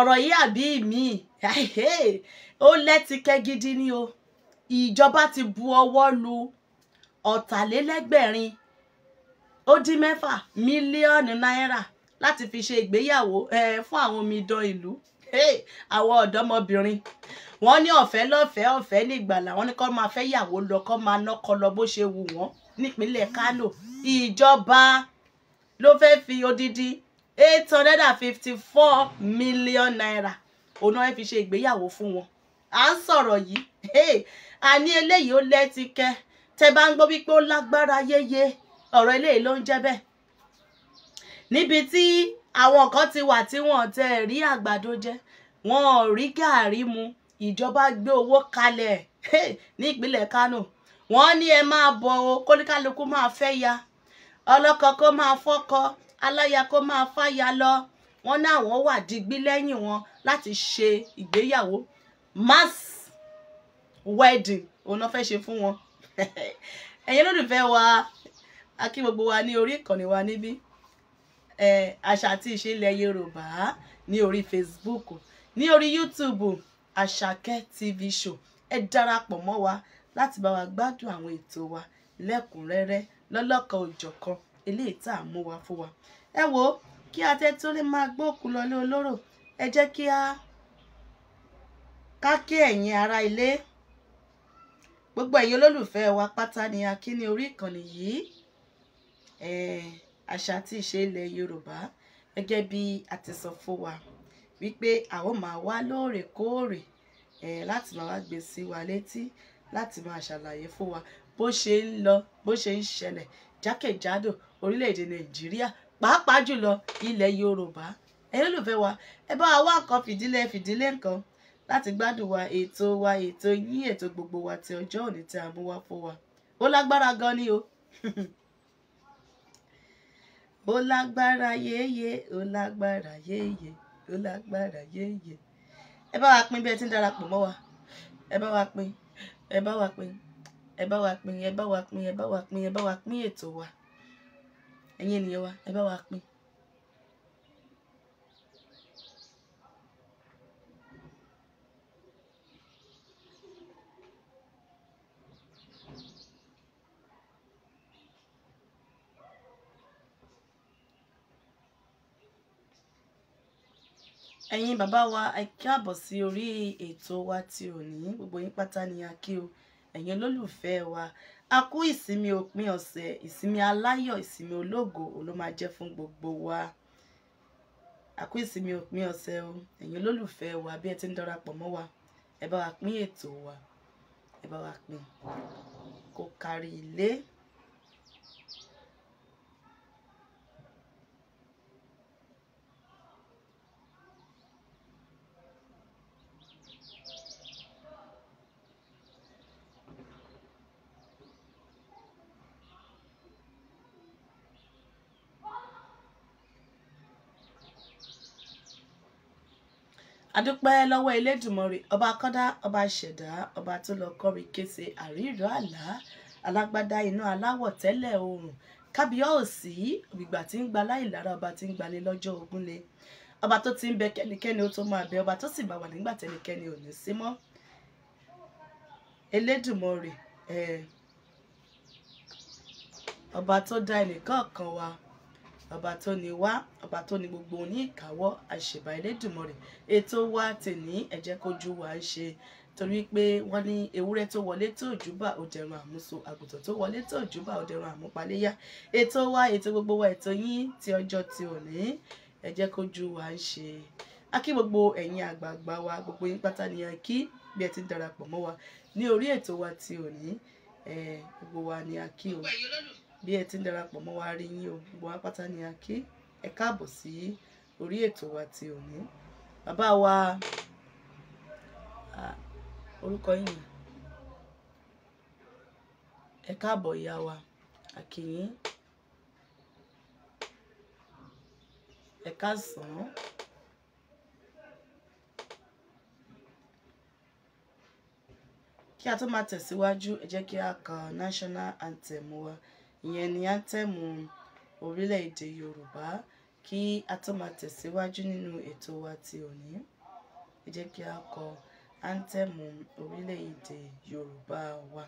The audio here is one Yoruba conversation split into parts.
ọ̀rọ̀ yìí àbí mi ó lẹ́tikẹ́ gidi ni o ìjọba ti bu ọwọ́ lu ọ̀tàlélẹ́gbẹ̀rin ó dín mẹ́fà mílíọ̀nù náírà láti fi ṣe ìgbéyàwó fún àwọn omidan ìlú àwọn ọ̀dọ́mọbìnrin wọ́n ní ọ̀fẹ́ lọ́fẹ̀ẹ́ ọ̀fẹ́ nígbàlà wọ́n ní kó máa fẹ́ yàwó lọ kó máa nọ́kọ lọ bó ṣe wù wọ́n nípínlẹ̀ Kánò ìjọba ló fẹ́ fi odidi eight hundred and fifty four million naira òun náà fi ṣe ìgbéyàwó fún wọn à ń sọ̀rọ̀ yìí àní eléyìí ó lẹ́tìkẹ́ tẹ bá ń gbọ́ wípé ó lágbára yéye ọ̀rọ̀ eléyìí ló ń jẹ́ bẹ́ẹ̀ níbi tí àwọn kan ti wà tí wọn tẹ rí àgbàdo jẹ wọn ò rí gàárì mu ìjọba gbé owó kalẹ̀ ní ìpínlẹ̀ Kánò wọ́n ní ẹ máa bọ̀ o kóníkálukú máa fẹ́ ya ọlọ́kọ máa fọ́kọ aláya kó máa fáya lọ wọn náwọn wà digbí lẹ́yìn wọn láti ṣe ìgbéyàwó mass wedding òun náà fẹ́ ṣe fún wọn ẹ̀yin lólùfẹ́ wa a gbogbo wa ní orí ìkànnì wa níbí àṣà àti ìṣe ilẹ̀ Yorùbá ní orí Facebook ní orí YouTube Àṣàkẹ́ TV show ẹ darapọ̀ mọ́ wa láti bá wa gbádùn àwọn ètò wa lẹ́kùnrẹ́rẹ́ lọ́lọ́kan òjọ̀kan eléyìí tá à mú wa fún wa ẹ wo kí atẹ tó lè máa gbóòkú lọlé olóró ẹ jẹ́ kí a ká kí ẹ̀yin ilé gbogbo ẹ̀yin olólùfẹ́ wa pátá ni a kí ní orí ìkànnì yìí àṣà àti ìṣe ilẹ̀ Yorùbá gẹ́gẹ́ bí a ti sọ fún wa wípé àwọn máa wá lóòrèkóòrè láti máa wá gbé sí wa létí láti máa ṣàlàyé fún wa bó ṣe ń lọ bó ṣe ń ṣẹlẹ̀ jákèjádò orílẹ̀-èdè nàìjíríà pàápàá jùlọ ilẹ̀ yorùbá ẹ̀yin olùfẹ́ wa ẹ bá wa wá nǹkan fìdílé fìdílé nǹkan láti gbádùn wa ètò wa ètò yín ètò gbogbo wa ti ọjọ́ òní tí a mú wá fún wa ó lágbára gan ni o ó lágbára yéye ó lágbára yéye ó lágbára yéye ẹ bá wa pín bí ẹ ti ń darapọ̀ mọ́ wa ẹ bá wa pín ẹ bá wa pín ẹ bá wa pín ẹ bá wa pín ẹ bá wa pín ẹ bá wa pín ètò wa ẹ̀yin ènìyàn wa ẹ bá wa pín. ẹ̀yin bàbá wa ẹ sí orí ètò wa ti òní gbogbo yín pátá ni a kí o. ẹ̀yin olólùfẹ́ wa a kú ìsinmi òpin ọ̀sẹ̀ ìsinmi aláyọ̀ ìsinmi ológo ló máa jẹ́ fún gbogbo wa a kú ìsinmi òpin ọ̀sẹ̀ o ẹ̀yin olólùfẹ́ wa bí ẹ ti ń darapọ̀ mọ́ wa ẹ bá wa pín ètò wa ẹ bá wa pín kó kárí ilé. adúpẹ́ lọ́wọ́ elédùnmọ̀rẹ́ ọba kọ́dá ọba ṣẹ̀dá ọba tó lọ kọrin kése àríró àlá alágbádá iná aláwọ̀ tẹ́lẹ̀ oòrùn kábíyá òsì ìgbà tí ń gba láìlára ọba tí ń gbalé lọ́jọ́ ogún le ọba tó ti ń bẹ kẹ́nikẹ́ni ó tó máa bẹ ọba tó sì bá wà nígbà tẹ́nikẹ́ni ò ní sí mọ́ ọba tó dá ẹnìkan kan wa ọba tó ní wá ọba tó ní gbogbo ní ìkáwọ́ àṣìbà Elédùmarè ètò wa tèní ẹ jẹ́ kójú wa ń ṣe torí pé wọ́n ní ewúrẹ́ tó wọlé tó òjúbà òdẹ̀rùn àmúso àgùntàn tó wọlé tó òjúbà òdẹ̀rùn àmúpaléyà ètò wa ètò gbogbo wa ètò yín ti ọjọ́ ti òní ẹ jẹ́ kójú wa ń ṣe akí gbogbo ẹ̀yin àgbààgbà wa gbogbo yín pátá nìyẹn kí bí ẹ ti darapọ̀ mọ́ wa ní orí ètò wa ti òní gbogbo wa ni akí o. bí ẹ ti ń darapọ̀ mọ́ wa rí yín o gbogbo apáta ni a kí ẹ káàbọ̀ sí orí ètò wa ti òní bàbá wa orúkọ yìnyín ẹ káàbọ̀ ìyá wa àkìyín ẹ káàsán kí a tó máa tẹ̀síwájú ẹ jẹ́ kí a kàn national anthem wa. Uh, ìyẹn ni átẹ́mù orílẹ̀-èdè Yorùbá kí a tó máa tẹ̀síwájú nínú ètò wa ti òní ẹ jẹ́ kí a kọ áńtẹ́mù orílẹ̀-èdè Yorùbá wa.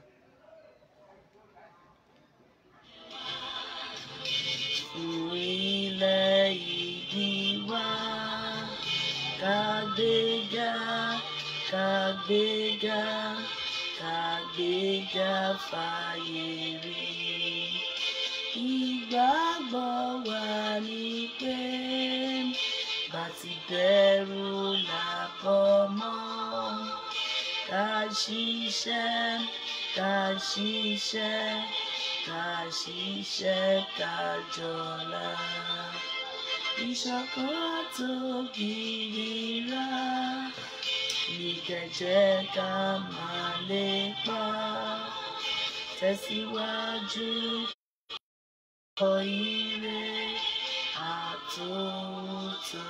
Orílẹ̀ èdè wa ká gbéga ká gbéga ká gbéga fàyè rí. Ìgbàgbọ́ wa ni pé bàtí bẹ̀rù làkọ́ mọ́ ká ṣiṣẹ́ ká ṣiṣẹ́ ká ṣiṣẹ́ ká jọlá. Ìṣọ̀kan tó gìrìrà ìkẹ̀jẹ́ ká máa lépa tẹ̀síwájú ọkọ̀ ire àtúntò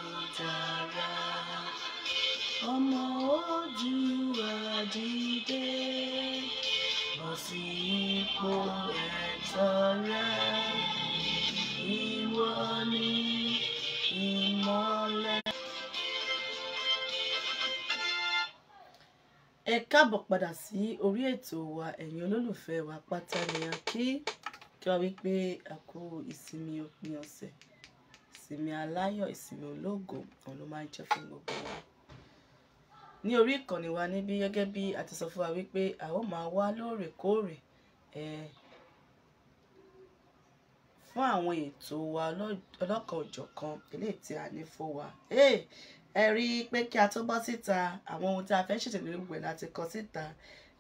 ẹ káàbọ̀ padà sí orí ètò wa ẹ̀yin olólùfẹ́ wa pátá ni a kí kí wọ́n wí pé a kú ìsinmi òpin ọ̀sẹ̀ ìsinmi aláyọ̀ ìsinmi ológo òun ló máa ń jẹ́ fún gbogbo wa ní orí ìkànnì wa níbí gẹ́gẹ́ bí a ti sọ fún wa wípé a ó máa wá lóòrèkóòrè fún àwọn ètò wa ọlọ́kan òjọ̀kan eléyìí tí a ní fún wa ẹ rí i pé kí a tó bọ́ síta àwọn ohun tí a fẹ́ ṣètò lórí gbogbo láti kọ síta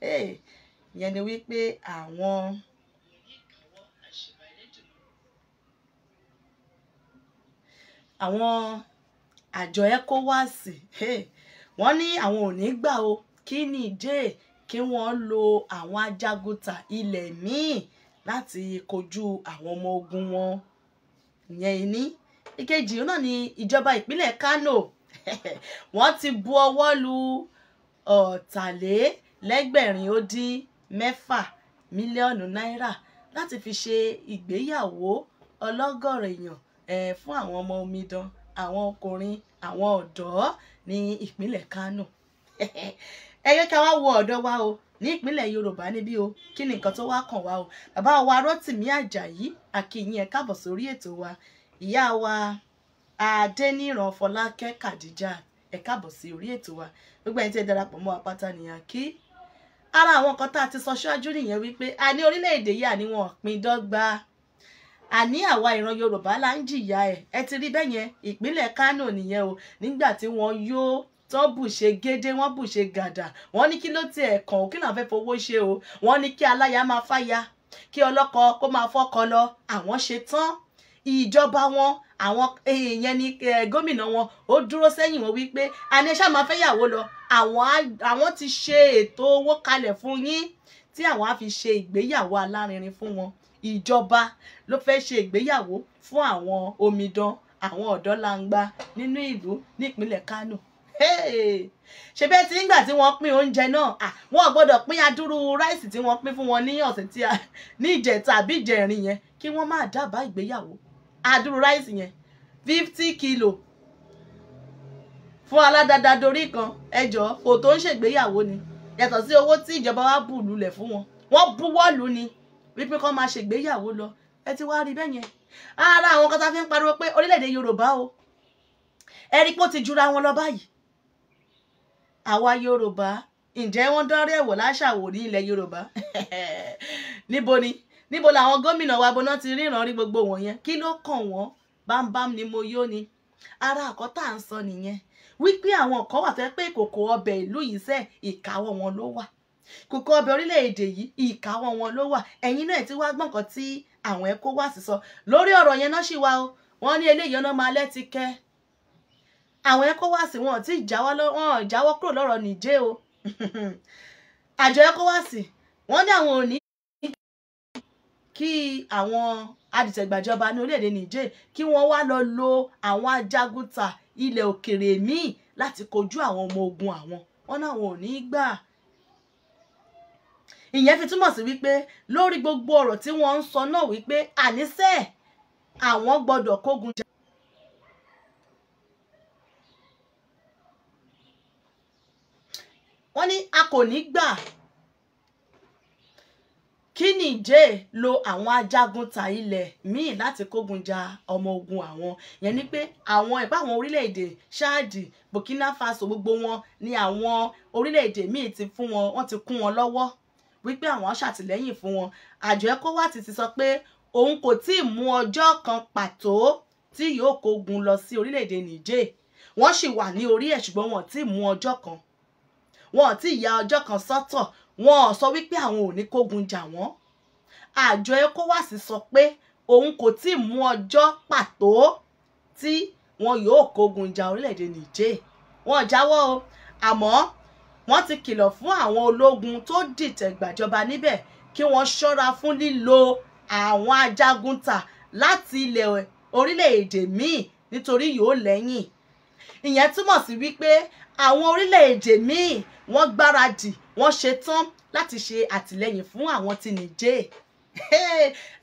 ìyẹn ni wípé àwọn. àwọn àjọ ECOWAS wọ́n ní àwọn ò ní gbà o kí Niger kí wọ́n lo àwọn ajagunta ilẹ̀ míì láti kojú àwọn ọmọ ogun wọn ìyẹn ìní ìkejì náà ni ìjọba ìpínlẹ̀ Kano wọ́n ti bu ọwọ́ lu ọ̀tàlélẹ́gbẹ̀rin ó dín mẹ́fà mílíọ̀nù náírà láti fi ṣe ìgbéyàwó ọlọ́gọ́rọ̀ èèyàn fún àwọn ọmọ omidan àwọn ọkùnrin àwọn ọ̀dọ́ ní ìpínlẹ̀ Kánò ẹ yẹ ká wá wo ọ̀dọ́ wa o ní ìpínlẹ̀ Yorùbá níbí o kí ni nǹkan tó wá kàn wá o bàbá wa Rotimi Ajayi akínyìn ẹ káàbọ̀ sórí ètò wa ìyá wa Adéníran Fọlákẹ́ Kàdíjà ẹ káàbọ̀ sí orí ètò wa gbogbo ẹni tí ẹ darapọ̀ mọ́ apáta nìyàn kí ara àwọn kan tá a ti sọ ṣáájú nìyẹn wípé a ní orílẹ̀-èdè yìí àníwọ̀n pín dọ́gba àní àwa ìran yorùbá là ń jìyà ẹ̀ ẹ ti rí bẹ́ẹ̀ yẹn ìpínlẹ̀ kánò nìyẹn o nígbà tí wọ́n yó tó bù ṣe gédé wọ́n bù ṣe gàdà wọ́n ní kí ló tiẹ̀ kàn ó kí làwọn fẹ́ fowó ṣe o wọ́n ní kí aláya máa fáya kí ọlọ́kọ kó máa fọ́kọ lọ àwọn ṣe tán ìjọba wọn àwọn èèyàn ní gómìnà wọn ó dúró sẹ́yìn wọn wípé àní máa fẹ́yàwó lọ àwọn ti ṣe ètò owó kalẹ̀ fún yín tí àwọn á fi ṣe ìgbéyàwó alárinrin fún wọn ìjọba ló fẹ́ ṣe ìgbéyàwó fún àwọn omidan àwọn ọ̀dọ́langba nínú ìlú nípínlẹ̀ Kánò ṣe bẹ́ẹ̀ tí nígbà tí wọ́n pín oúnjẹ náà wọ́n gbọ́dọ̀ pín adúrú ráìsì tí wọ́n pín fún wọn ní ọ̀sẹ̀ tí a ní ìjẹta àbí ìjẹrin yẹn kí wọ́n máa dábàá ìgbéyàwó adúrú ráìsì yẹn fifty kilo fún aládàáda dorí kan ẹjọ́ kò tó ń ṣègbéyàwó ni yàtọ̀ sí owó tí ìjọba wa bù lulẹ̀ fún wọn wọ́n buwọ́ lù ni wípé kọ́ máa ṣègbéyàwó lọ ẹ ti wá rí bẹ́ẹ̀ yẹn ara àwọn kan tá a fi ń pariwo pé orílẹ̀-èdè Yorùbá o ẹ rí pé ó ti jura wọn lọ báyìí àwa Yorùbá ǹjẹ́ wọ́n dánrẹ́ ẹ̀wọ̀ láṣàwò ní ilẹ̀ Yorùbá níbo ni níbo làwọn gómìnà wa bọ́ná ti ríran rí gbogbo wọ̀nyẹn kí ló kàn wọ́n bámbám ni mo yó ni ara àkọ́tà ń sọ nìyẹn wípé àwọn kan wà fẹ́ pé kòkò ọbẹ̀ ìlú yìí sẹ́ ìkáwọ́ wọn ló wà kòkó ọbẹ̀ orílẹ̀-èdè yìí ìkáwọ́ wọn ló wà ẹ̀yin náà ti wá gbọ́n nǹkan tí àwọn ẹ̀kọ́ wà sí sọ lórí ọ̀rọ̀ yẹn náà sì wá o wọ́n ní eléyìí ọ̀nà máa lẹ́tí kẹ́ àwọn ẹ̀kọ́ wà sí wọn tí ìjáwọ́ kúrò lọ́rọ̀ nìjẹ́ o àjọ ẹ̀kọ́ wà sí wọ́n ní àwọn òní kí àwọn adìtẹ̀gbàjọba ní orílẹ̀-èdè Niger kí wọ́n wá lọ lo àwọn ajagunta ilẹ̀ òkèrè míì láti kojú àwọn ọmọ ogun àwọn wọn náà wọn ò ní í gbà ìyẹn fi túmọ̀ sí wípé lórí gbogbo ọ̀rọ̀ tí wọ́n ń sọ náà wípé àníṣe àwọn gbọ́dọ̀ kógun jà. wọ́n ní a kò ní gbà kí nìjẹ́ lo àwọn ajagun ta ilẹ̀ míì láti kógun ja ọmọ ogun àwọn yẹn ni pé àwọn ẹ̀bá àwọn orílẹ̀-èdè ṣáàdì Burkina Faso gbogbo wọn ni àwọn orílẹ̀-èdè míì ti fún wọn wọ́n ti kún wọn lọ́wọ́ wípé àwọn ṣàtìlẹ́yìn fún wọn àjọ ECOWAS ti sọ pé òun kò tí ì mú ọjọ́ kan pàtó tí yóò kógun lọ sí orílẹ̀-èdè Niger wọ́n sì wà ní orí ẹ̀ ṣùgbọ́n wọn ò tí ì mú ọjọ́ kan wọn ò tí ì ya ọjọ́ kan sọ́tọ̀ wọn ò sọ wípé àwọn ò ní kógun jà wọ́n àjọ ECOWAS sọ pé òun kò tí ì mú ọjọ́ pàtó tí wọn yóò kógun jà orílẹ̀-èdè Niger wọn jáwọ́ o àmọ́ wọ́n ti kìlọ̀ fún àwọn ológun tó dìtẹ̀ gbàjọba níbẹ̀ kí wọ́n ṣọ́ra fún lílo àwọn ajagunta láti ilẹ̀ orílẹ̀-èdè míì nítorí yóò lẹ́yìn ìyẹn túmọ̀ sí wípé àwọn orílẹ̀-èdè míì wọ́n gbáradì wọ́n ṣetán láti ṣe àtìlẹ́yìn fún àwọn tí nìjẹ́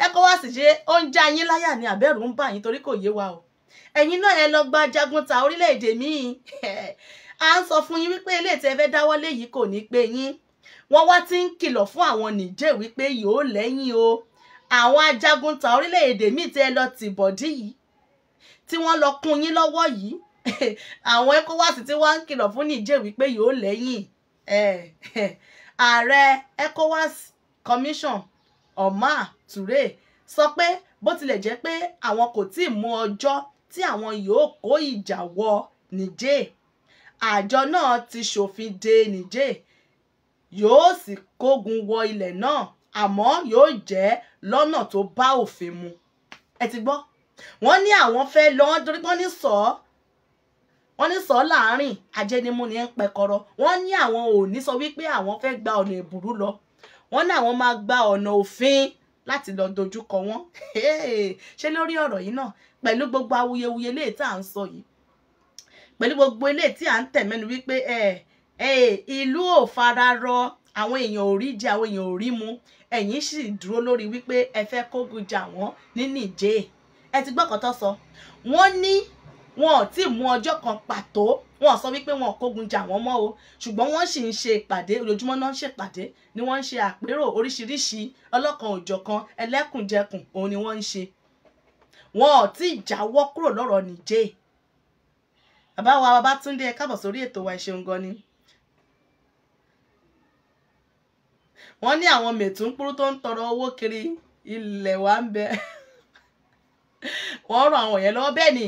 ECOWAS ṣe ó ń já yín láyà ní àbẹ̀rù ń bà yín torí kò yé wa o ẹ̀yin náà ẹ lọ gba jagunta orílẹ̀-èdè míì à ń sọ fún yín wípé eléyìí tẹ́ fẹ́ dáwọ́lé yìí kò ní pé yín wọ́n wá ti ń kìlọ̀ fún àwọn nìjẹ́ wípé yóò lẹ́yìn o àwọn ajagun ta orílẹ̀-èdè míì tẹ́ lọ tì bọ̀dí yìí tí wọ́n lọ kún yín lọ́wọ́ yìí àwọn ECOWAS tí wọ́n ń kìlọ̀ fún nìjẹ́ wípé yóò lẹ́yìn ààrẹ ECOWAS commission Omar Ture sọ pé bó tilẹ̀ jẹ́ pé àwọn kò tí ì mú ọjọ́ tí àwọn yóò kó ìjà wọ nìjẹ́ àjọ náà ti ṣòfin de niger yóò sì kógun wọ ilẹ̀ náà àmọ́ yóò jẹ́ lọ́nà tó bá òfin mu ẹ ti gbọ́ wọ́n ní àwọn fẹ́ lọ torí wọ́n ní sọ wọ́n ní sọ láàrin ajẹnimú ni ń pẹkọrọ wọ́n ní àwọn ò ní sọ wípé àwọn fẹ́ gba ọ̀nà ìbúrú lọ wọ́n ní àwọn máa gba ọ̀nà òfin láti lọ dojúkọ wọn ṣé lórí ọ̀rọ̀ yìí náà pẹ̀lú gbogbo awuyewuye léè tá à ń sọ yìí pẹ̀lú gbogbo eléyìí tí à ń tẹ̀ mẹ́nu wípé ẹ ẹ ìlú ò fara rọ àwọn èèyàn ò rí jẹ àwọn èèyàn ò rí mu ẹ̀yin sì dúró lórí wípé ẹ fẹ́ kógun jà wọ́n ní nìjẹ́ ẹ ti gbọ́kàn tó sọ wọ́n ní wọn ò tí ì mú ọjọ́ kan pàtó wọn ò sọ wípé wọn ò kógun jà wọ́n mọ́ o ṣùgbọ́n wọ́n sì ń ṣe ìpàdé ojoojúmọ́ náà ń ṣèpàdé ni wọ́n ń ṣe àpérò oríṣiríṣi ọlọ́kan òjọ̀kan ẹlẹ́kùnjẹkùn òun ni wọ́n ń ṣe wọn ò tí ì jáwọ́ kúrò lọ́rọ̀ nìjẹ́ bàbá wa Babátúndé ẹ káàbọ̀ sórí ètò wa ẹ ṣeun gan ni. wọ́n ní àwọn mẹ̀túnkúrú tó ń tọrọ owó kiri ilẹ̀ wa ń bẹ wọ́n ràn àwọn yẹn lọ́wọ́ bẹ́ẹ̀ ni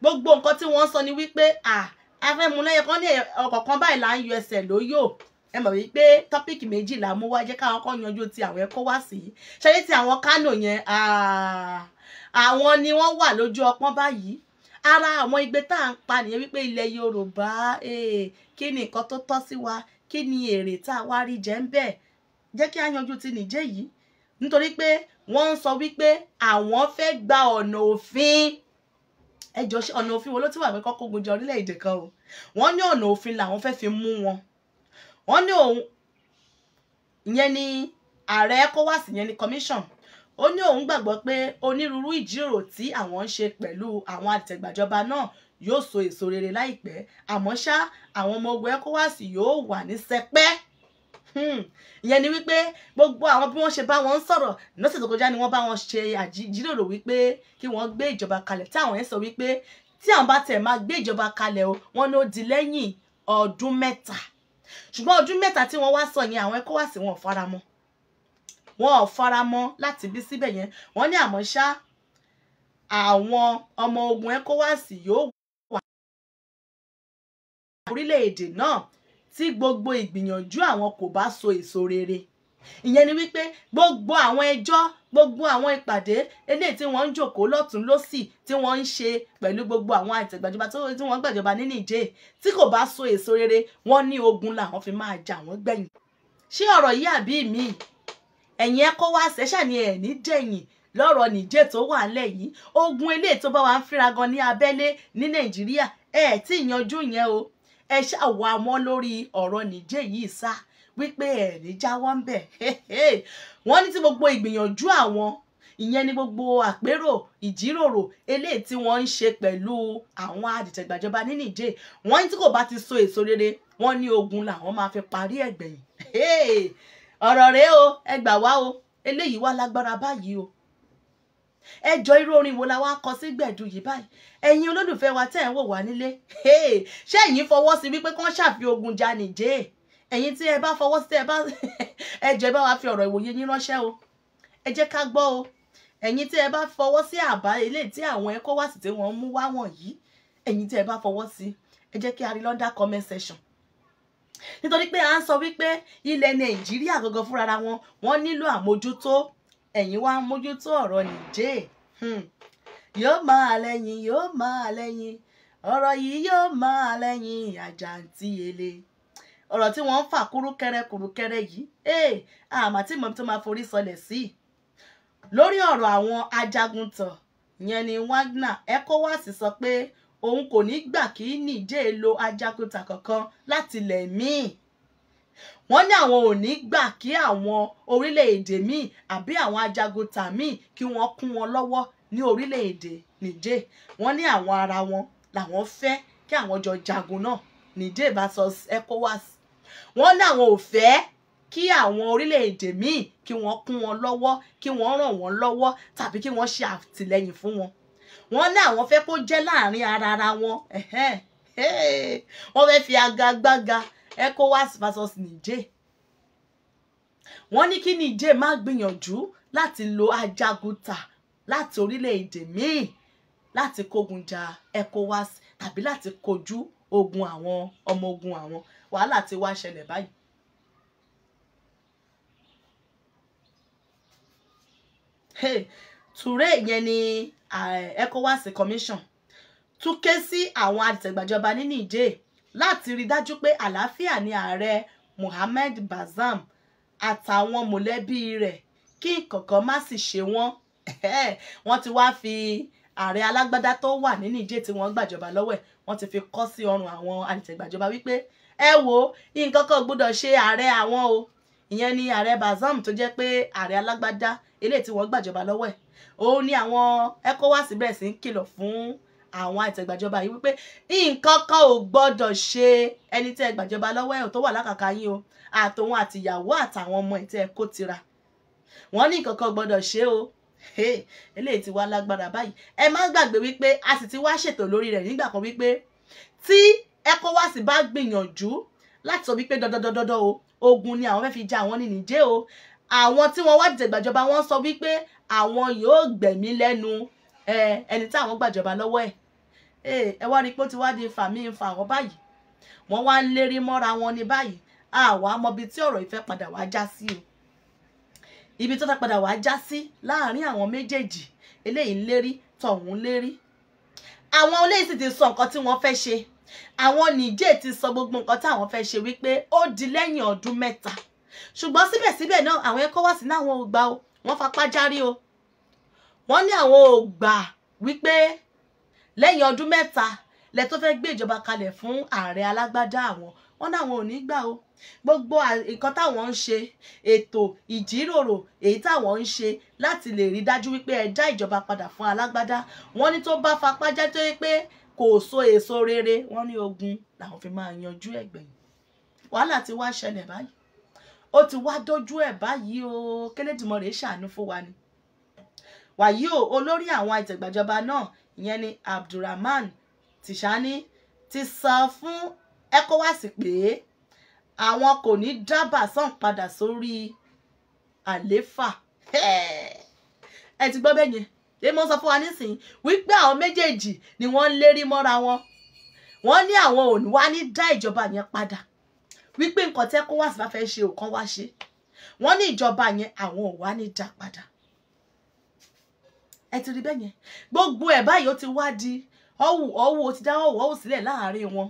gbogbo nǹkan tí wọ́n ń sọ ni wípé afẹ́múlẹ́yẹ kan ní ọ̀kọ̀ọ̀kan báyìí là ń yọ ẹsẹ̀ lóyò ẹ mọ̀ wípé tọ́pìkì méjì là mú wá káwọn kan yanjú ti àwọn ẹ̀kọ́ wá sí ṣẹ́yìn ti àwọn Kánò yẹn àwọn ni wọ́n wà lójú ọpọ́n báyìí ara àwọn igbe tá à ń pa nìyẹn wípé ilẹ̀ yorùbá eh, kí ni nǹkan tó tọ́ sí wa kí ni èrè tá a wá rí jẹ ń bẹ̀ jẹ́ kí a yanjú ti nìjẹ́ yìí nítorí pé wọ́n ń sọ wípé àwọn fẹ́ gba ọ̀nà òfin ẹjọ́ ṣe ọ̀nà òfin wo ló ti wà pé kọ́kọ́ gbòjọ orílẹ̀-èdè kan o wọ́n ní ọ̀nà òfin làwọn fẹ́ fi mú wọn wọ́n ní òun ìyẹn ni ààrẹ ECOWAS ìyẹn ni commission ó ní òun gbàgbọ́ pé onírúurú ìjíròrò tí àwọn ń ṣe pẹ̀lú àwọn àtẹ̀gbàjọba náà yóò so èso rere láìpẹ́ àmọ́ ṣá àwọn ọmọ ogun ECOWAS yóò wà ní sẹpẹ́ hmm. ìyẹn ni wípé gbogbo àwọn bí wọ́n ṣe bá wọn sọ̀rọ̀ lọ́sẹ̀ tó kọjá ni wọ́n bá wọn ṣe àjíròrò wípé kí wọ́n gbé ìjọba kalẹ̀ tí àwọn yẹn sọ wípé tí àwọn bá tẹ̀ máa gbé ìjọba kalẹ̀ o wọ́n ló di lẹ́yìn ọdún mẹ́ta ṣùgbọ́n ọdún mẹ́ta tí wọ́n wá sọ yẹn àwọn ECOWAS wọn ò fara mọ́ wọn ò fara mọ́ láti bí síbẹ̀ yẹn wọ́n ní àmọ́ ṣá àwọn ọmọ ogun ECOWAS yóò wà orílẹ̀-èdè náà tí gbogbo ìgbìyànjú àwọn kò bá so èso rere ìyẹn ni wípé gbogbo àwọn ẹjọ́ gbogbo àwọn ìpàdé eléyìí tí wọ́n ń jòkó lọ́tún lọ́sì tí wọ́n ń ṣe pẹ̀lú gbogbo àwọn àtẹ̀gbàjọba tí wọ́n gbàjọba ní nìjẹ́ tí kò bá so èso rere wọ́n ní ogun làwọn fi máa jà wọ́n gbẹ̀yìn ṣé ọ̀rọ̀ yìí àbí mi ẹ̀yin ECOWAS ẹ ṣáà ní ẹ̀ ní dẹ̀yìn lọ́rọ̀ níjẹ́ tó wà ńlẹ̀ yìí ogun eléyìí tó bá wa ń fíra gan ní abẹ́lé ní nàìjíríà ẹ tí ì yanjú yẹn o ẹ ṣáà wà mọ́ lórí ọ̀rọ̀ níjẹ́ yìí sá wípé ẹ̀ ní jáwọ́ ń bẹ̀ wọ́n ní tí gbogbo ìgbìyànjú àwọn ìyẹn ni gbogbo àpérò ìjíròrò eléyìí tí wọ́n ń ṣe pẹ̀lú àwọn adìtẹ̀gbàjọba ní nìjẹ́ wọ́n ní tí kò bá ti so èso rere wọ́n ní ogun làwọn máa fi parí ẹ̀gbẹ̀yìn ọ̀rọ̀ rèé o ẹ gbà wá o eléyìí wá lágbára báyìí o ẹjọ irú orin wo la wá kọ sí gbẹ̀du yìí báyìí ẹ̀yin olólùfẹ́ wa tẹ́ ẹ̀ ń wò wá nílé ṣé ẹ̀yin fọwọ́ sí wípé kán ṣàfi ogun ja nìjẹ́ ẹ̀yin tí ẹ bá fọwọ́ sí ẹ bá ẹjọ ẹ bá wa fi ọ̀rọ̀ ìwòye yín ránṣẹ́ o ẹ jẹ́ ká gbọ́ o ẹ̀yin tí ẹ bá fọwọ́ sí àbá ilé tí àwọn ECOWAS tí wọ́n mú wá wọ̀nyí ẹ̀yin tí ẹ bá fọwọ́ sí ẹ jẹ́ kí a rí lọ́ndà comment section nítorí pé à ń sọ wípé ilẹ̀ nàìjíríà gangan fúnra wọn wọ́n nílò àmójútó ẹ̀yin wá ń mójútó ọ̀rọ̀ nìjẹ́ hmm. yóò máa lẹ́yìn yóò máa lẹ́yìn ọ̀rọ̀ yìí yóò máa lẹ́yìn àjàǹtí ele ọ̀rọ̀ tí wọ́n ń fà kúrúkẹrẹ kúrúkẹrẹ yìí ee eh, àmà tí mọ̀mí tó máa forí sọlẹ̀ sí i lórí ọ̀rọ̀ àwọn ajagun tàn yẹn ni Wagner ECOWAS sọ pé òun kò ní gbà kí níjẹ́ lo ajakuta kankan láti ilẹ̀ míì wọ́n ní àwọn ò ní gbà kí àwọn orílẹ̀-èdè míì àbí àwọn ajagunta míì kí wọ́n kún wọn lọ́wọ́ ní orílẹ̀-èdè níjẹ́ wọ́n ní àwọn ara wọn làwọn fẹ́ kí àwọn jọ jagun náà níjẹ́ versus ecowas wọ́n ní àwọn ò fẹ́ kí àwọn orílẹ̀-èdè míì kí wọ́n kún wọn lọ́wọ́ kí wọ́n ràn wọ́n lọ́wọ́ tàbí kí wọ́n ṣe àtìlẹ́yìn fún wọn wọ́n ní àwọn fẹ́ kó jẹ́ láàrin ara ara wọn wọ́n fi agagbága ECOWAS versus Niger wọ́n ní kí Niger má gbìyànjú láti lo ajagunta láti orílẹ̀-èdè míì láti kógun ja ECOWAS tàbí láti kojú ogun àwọn ọmọ ogun àwọn wàhálà tí wàá ṣẹlẹ̀ báyìí. Hey, Toure yẹn ni Eh, ECOWAS commission tún ké sí àwọn àtẹ̀gbàjọba ní Niger láti rí dájú pé àlàáfíà ní ààrẹ Mohammed Bazam àtàwọn mọ̀lẹ́bí rẹ̀ kí nǹkankan má sì ṣe wọ́n wọ́n ti wá fi ààrẹ alágbádá tó wà ní Niger tí wọ́n gbàjọba lọ́wọ́ ẹ̀ wọ́n ti fi kọ́ sí ọrùn àwọn àtẹ̀gbàjọba wípé ẹ wo nǹkan kan gbọ́dọ̀ ṣe ààrẹ àwọn o ìyẹn ni ààrẹ Bazoum tó jẹ́ pé ààrẹ alágbádá eléyìí tí wọ́n gbàjọba lọ́wọ́ òun ni àwọn ECOWAS bẹ̀rẹ̀ sí ń kìlọ̀ fún àwọn àtẹ̀gbàjọba yìí wípé nǹkan kan ò gbọ́dọ̀ ṣe ẹni tẹ́ gbàjọba lọ́wọ́ ẹ̀ tó wà lákàkà yín o àtòun àtìyàwó àtàwọn ọmọ ẹ̀ tẹ́ ẹ kó tira wọ́n ní nǹkan kan gbọ́dọ̀ ṣe o eléyìí ti wá lágbára báyìí ẹ má gbàgbé wípé a sì ti wá ṣètò lórí rẹ̀ nígbà kan wípé tí ECOWAS bá gbìyànjú láti sọ wípé dandandandandan o ogun ni àwọn fẹ́ fi ja àwọn ní nìjẹ́ o àwọn tí wọ́n wá dìtẹ̀gbàjọba wọ́n sọ wípé àwọn yóò gbẹ̀mí lẹ́nu ẹni tí àwọn gbàjọba lọ́wọ́ ẹ̀ ẹ wá rí i pé ó ti wá di fàmí ń fa àwọn báyìí wọ́n wá ń lérí mọ́ra wọn ní báyìí àwa mọbi tí ọ̀rọ̀ ìfẹ́ padà wá já sí o ibi tó fẹ́ padà wá já sí láàárín àwọn méjèèjì eléyìí ń lérí tọ̀hún lérí àwọn eléyìí sì ti sọ nǹkan tí wọ́n fẹ́ ṣe àwọn nìjẹ́ ti sọ gbogbo nǹkan táwọn fẹ́ ṣe wípé ó di lẹ́yìn ọdún mẹ́ta ṣùgbọ́n síbẹ̀síbẹ̀ náà àwọn ẹ̀kọ́ wá sí náà wọn ò gbà o wọ́n fapá járí o wọ́n ní àwọn ò gbà wípé lẹ́yìn ọdún mẹ́ta lẹ tó fẹ́ gbé ìjọba kalẹ̀ fún ààrẹ alágbádá àwọn wọ́n náwọn ò ní gbà o gbogbo nǹkan táwọn ń ṣe ètò ìjíròrò èyí táwọn ń ṣe láti lè rí dájú wípé ẹ dá ìjọba padà fún alágbádá wọ́n ní tó bá fapá já tó yẹ pé kò so èso rere wọ́n ní ogun làwọn fi máa yanjú ẹ̀gbẹ̀yìn wàhálà ti wá ṣẹlẹ̀ báyìí ó ti wá dójú ẹ̀ báyìí o kélédìmọ̀ rẹ̀ ṣàánú fún wa ni wàyí o olórí àwọn àìtẹ̀gbàjọba náà ìyẹn ni Abdulrahman Tishani ti sọ fún ECOWAS pé àwọn kò ní dábàá sàn padà sórí àléfà ẹ ti gbọ́ bẹ́yẹn èyí mo sọ fún wa nísìnyí wípé àwọn méjèèjì ni wọ́n ń lérí mọ́ra wọn wọ́n ní àwọn ò ní wá ní dá ìjọba yẹn padà wípé nǹkan tẹ́ kó wá sí bá fẹ́ ṣe ò kán wá ṣe wọ́n ní ìjọba yẹn àwọn ò wá ní dá padà ẹ ti rí bẹ́ẹ̀ yẹn gbogbo ẹ̀ báyìí ó ti wá di ọ̀wù ọ̀wù ó ti dá ọ̀wù ọ̀wù sílẹ̀ láàrin wọn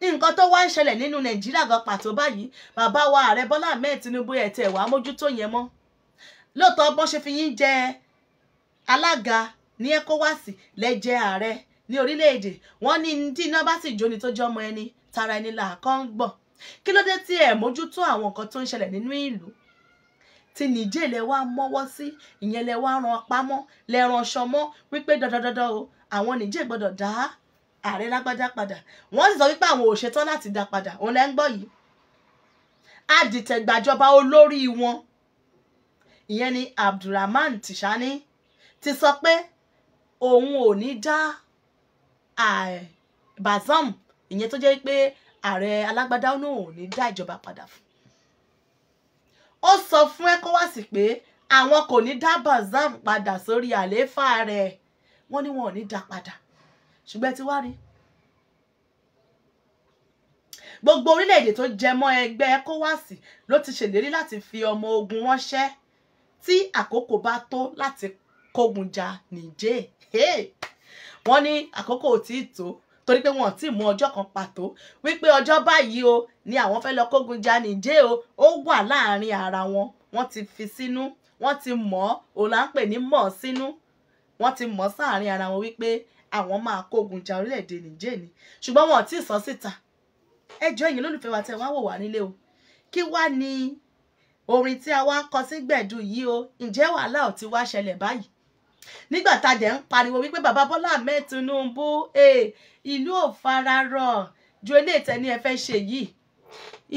nǹkan tó wá ń ṣẹlẹ̀ nínú nàìjíríà gan pàtó báyìí bàbá wa ààrẹ bọ́lá ahmed tinubu ẹ̀ tẹ̀ wá mójútó yẹn mọ́ lóòótọ́ bọ́n ṣe fi yín jẹ alága ní ecowas lẹ́jẹ̀ ààrẹ ní orílẹ̀-èdè wọ́n ní tí iná bá sì jóni tó jọmọ ẹni tara ẹni là kàn gbọ̀n kí ló dé tí ẹ mójútó àwọn nǹkan tó ń ṣẹlẹ̀ nínú ìlú tí nìjẹ́ lẹ wá mọ́wọ́ sí ìyẹn lẹ wá ran pamọ́ lẹ ran ṣọmọ́ wípé dandandandan o àwọn nìjẹ́ gbọ́dọ̀ dá ààrẹ lágbájá padà wọ́n sì sọ wípé àwọn ò ṣetán láti dá padà òun lẹ́ ń gbọ́ yìí adìtẹ̀gbàjọba olórí wọn ìyẹn ni Abdulrahman Tishani ti sọ pé òun ò ní dá Bazam ìyẹn tó jẹ́ pé ààrẹ alágbádá náà ò ní dá ìjọba padà fún ó sọ fún ECOWAS pé àwọn kò ní dá Bazoum padà sórí àlééfà rẹ̀ wọ́n ní wọn ò ní dá padà ṣùgbọ́n ti wá rí gbogbo orílẹ̀ tó jẹ mọ́ ẹgbẹ́ ECOWAS ló ti ṣèlérí láti fi ọmọ ogun ránṣẹ́ tí àkókò bá tó láti kógun jà Niger wọ́n ní àkókò tí ì tó torí pé wọn ò mú ọjọ́ kan pàtó wípé ọjọ́ báyìí o ni àwọn fẹ́ lọ kógun ja nìjẹ́ o ó wà láàrin ara wọn wọ́n ti fi sínú wọ́n ti mọ̀ ọ́ ní mọ̀ sínú wọ́n ti mọ̀ sáàrin ara wọn wípé àwọn máa kógun ja orílẹ̀-èdè ni ṣùgbọ́n wọn ò tí síta ẹjọ́ ẹ̀yin lólùfẹ́ wa tẹ́ wá wò wá nílé o kí wá ni orin tí a wá kọ sí gbẹ̀du yìí o ǹjẹ́ wàhálà ò ti wá ṣẹlẹ̀ báyìí nígbà tá a dẹ̀ ń pariwo wípé bàbá Bọ́lá Ahmed Tinubu eh, ìlú ò fararọ̀ ju eléyìí tẹ́ ní ẹ fẹ́ ṣe yìí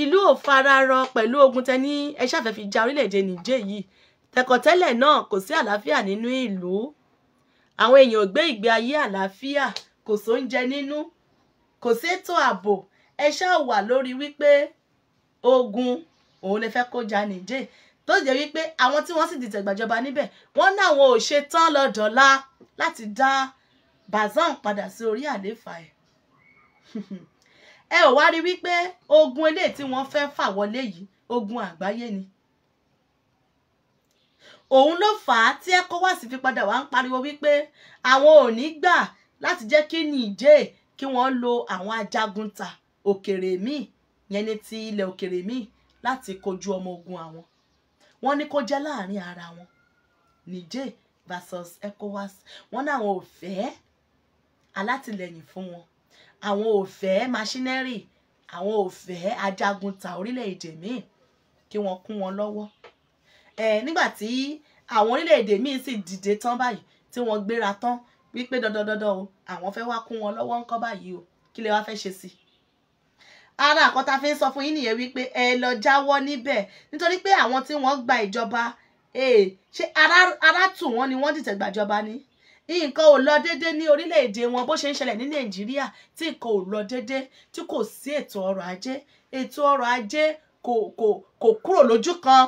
ìlú ò fararọ̀ pẹ̀lú ogun tẹ́ ní ẹ ṣàfẹ́ fi ja orílẹ̀-èdè Nìjẹ̀ yìí tẹkọ̀tẹ́lẹ̀ náà kò sí àlàáfíà nínú ìlú àwọn èèyàn ò gbé ìgbé ayé àlàáfíà kò sóúnjẹ nínú kò sétò ààbò ẹ ṣáà wà lórí wípé ogun òun lè fẹ́ kó ja Nìjẹ̀ tó jẹ́ wípé àwọn tí wọ́n sì dìtẹ̀ gbàjọba níbẹ̀ wọ́n ní àwọn ò ṣe tán lọ́dọ̀ọ́lá láti dá Bazan padà sí orí àléfà ẹ̀ ẹ ò wá rí wípé ogun eléyìí tí wọ́n fẹ́ fà wọlé yìí ogun àgbáyé ni òun ló fà á tí ECOWAS fi padà wá ń pariwo wípé àwọn ò ní gbà láti jẹ́ kí Nìjẹ̀ kí wọ́n lo àwọn ajagunta òkèrè míì yẹn ní ti ilẹ̀ òkèrè míì láti kojú ọmọ ogun àwọn wọ́n ní kó jẹ́ láàrin ara wọn Niger versus ECOWAS wọ́n ní àwọn ò fẹ́ alátìlẹyìn fún wọn àwọn ò machinery àwọn ò ajagunta orílẹ̀-èdè míì kí wọ́n kún wọn lọ́wọ́ ẹ̀ nígbà tí àwọn orílẹ̀-èdè míì sì dìde tán báyìí tí wọ́n gbéra tán wípé dandandandan o àwọn fẹ́ wá kún wọn lọ́wọ́ ńkọ́ báyìí o kí lè wá fẹ́ ṣe sí i ara nǹkan tá a fi ń sọ fún yín nìyẹn wípé ẹ lọ jáwọ́ níbẹ̀ nítorí pé àwọn tí wọ́n gba ìjọba eh, ṣé ara tù wọ́n ni wọ́n dìtẹ̀ gbàjọba ni nǹkan ò lọ déédé ní orílẹ̀-èdè wọn bó ṣe ń ṣẹlẹ̀ ní nàìjíríà tí nǹkan ò lọ déédé tí kò sí ètò ọrọ̀ ajé ètò ọrọ̀ ajé kò kúrò lójú kan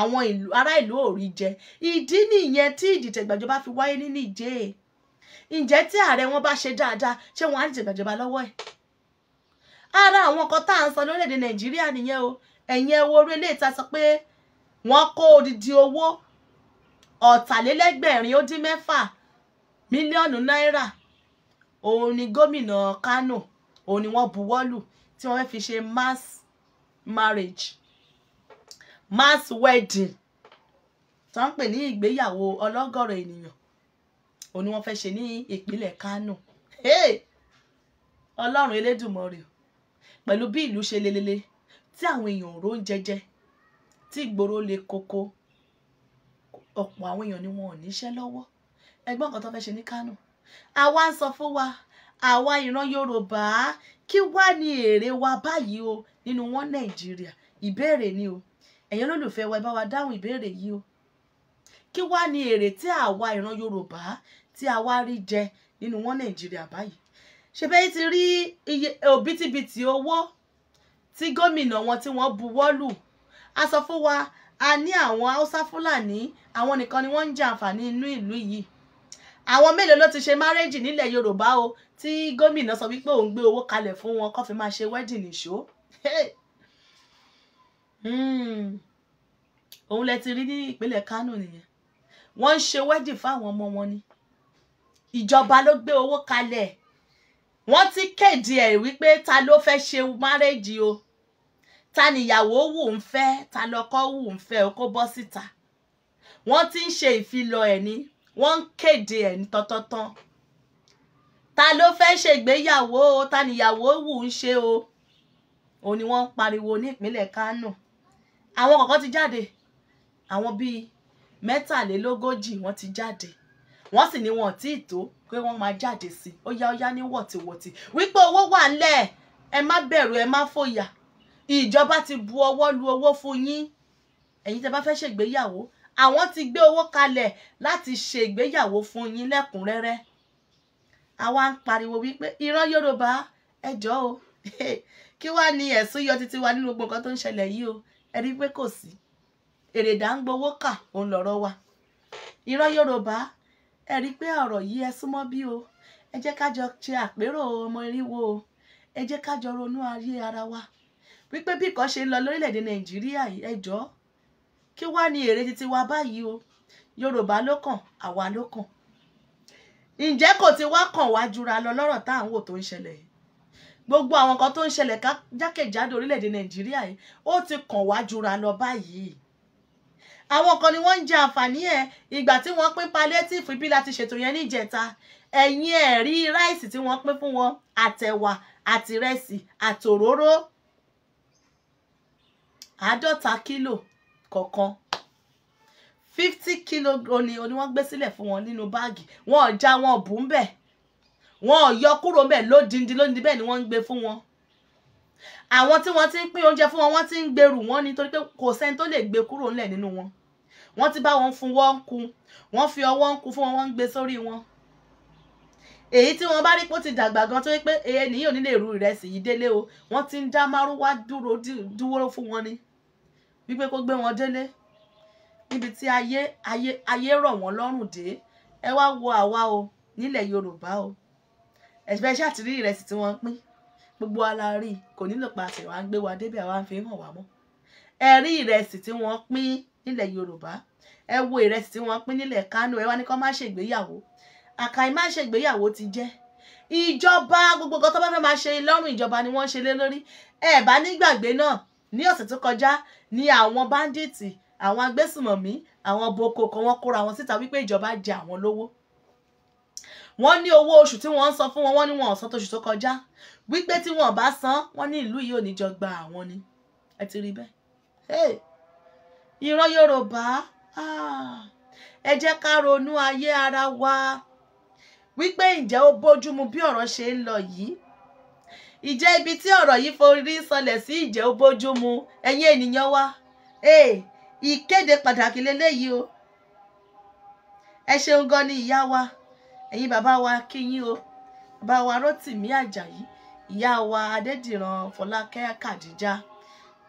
àwọn ará ìlú ò rí jẹ ìdí nìyẹn tí ìdìtẹ̀gbàjọba fi wáyé ní níjẹ́ ǹjẹ́ tí ààrẹ wọn bá ṣe dáadáa ṣé wọn á dìtẹ̀gbàjọba lọ́wọ́ ẹ̀ ara àwọn nǹkan tá à ń sọ lórílẹ̀‐èdè nàìjíríà nìyẹn o ẹ̀yin ẹ wo orí ilé ìta sọ pé wọ́n kó odidi owó ọ̀tàlélẹ́gbẹ̀rin ó dín mẹ́fà mílíọ̀nù náírà òun ni gómìnà Kánò òun ni wọ́n buwọ́lù tí wọ́n fẹ́ fi ṣe mass marriage mass wedding tó ń pè ní ìgbéyàwó ọlọ́gọ̀rọ̀ ènìyàn òun ni wọ́n fẹ́ ṣe ní ìpínlẹ̀ Kánò ọlọ́run elédùnmọ̀rẹ́ o pẹ̀lú bí ìlú ṣe lelele tí àwọn èèyàn ró ń jẹjẹ tí ìgboro le koko ọ̀pọ̀ àwọn èèyàn ni wọn ò níṣẹ́ lọ́wọ́ ẹgbọ́n kan tó fẹ́ ṣe ní Kánò àwa ń sọ fún wa àwa ìran Yorùbá kí wá ní èrè wa báyìí o nínú wọn Nàìjíríà ìbéèrè ni o ẹ̀yin olólùfẹ́ wa ẹ bá wa dáhùn ìbéèrè yìí o kí wá ní èrè tí àwa ìran Yorùbá tí àwa rí jẹ nínú wọn Nàìjíríà báyìí ṣebẹ́ yìí ti rí iye òbítíbitì owó tí gómìnà wọn tí wọ́n buwọ́ lù a sọ fún wa a ní àwọn haúsá fúlàní àwọn nìkan ni wọ́n ń jẹ àǹfààní inú ìlú yìí àwọn mélòó ló ti ṣe márẹ́jì nílẹ̀ yorùbá o tí gómìnà sọ wípé òun gbé owó kalẹ̀ fún wọn kó fi máa ṣe wedding nìṣó hmm. òun lẹ ti rí ní ìpínlẹ̀ kánò nìyẹn wọ́n ń ṣe wedding fáwọn ọmọ wọn ni ìjọba ló gbé owó kalẹ̀ wọ́n ti kéde ẹ̀ wípé ta ló fẹ́ ṣe márẹ́jì o ta níyàwó wù ń fẹ́ ta lọ́kọ wù ń fẹ́ o kó bọ́ síta wọ́n ti ń ṣe ìfilọ̀ ẹ̀ ni wọ́n ń kéde ẹ̀ ní tọ́tọ́tán ta ló fẹ́ ṣègbéyàwó o ta níyàwó wù ń ṣe o òun ni wọ́n ń pariwo ní ìpínlẹ̀ Kánò àwọn kọ̀ọ̀kan ti jáde àwọn bíi mẹ́tàlélógójì wọ́n ti jáde wọ́n sì ní wọn ò tó pé wọ́n máa jáde sí ọ̀yá ọ̀yá ní wọ̀tíwọ̀tí wípé owó wà ńlẹ̀ ẹ má bẹ̀rù ẹ má fòyà ìjọba ti bu ọwọ́ lu owó fún yín ẹ̀yin tẹ́ bá fẹ́ ṣègbéyàwó àwọn ti gbé owó kalẹ̀ láti ṣe ìgbéyàwó fún yín lẹ́kùnrẹ́rẹ́ àwa ń pariwo wípé ìran Yorùbá ẹjọ́ o kí wàá ní ẹ̀sùn yọ títí wa nínú gbogbo nǹkan tó ń ṣẹlẹ̀ yìí o ẹ rí pé kò sí èrèdà ń gbowó kà òun lọ̀rọ̀ wa ìran Yorùbá ẹ rí i pé ọ̀rọ̀ yìí ẹ súnmọ́ bí o ẹ jẹ́ ká jọ ṣe àpérò ọmọ eríwo o ẹ jẹ́ ká jọ ronú ayé ara wa wípé bí nǹkan ṣe ń lọ lórílẹ̀‐èdè nàìjíríà ẹ jọ kí wá ní èrè titi wa báyìí o yorùbá ló kàn àwa ló kàn ǹjẹ́ kò ti wá kàn wá jura lọ lọ́rọ̀ tá à ń wò tó ń ṣẹlẹ̀ yìí gbogbo àwọn kan tó ń ṣẹlẹ̀ jákèjádò orílẹ̀‐èdè nàìjíríà yìí ó ti kàn wá jura lọ báyìí àwọn kan ni wọ́n ń jẹ àǹfààní ẹ̀ ìgbà tí wọ́n pín palliative bí láti ṣètò yẹn ní ìjẹta ẹ̀yìn ẹ̀ rí ráìsì tí wọ́n pín fún wọn àtẹ̀wà àtìrẹsì àtòróró àádọ́ta kílò kọ̀ọ̀kan fifty kilo ni wọ́n gbé sílẹ̀ fún wọn nínú báàgì wọn ò já wọn bù ń bẹ̀ wọn ò yọ kúrò ń bẹ̀ lódindi lódindi bẹ́ẹ̀ ni wọ́n ń gbé fún wọn àwọn tí wọ́n ti ń pín oúnjẹ fún wọn wọ́n ti ń gbèrú wọn nítorí pé kò sẹ́ni tó lè gbé kúrò ńlẹ̀ nínú wọn wọ́n ti bá wọn fún wọ́n ń kun wọ́n fi ọwọ́ ń kun fún wọn wọ́n ń gbé sórí wọn èyí tí wọ́n bá rí pé ó ti dàgbà gan tó yẹ pé èyí nìyí ò ní lè ru ìrẹsì yìí délé o wọ́n ti ń dá márúwá dúró dúró fún wọn ni wípé kó gbé wọn délé níbi tí ayé ayé ayé rọ̀ wọ́n lọ́rùn dé ẹ wá wo àwa o nílẹ̀ Yorùbá o ẹ̀sìpẹ́ ṣáà ti rí ìrẹsì tí wọ́n pín gbogbo wa la rí kò nílò pàṣẹ wa ń gbé wa débẹ̀ wa fi hàn wá mọ́ ẹ̀rí ìrẹsì tí wọ́n pín nílẹ̀ Yorùbá ẹ wo ìrẹsì tí wọ́n pín nílẹ̀ Kánò ẹ wá ní kó má ṣègbéyàwó àkàì má ṣègbéyàwó ti jẹ́ ìjọba gbogbo nǹkan tó bá fẹ́ máa ṣe lọ́rùn ìjọba ni wọ́n ṣe lé lórí ẹ bá nígbàgbé náà ní ọ̀sẹ̀ tó kọjá ni àwọn báńdíìtì àwọn agbésùmọ̀mí àwọn boko kan wọ́n kóra wọn síta wípé ìjọba jẹ àwọn lówó wọ́n ní owó oṣù tí wọ́n ń san fún wọn wọ́n ní wọn ò san tóṣù tó kọjá wípé tí wọn ò bá san wọ́n ní ìlú yìí ò ní jọ gba àwọn ni ẹ ti rí bẹ́ẹ̀ ìran yorùbá ẹ jẹ́ ká ronú ayé ara wa wípé ǹjẹ́ ó bójúmu bí ọ̀rọ̀ ṣe ń lọ yìí ìjẹ́ ibi tí ọ̀rọ̀ yìí forí sọlẹ̀ sí ìjẹ́ ó bójúmu ẹ̀yin ènìyàn wa ee eh, ìkéde pàtàkì lélẹ́yìí o ẹ ṣeun gan ni ìyá wa ẹ̀yin bàbá wa kíyín o bàbá wa Rótìmí Àjàyí ìyá wa Adédìran Fọlákẹ́ Kàdíjà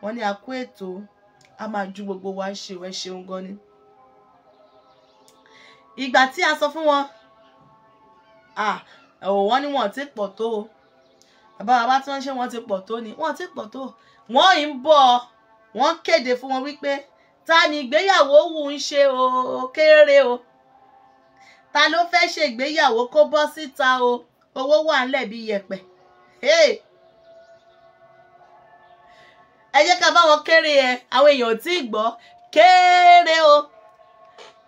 wọ́n ní a kú ètò a máa ju gbogbo wa ṣe ẹ ṣeun gan ni ìgbà tí a sọ fún wọn wọ́n ní wọ́n ti pọ̀ tó o bàbá wa tí wọ́n ṣe wọ́n ti pọ̀ tó ni wọ́n ti pọ̀ tó wọ́n ń bọ̀ wọ́n kéde fún wọn wípé ta ni ìgbéyàwó wù ń ṣe o kéré o ta ló fẹ́ ṣe ìgbéyàwó kó bọ́ síta o owó wà ńlẹ̀ bí yẹ̀pẹ̀ ẹ jẹ́ ká bá wọn kéré ẹ àwọn èèyàn ò tí ì gbọ́ kéré o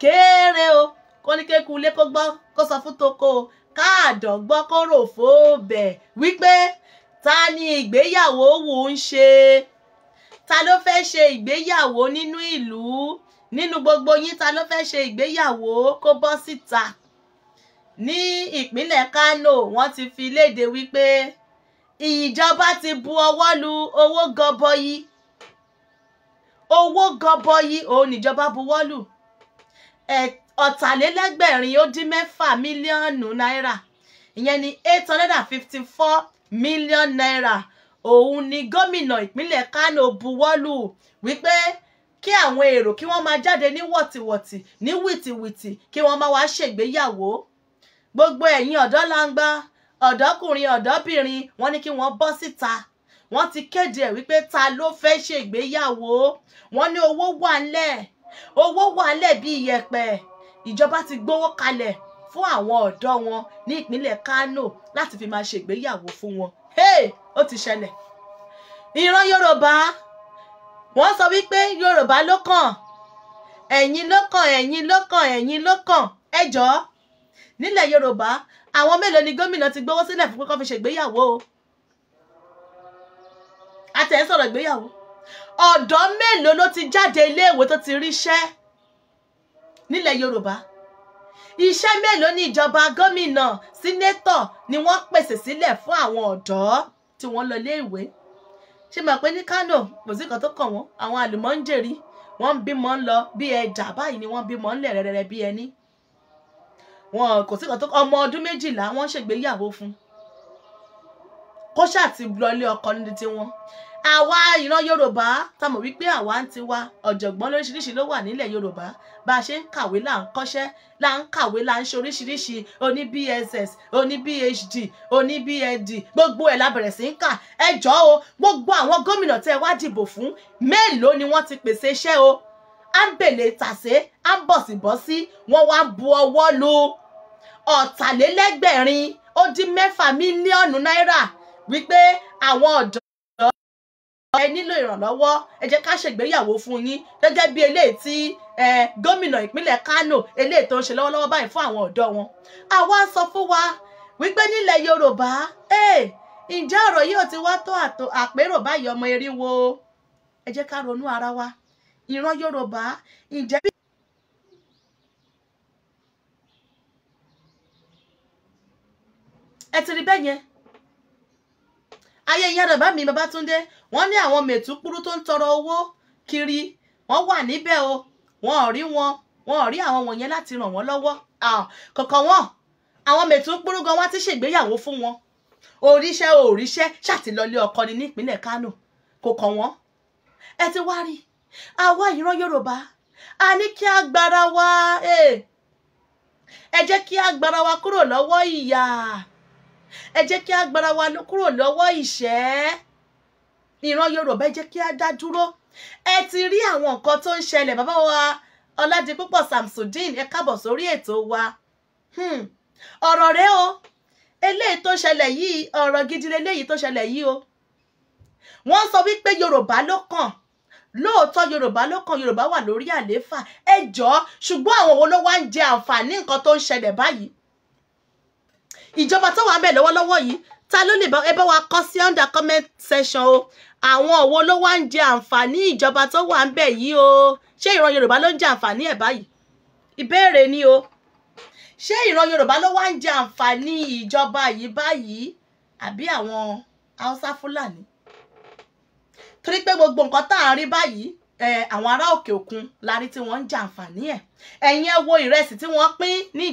kéré o kó ní kéku ilé kó gbọ́ kó sọ fún toko káàdọ̀ gbọ́ kó rò fóbẹ̀ wípé ta ni ìgbéyàwó wù ń ṣe ta ló fẹ́ ṣe ìgbéyàwó nínú ìlú nínú gbogbo yín ta ló fẹ́ ṣe ìgbéyàwó kó bọ́ síta ní ìpínlẹ̀ Kano wọ́n ti fi léde wípé ìjọba ti bu ọwọ́ lu owó gọbọyí owó gọbọyí òun níjọba buwọ́ lù ẹ̀tọ́ ọ̀tàlélẹ́gbẹ̀rin ó dín mẹ́fà mílíọ̀nù náírà ìyẹn ni eight hundred and fifty four million naira òun ni gómìnà ìpínlẹ̀ Kánò buwọ́lù wípé kí àwọn èrò kí wọ́n máa jáde ní wọ̀tìwọ̀tì ní wìtìwìtì kí wọ́n máa wá ṣègbéyàwó gbogbo ẹ̀yin ọ̀dọ́langba ọ̀dọ́kùnrin ọ̀dọ́bìnrin wọ́n ní kí wọ́n bọ́ síta wọ́n ti kéde ẹ̀ wípé ta ló fẹ́ ṣègbéyàwó wọ́n ní owó wà ńlẹ̀ owó wà ńlẹ̀ bí iyẹ̀pẹ̀ ìjọba ti gbówó kalẹ̀ fún àwọn ọ̀dọ́ wọn ní ìpínlẹ̀ Kano láti fi máa ṣègbéyàwó fún wọn hey ó ti ṣẹlẹ̀ ìran Yorùbá wọ́n sọ wípé Yorùbá ló kàn ẹ̀yin ló kàn ẹ̀yin ló kàn ẹ̀yin ló kàn ẹ jọ̀ọ́ nílẹ̀ Yorùbá àwọn mélòó ni gómìnà ti gbówó sílẹ̀ fún pé kó fi ṣègbéyàwó o àtẹ̀ ń sọ̀rọ̀ ìgbéyàwó ọ̀dọ́ mélòó ló ti jáde iléèwé tó ti ríṣẹ́ nílẹ̀ yorùbá iṣẹ́ mélòó ní ìjọba gómìnà sínétọ̀ ni wọ́n pèsè sílẹ̀ fún àwọn ọ̀dọ́ tí wọ́n lọ léèwé ṣe mọ̀ pé ní kánò kò sí kan tó kàn wọ́n àwọn àlùmọ́ńjèrì wọ́n ń bímọ ń lọ bí ẹja báyìí ni wọ́n bímọ ń lẹ̀ rẹ́rẹ́rẹ́ bí ẹni wọn kò sí kan tó ọmọ ọdún méjìlá wọ́n ṣègbéyàwó fún kó ṣáà ti lọ ilé ọkọ àwa ìran yorùbá tá mọ̀ wípé àwa ń tiwa ọ̀jọ̀gbọ́n lóríṣiríṣi ló wà nílẹ̀ yorùbá bá a ṣe ń kàwé là ń kọ́ṣẹ́ là ń kàwé là ń ṣe oríṣiríṣi oní bss oní B.H.D. oní bed gbogbo ẹ̀ la bẹ̀rẹ̀ sí ń kà ẹ jọ̀ọ́ o gbogbo àwọn gómìnà tẹ́ wá dìbò fún mélòó ni wọ́n ti pèsè iṣẹ́ o à ń bèlè tàṣé à ń bọ̀sibọ́sí wọ́n wá bu ọwọ́ lu ọ̀tàlélẹ́gbẹ̀rin ó dín mẹ́fà mílíọ̀nù náírà wípé àwọn ọ̀dọ́ ẹ nílò ìrànlọ́wọ́ ẹ jẹ́ ká ṣègbéyàwó fún yín gẹ́gẹ́ bí eléyìí tí gómìnà ìpínlẹ̀ Kánò eléyìí tó ń ṣe lọ́wọ́lọ́wọ́ báyìí fún àwọn ọ̀dọ́ wọn. àwa sọ fún wa wípé nílẹ̀ Yorùbá eh, ǹjẹ́ ọ̀rọ̀ yìí ò ti wá tó àpérò báyìí ọmọ erin wo ẹ jẹ́ ká ronú ara wa ìran Yorùbá ǹjẹ́ bí. ẹ ti rí bẹ́ẹ̀ yẹn ayé ìyá rẹ̀ bá mi Babátúndé wọ́n ní àwọn mẹ̀túkúrú tó ń tọrọ owó kiri wọ́n wà níbẹ̀ o wọn ò rí wọn wọn ò rí àwọn wọ̀nyẹn láti ràn wọ́n lọ́wọ́ kọ̀ọ̀kan wọn àwọn mẹ̀túkúrú gan wá ti ṣègbéyàwó fún wọn òríṣẹ́ òríṣẹ́ ṣàtìlọ́lé ọkọ ni nípínlẹ̀ Kánò kò kàn wọ́n ẹ ti wá rí àwa ìran Yorùbá a ní kí a gbára wa eh. ẹ jẹ́ kí a gbára wa kúrò lọ́wọ́ ìyà ẹ jẹ́ kí a gbára wa kúrò lọ́wọ́ ìṣẹ́ ìran yorùbá ẹ jẹ́ kí a dá dúró ẹ ti rí àwọn nǹkan tó ń ṣẹlẹ̀ bàbá wa ọládipúpọ̀ samsudeen ẹ káàbọ̀ sórí ètò wa hmm, ọ̀rọ̀ rẹ o eléyìí tó ṣẹlẹ̀ yìí ọ̀rọ̀ gidi eléyìí tó ṣẹlẹ̀ yìí o wọ́n sọ wípé yorùbá ló kàn lóòótọ́ yorùbá ló kàn yorùbá wà lórí àlééfà ẹ jọ̀ọ́ ṣùgbọ́n àwọn wo ló wá ń jẹ àǹfààní nǹkan tó ń ṣẹlẹ̀ báyìí ìjọba tó wà ń bẹ̀ lọ́wọ́lọ́wọ́ yìí ta ló lè bá wa kọ sí under comment section o àwọn òwò ló wá ń jẹ àǹfààní ìjọba tó wà ń bẹ̀ yìí o ṣé ìran yorùbá ló ń jẹ àǹfààní ẹ̀ báyìí ìbéèrè ni o ṣé ìran yorùbá ló wá ń jẹ àǹfààní ìjọba yìí báyìí àbí àwọn haúsá fúlàní torí pé gbogbo nǹkan tá à ń rí báyìí àwọn ará òkè òkun la rí tí wọ́n ń jẹ àǹfààní ẹ̀ ẹ̀yin ẹ wo ìrẹsì tí wọ́n pín ní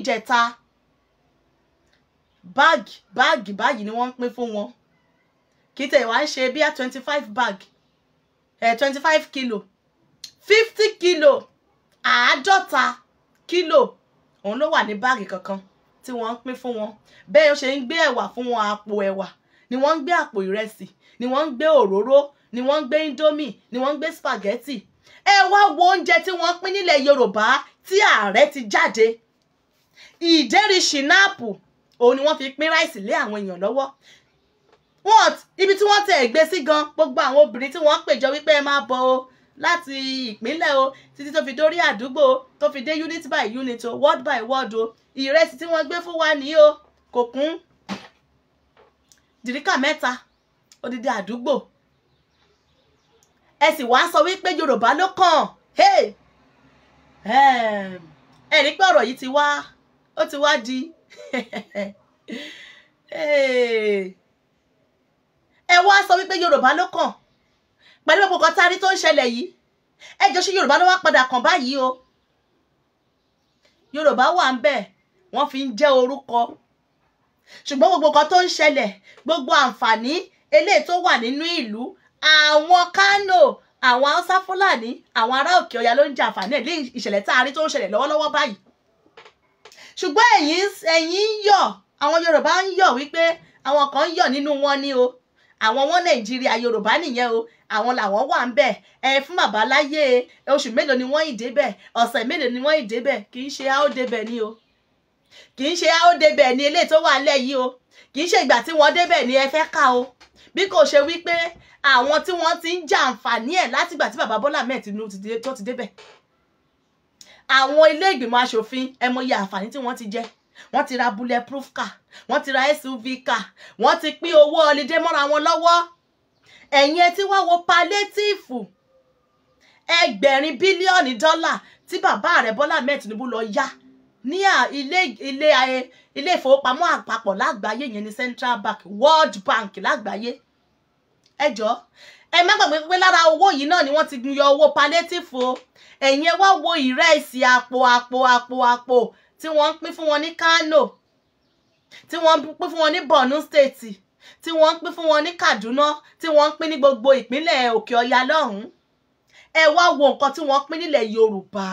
Bag, bag, báyìí ni wọ́n ń pín fún wọn kì í ń ṣe bí i twenty five bag twenty five kilo fifty kilo àádọ́ta kilo òun ló wà ní báàgì kankan tí wọ́n ń pín fún wọn bẹ́ẹ̀ ó ṣe ń gbé ẹ̀wà fún wọn àpò ẹ̀wà ni wọ́n ń gbé àpò ìrẹsì ni wọ́n ń gbé òróró ni wọ́n ń gbé indomie ni wọ́n ń gbé spaghetti ẹ wá wo oúnjẹ tí wọ́n pín nílẹ̀ yorùbá tí ààrẹ ti jáde ìdérí ṣìnáàpù òun ni wọ́n fi pín ráìsì lé àwọn èèyàn lọ́wọ́ wọ́n ibi tí wọ́n tẹ ẹ̀gbẹ́ sí gan gbogbo àwọn obìnrin tí wọ́n ń pèjọ wípé ẹ máa bọ̀ o láti ìpínlẹ̀ o títí tó fi dórí àdúgbò tó fi dé unit by unit o word by ward o ìrẹsì tí wọ́n gbé fún wa nìyí o kò kún dìríkà mẹ́ta odidi àdúgbò ẹ sì wá sọ wípé yorùbá ló kàn ẹ rí pé ọ̀rọ̀ yìí ti wá ó ti wá di ẹ wá sọ wípé yorùbá ló kàn pẹ̀lú gbogbo kan tá a rí tó ń ṣẹlẹ̀ yìí ẹ jọ ṣé yorùbá ló wá padà kàn báyìí o yorùbá wà ń bẹ̀ wọ́n fi ń jẹ́ orúkọ ṣùgbọ́n gbogbo kan tó ń ṣẹlẹ̀ gbogbo àǹfààní eléyìí tó wà nínú ìlú àwọn kánò àwọn haúsá fúlàní àwọn ará òkè ọya ló ń jẹ àǹfààní ẹ̀ lé ìṣẹ̀lẹ̀ tá a rí tó ń ṣẹlẹ̀ lọ́wọ́lọ́wọ́ báyìí ṣùgbọ́n ẹ̀yin ẹ̀yin ń yọ̀ àwọn Yorùbá ń yọ̀ wípé àwọn kan ń yọ̀ nínú wọn ni o àwọn wọn Nàìjíríà Yorùbá nìyẹn o àwọn làwọn wà ń bẹ̀ ẹ fún bàbá láyé oṣù mélòó ni wọ́n ì débẹ̀ ọ̀sẹ̀ mélòó ni wọ́n ì débẹ̀ kì í ṣe a ni o kì í ṣe a ni eléyìí tó wà ńlẹ̀ yìí o kì í ṣe ìgbà tí wọ́n débẹ̀ ni ẹ fẹ́ kà o bí kò ṣe wípé àwọn tí wọ́n ti ń jàǹfààní ẹ̀ látìgbà tí bàbá Bọ́lá mẹ́ẹ̀ tó ti débẹ̀ àwọn ilé ìgbìmọ̀ asòfin ẹ mọyì àǹfààní tí wọ́n ti jẹ wọ́n ti ra bulletproof car wọ́n ti ra SUV car wọ́n ti pín owó ọlídé mọ́ra wọn lọ́wọ́ ẹ̀yin ẹ ti wá wo palétíìfù ẹgbẹ̀rin bílíọ̀nù dọ́là tí bàbá rẹ̀ Bọ́lá Ahmed Tinubu lọ yá ní ilé ilé ilé ìfowópamọ́ àpapọ̀ lágbàáyé yẹn ní Central Bank World Bank lágbàáyé ẹ jọ̀ọ́ ẹ má gbàgbé pé lára owó yìí náà ni wọ́n ti yọ owó palliative o ẹ̀yin ẹ wá wo ìrẹsì àpò àpò àpò àpò tí wọ́n ń pín fún wọn ní Kano tí wọ́n ń pín fún wọn ní Borno State tí wọ́n ń pín fún wọn ní Kaduna tí wọ́n ń pín ní gbogbo ìpínlẹ̀ Òkè Ọya lọ́hùn-ún ẹ wá wo nǹkan tí wọ́n pín nílẹ̀ Yorùbá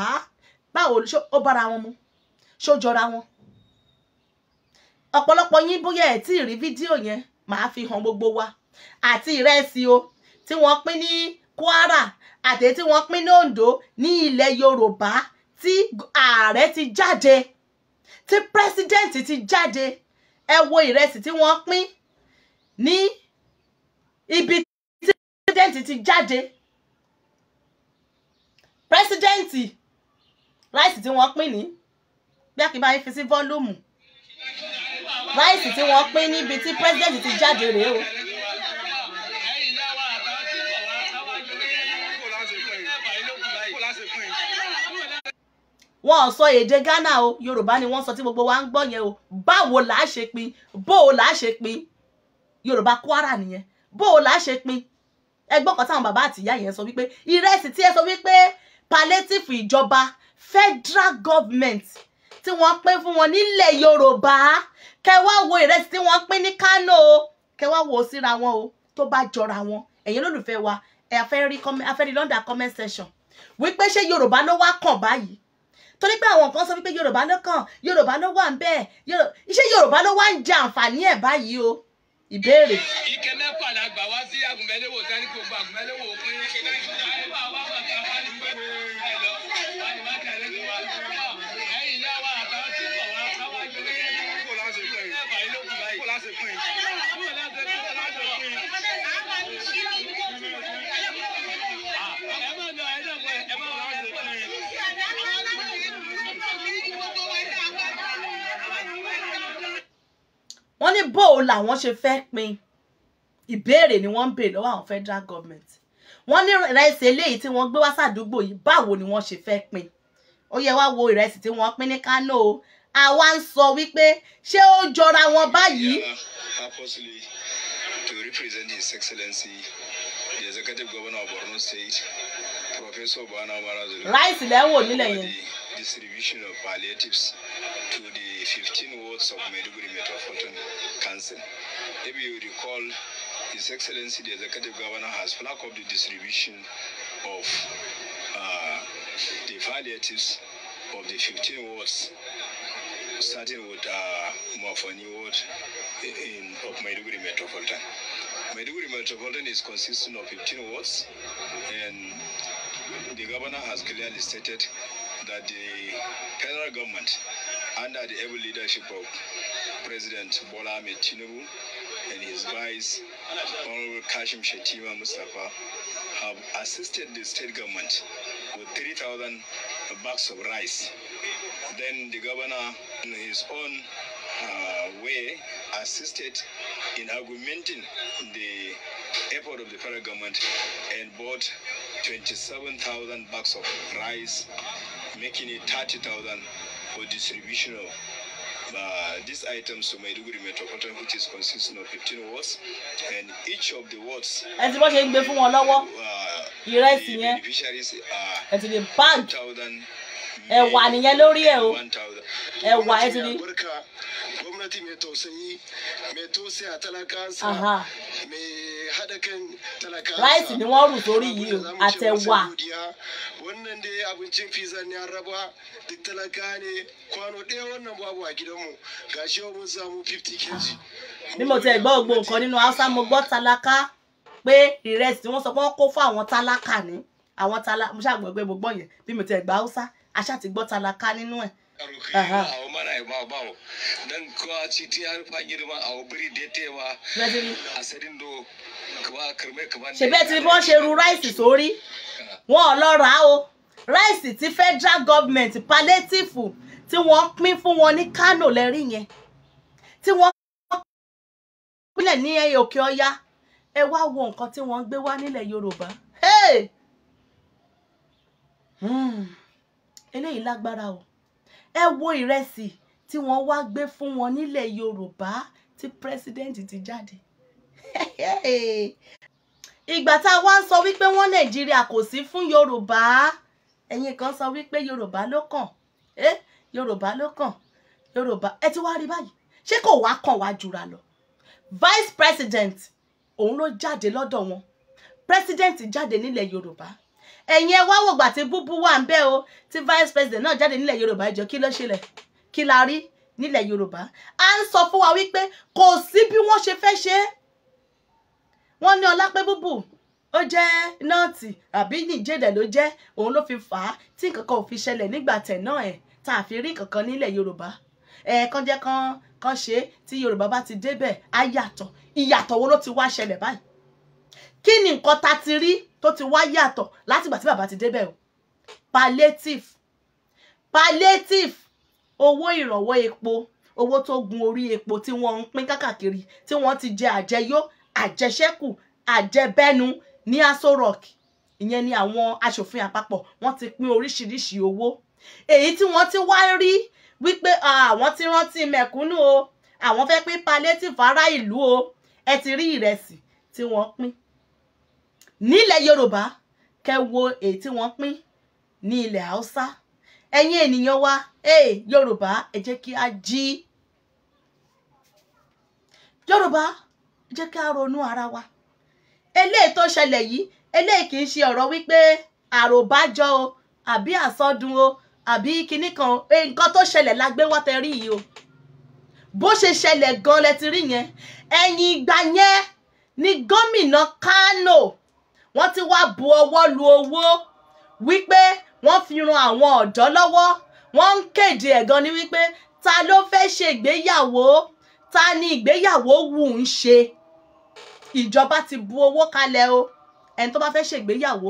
báwo ó bára wọn mu ṣó jọra wọn ọ̀pọ̀lọpọ̀ yín bóyá ẹ̀ tí ì rí fídíò yẹn màá fi hàn gbogbo wa àti ìrẹsì o tí wọ́n pín ní Kwara àti tí wọ́n pín ní Ondo ní ilẹ̀ Yorùbá tí ààrẹ ti jáde tí pírẹsidẹ́ǹtì ti jáde ẹ wo ìrẹsì tí wọ́n pín ní ibi tí pírẹsidẹ́ǹtì ti jáde pírẹsidẹ́ǹtì ráìsì tí wọ́n pín ní bí akínbá yín fi sí fọ́lùmù ráìsì tí wọ́n pín níbi tí pírẹsidẹ́ǹtì ti jáde rèé o. wọn ò sọ èdè Ghana o Yorùbá ni wọ́n sọ tí gbogbo wa ń gbọ́ yẹn o báwo là á ṣe pín bó o là á ṣe pín Yorùbá Kwara nìyẹn bó o là á ṣe pín ẹgbọ́n kan táwọn bàbá àtìyá yẹn sọ wípé ìrẹsì tí ẹ sọ wípé palliative ìjọba federal government tí wọ́n pín fún wọn nílẹ̀ Yorùbá kẹwàá wo ìrẹsì tí wọ́n pín ní Kánò o kẹwàá wo síra wọn o tó bá jọra wọn ẹ̀yin lólùfẹ́ wa ẹ̀ afẹ́rí lọ́ndà comment section wípé ṣé Yorùbá ló wá kàn báyìí torí pé àwọn kan sọ wípé yorùbá ló kàn yorùbá ló wà ń bẹ́ẹ̀ iṣẹ́ yorùbá ló wá ń jẹ àǹfààní ẹ̀ báyìí o ìbéèrè. ike mẹ́fà la gbà wá sí àgùnmẹ́lẹ́wò sani kò gba àgùnmẹ́lẹ́wò pé ẹ bá wà bàtà wà ní pẹ́ ẹ lọ. wọ́n ní bóò làwọn ṣe fẹ́ pín ìbéèrè ni wọ́n ń béèrè lọ́wọ́ àwọn federal government wọ́n ní ìrẹsì eléyìí tí wọ́n gbé wá sàdúgbò yìí báwo ni wọ́n ṣe fẹ́ pín ó yẹ wá wo ìrẹsì tí wọ́n pín ní Kánò o àwa ń sọ wípé ṣé ó jọra wọn báyìí. Uh, uh, to represent His Excellency, the Executive Governor of Borno State, láìsí lẹ́wọ̀ nílẹ̀ yẹn. distribution of palliatives to the fifteen wards of Maiduguri Metropolitan Council. If you recall, His Excellency the Executive Governor has flagged up the distribution of uh, the palliatives of the 15 wards, starting with uh, Mofani ward in, of Maiduguri Metropolitan. Maiduguri Metropolitan is consisting of 15 wards, and the governor has clearly stated that the federal government, under the able leadership of President Bola Ahmed Tinubu and his vice, Honorable Kashim Shetima Mustafa, have assisted the state government with 3,000 bags of rice. Then the governor, in his own uh, way, assisted in augmenting the effort of the federal government and bought 27,000 bags of rice, making it 30,000 for distribution of uh, these items to Maiduguri metropolitan which is consisting of 15 wards and each of the wards ẹ ti bọ́ ṣe ń gbé fún wọn lọ́wọ́ ìrẹsì uh, yẹn uh, ẹ ti lè bag ẹ̀wà nìyẹn lórí ẹ̀ o ẹ̀wà ẹ ti lè. gwamnati mai tausayi mai tausayi a talakansa mai ráìsì ni wọ́n rù sórí yìí o àtẹ̀wà. wannan dai abincin fizan ya raba duk talaka ne kwano ɗaya wannan babu a gidanmu ga shi mun samu 50 kg. bí mo ti gbọ́ gbogbo nǹkan nínú hausa mo gbọ́ tálákà pé ìrẹsì tí wọ́n sọ pé wọ́n kó fún àwọn tálákà ní àwọn tálákà mo ṣàgbọ́ pé mo gbọ́ yẹn bí mo ti gbọ́ hausa aṣáà ti gbọ́ tálákà nínú ẹ̀ ruhi awo mana ba bawo dan kwa citi har fa girma awo biri de tewa asarin do kwa karme kaban ṣebí ẹ ti bọ́n ṣe ru ráìsì sórí wọn ò lọ rà á o ráìsì tí federal government palliative tí wọ́n pín fún wọn ní Kano lẹ́rí yẹn tí wọ́n pínlẹ̀ ní òkè e ọya ẹ e wá wo nǹkan tí wọ́n gbé wá nílẹ̀ Yorùbá hmm. eléyìí lágbára o ẹ wo ìrẹsì tí wọ́n wá gbé fún wọn nílẹ̀ Yorùbá tí president ti jáde ìgbà tá a wá ń sọ wípé wọ́n Nàìjíríà kò sí fún Yorùbá ẹ̀yin kan sọ wípé Yorùbá ló kàn ẹ Yorùbá ló kàn Yorùbá ẹ ti wá rí báyìí ṣé kò wá kàn wá jura lọ vice president òun ló jáde lọ́dọ̀ wọn president jáde nílẹ̀ Yorùbá ẹ̀yin ẹ wá wògbà tí búbú wà ń bẹ́ o tí vice president náà jáde nílẹ̀ yorùbá ìjọ kí ló ṣẹlẹ̀ kí la rí nílẹ̀ yorùbá à ń sọ fún wa wípé kò sí bí wọ́n ṣe fẹ́ ṣe é wọ́n ní ọlápẹ́ búbú ó jẹ́ nọ́ọ̀tì àbí nìjẹ́dẹ̀ ló jẹ́ òun ló fi fà á tí nǹkan kan ò fi ṣẹlẹ̀ nígbà tẹ̀ náà ẹ̀ tá a fi rí nǹkan nílẹ̀ yorùbá ẹ̀ẹ̀kan jẹ́ kan kan ṣe tí yorùbá bá ti débẹ̀ á yàtọ̀ ìyàtọ̀ wo ló ti wá ṣẹlẹ̀ báyìí kí ni nǹkan ta ti rí tó ti wá yàtọ̀ látìgbà tí bàbá ti débẹ̀ o palliative palliative owó ìrànwọ́ epo owó tó gun orí epo tí wọ́n ń pín kákàkiri tí wọ́n ti jẹ àjẹyó àjẹṣẹ́kù àjẹbẹ́nu ní Aso Rock ìyẹn ni àwọn aṣòfin àpapọ̀ wọ́n ti pín oríṣiríṣi owó èyí tí wọ́n ti wá rí wípé àwọn ti rántí mẹ̀kúnnù o àwọn fẹ́ pín palliative ará ìlú o ẹ ti rí ìrẹsì tí wọ́n pín nílẹ̀ yorùbá kẹ́ wo èyí tí wọ́n pín ní ilẹ̀ haúsá ẹ̀yin ènìyàn wa ee eh, yorùbá ẹ jẹ́ kí a jí yorùbá ẹ jẹ́ kí a ronú ara wa eléyìí tó ṣẹlẹ̀ yìí eléyìí kì í ṣe ọ̀rọ̀ wípé àròbájọ o àbí àsọdùn o àbí kinní kan eh, nǹkan tó ṣẹlẹ̀ la gbé wá tẹ rí yìí o bó ṣe ṣẹlẹ̀ gan lẹ ti rí yẹn ẹ̀yìn ìgbà yẹn ni gómìnà Kánò wọ́n ti wá bu ọwọ́ lu owó wípé wọ́n fi ran àwọn ọ̀dọ́ lọ́wọ́ wọ́n ń kéde ẹ̀ gan ni wípé ta ló fẹ́ ṣe ìgbéyàwó ta ni ìgbéyàwó wù ń ṣe ìjọba ti bu owó kalẹ̀ o ẹni tó bá fẹ́ ṣe ìgbéyàwó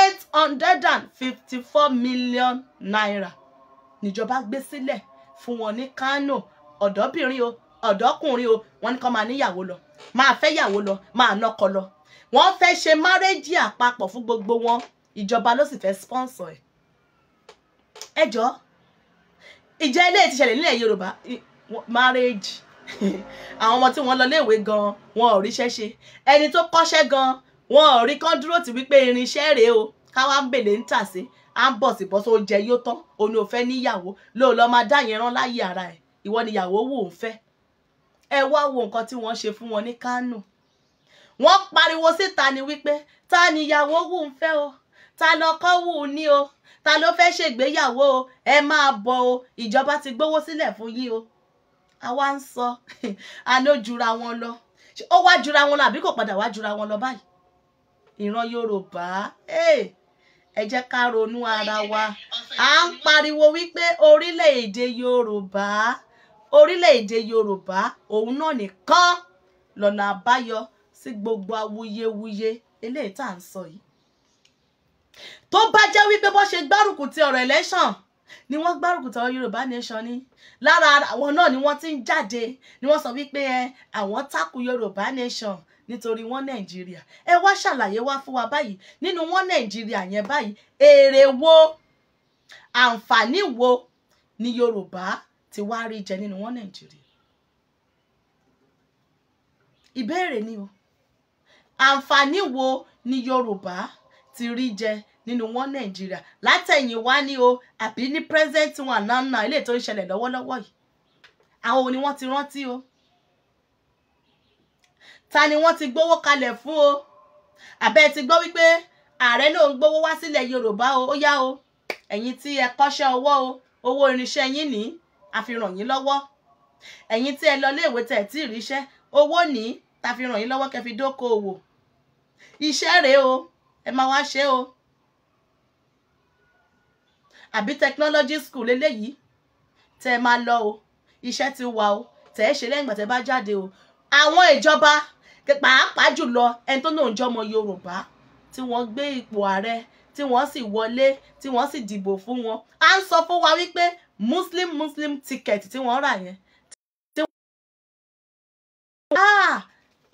eight hundred and fifty four million naira níjọba gbé sílẹ̀ fún wọn ní Kánò ọ̀dọ́bìnrin o ọ̀dọ́kùnrin o wọ́n ní kó máa níyàwó lọ máa fẹ́ yàwó lọ máa nọ́kọ lọ wọ́n fẹ́ ṣe márẹ́jì àpapọ̀ fún gbogbo wọn ìjọba ló sì fẹ́ sponsor ẹ̀ ẹ jọ ìjẹ́ ilé ti ṣẹlẹ̀ nílẹ̀ Yorùbá márẹ́jì àwọn ọmọ tí wọ́n lọ léèwé gan wọn ò ríṣẹ́ ṣe ẹni tó kọ́ṣẹ́ gan wọn ò rí kán dúró tì wípé irinṣẹ́ rèé o káwá ń bèlè ń tà sí à ń bọ̀ sí bọ́ tó jẹ yóò tán òun ò fẹ́ níyàwó lóò lọ́ọ́ máa dá yẹn rán láyé ara ẹ̀ ìwọ níyàwó wò ń fẹ́ ẹ wá wo nǹkan tí wọ́n ṣe fún wọn ní Kánò wọ́n pariwo síta ni wípé ta ni ìyàwó wù ń fẹ́ o ta ni ọkọ wù ú ní o ta ló fẹ́ ṣègbéyàwó o ẹ máa bọ̀ o ìjọba ti gbówó sílẹ̀ fún yín o àwa ń sọ àná jura wọn lọ ó wá jura wọn lọ àbí kò padà wá jura wọn lọ báyìí ìran yorùbá ẹ jẹ́ ká ronú ara wa à ń pariwo wípé orílẹ̀-èdè yorùbá orílẹ̀-èdè yorùbá òun náà nìkan lọ́nà àbáyọ sí gbogbo awuyewuye eléyìí tá à ń sọ yìí tó bá jẹ́ wípé bó ṣe gbárùkù ti ọ̀rọ̀ election ni wọ́n gbárùkù tọ́ Yorùbá nation ni lára àwọn náà ni wọ́n ti ń jáde ni wọ́n sọ wípé ẹ àwọn takú Yorùbá nation nítorí wọ́n Nàìjíríà ẹ wá ṣàlàyé wá fún wa báyìí nínú wọ́n Nàìjíríà yẹn báyìí èrè wo àǹfààní wo ni Yorùbá ti wá rí jẹ nínú wọ́n Nàìjíríà ìbéèrè ni o àǹfààní wo ni Yorùbá ti rí jẹ nínú wọn Nàìjíríà látẹ̀yìn wá ní o àbí ní present one náà náà ilé tó ń ṣẹlẹ̀ lọ́wọ́lọ́wọ́ yìí àwọn òní wọ́n ti rántí o ta ni wọ́n ti gbówó kalẹ̀ fún o àbẹ́ ti gbọ́ wípé ààrẹ ló ń gbówó wá sílẹ̀ Yorùbá o ó yá o ẹ̀yin tí ẹ kọ́ṣẹ́ ọwọ́ o owó irinṣẹ́ yín ní àfihàn yín lọ́wọ́ ẹ̀yin tí ẹ lọ léèwé tẹ̀ tí ì ríṣẹ́ owó ní ta fi ràn yín lọ́wọ́ kẹ́ fi dókòwò iṣẹ́ rèé o ẹ máa wá ṣe o àbí technology school eléyìí tẹ́ ẹ máa lọ o iṣẹ́ ti wà o tẹ́ ẹ ṣe lẹ́yìn ìgbà tẹ́ bá jáde o àwọn ìjọba pàápàá jùlọ ẹni tó náà ń jọmọ Yorùbá tí wọ́n gbé ipò ààrẹ tí wọ́n sì wọlé tí wọ́n sì dìbò fún wọn à ń sọ fún wa wípé Muslim Muslim ticket tí wọ́n rà yẹn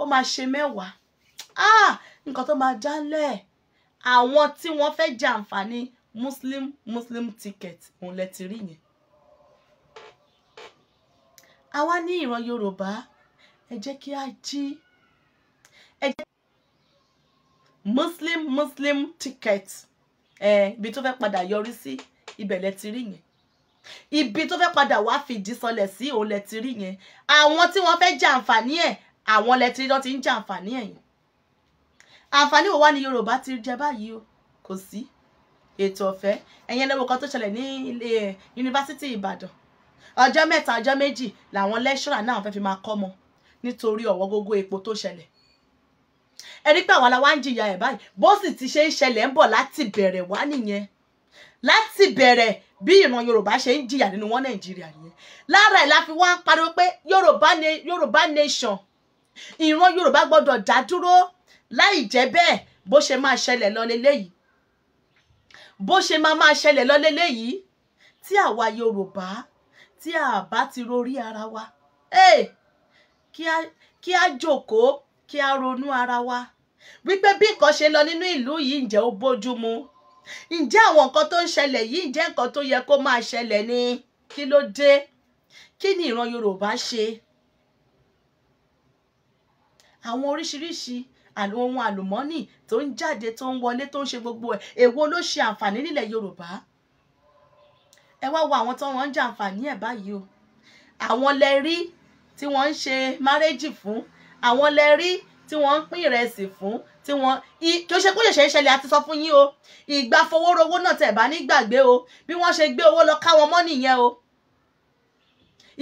ó máa ṣe mẹ́wàá ah nǹkan tó máa jálẹ̀ àwọn tí wọ́n fẹ́ jẹ àǹfààní muslim muslim ticket òun lẹ ti rí yẹn. àwa ní ìran yorùbá ẹ jẹ́ kí a jí ẹ jẹ́ muslim muslim ticket ẹ ibi tó fẹ́ padà yọrí sí ibẹ̀ lẹ ti rí yẹn ibi tó fẹ́ padà wá fìdí sọlẹ̀ sí òun lẹ ti rí yẹn àwọn tí wọ́n fẹ́ jẹ àǹfààní ẹ̀ àwọn lẹ́tí tó ti ń jẹ àǹfààní ẹ̀yìn àǹfààní wo wá ní Yorùbá ti jẹ báyìí o kò sí ètò ọ̀fẹ́ ẹ̀yìn ẹlẹ́wọ̀n kan tó ṣẹlẹ̀ ní ilé yunifásitì Ìbàdàn ọjọ́ mẹ́ta ọjọ́ méjì làwọn lẹ́ṣọ́rà náà fẹ́ fi máa kọ́ mọ nítorí ọ̀wọ́ gógó epo tó ṣẹlẹ̀ ẹ rí pé àwọn aláwa ń jìyà ẹ̀ báyìí bó sì ti ṣe ń ṣẹlẹ̀ ń bọ̀ láti bẹ̀rẹ̀ wá nìyẹn láti bẹ̀rẹ̀ bí ìran Yorùbá ṣe ń jìyà nínú wọn Nàìjíríà nìyẹn lára ẹ̀ la fi wá ń pariwo pé Yorùbá nation ìran yorùbá gbọ́dọ̀ dá dúró láì jẹ́ bẹ́ẹ̀ bó ṣe máa ṣẹlẹ̀ lọ leléyìí bó ṣe máa máa ṣẹlẹ̀ lọ leléyìí tí àwa yorùbá tí a bá ti rorí ara wa hey, kí a kí a jókòó kí a ronú ara wa wípé bí nǹkan ṣe lọ nínú ìlú yìí ǹjẹ́ ó bójúmu ǹjẹ́ àwọn nǹkan tó ń ṣẹlẹ̀ yìí ǹjẹ́ nǹkan tó yẹ kó máa ṣẹlẹ̀ ni kí ló dé kí ni ìran yorùbá ṣe àwọn oríṣiríṣi ohun àlùmọ́nì tó ń jáde tó ń wọlé tó ń ṣe gbogbo ẹ̀ èwo ló ṣe àǹfààní nílẹ̀ Yorùbá ẹ wá wo àwọn tó wọ́n ń jẹ àǹfààní ẹ̀ báyìí o àwọn lẹ rí tí wọ́n ń ṣe márẹ́jì fún àwọn lẹ rí tí wọ́n ń pín ìrẹsì fún tí wọ́n kí ó ṣe kó ṣẹ̀ṣẹ̀ ṣẹlẹ̀ àti sọ fún yín o ìgbà fowórowó náà tẹ̀ bá nígbàgbé o bí wọ́n ṣe gbé owó lọ ká wọn mọ́ nìyẹn o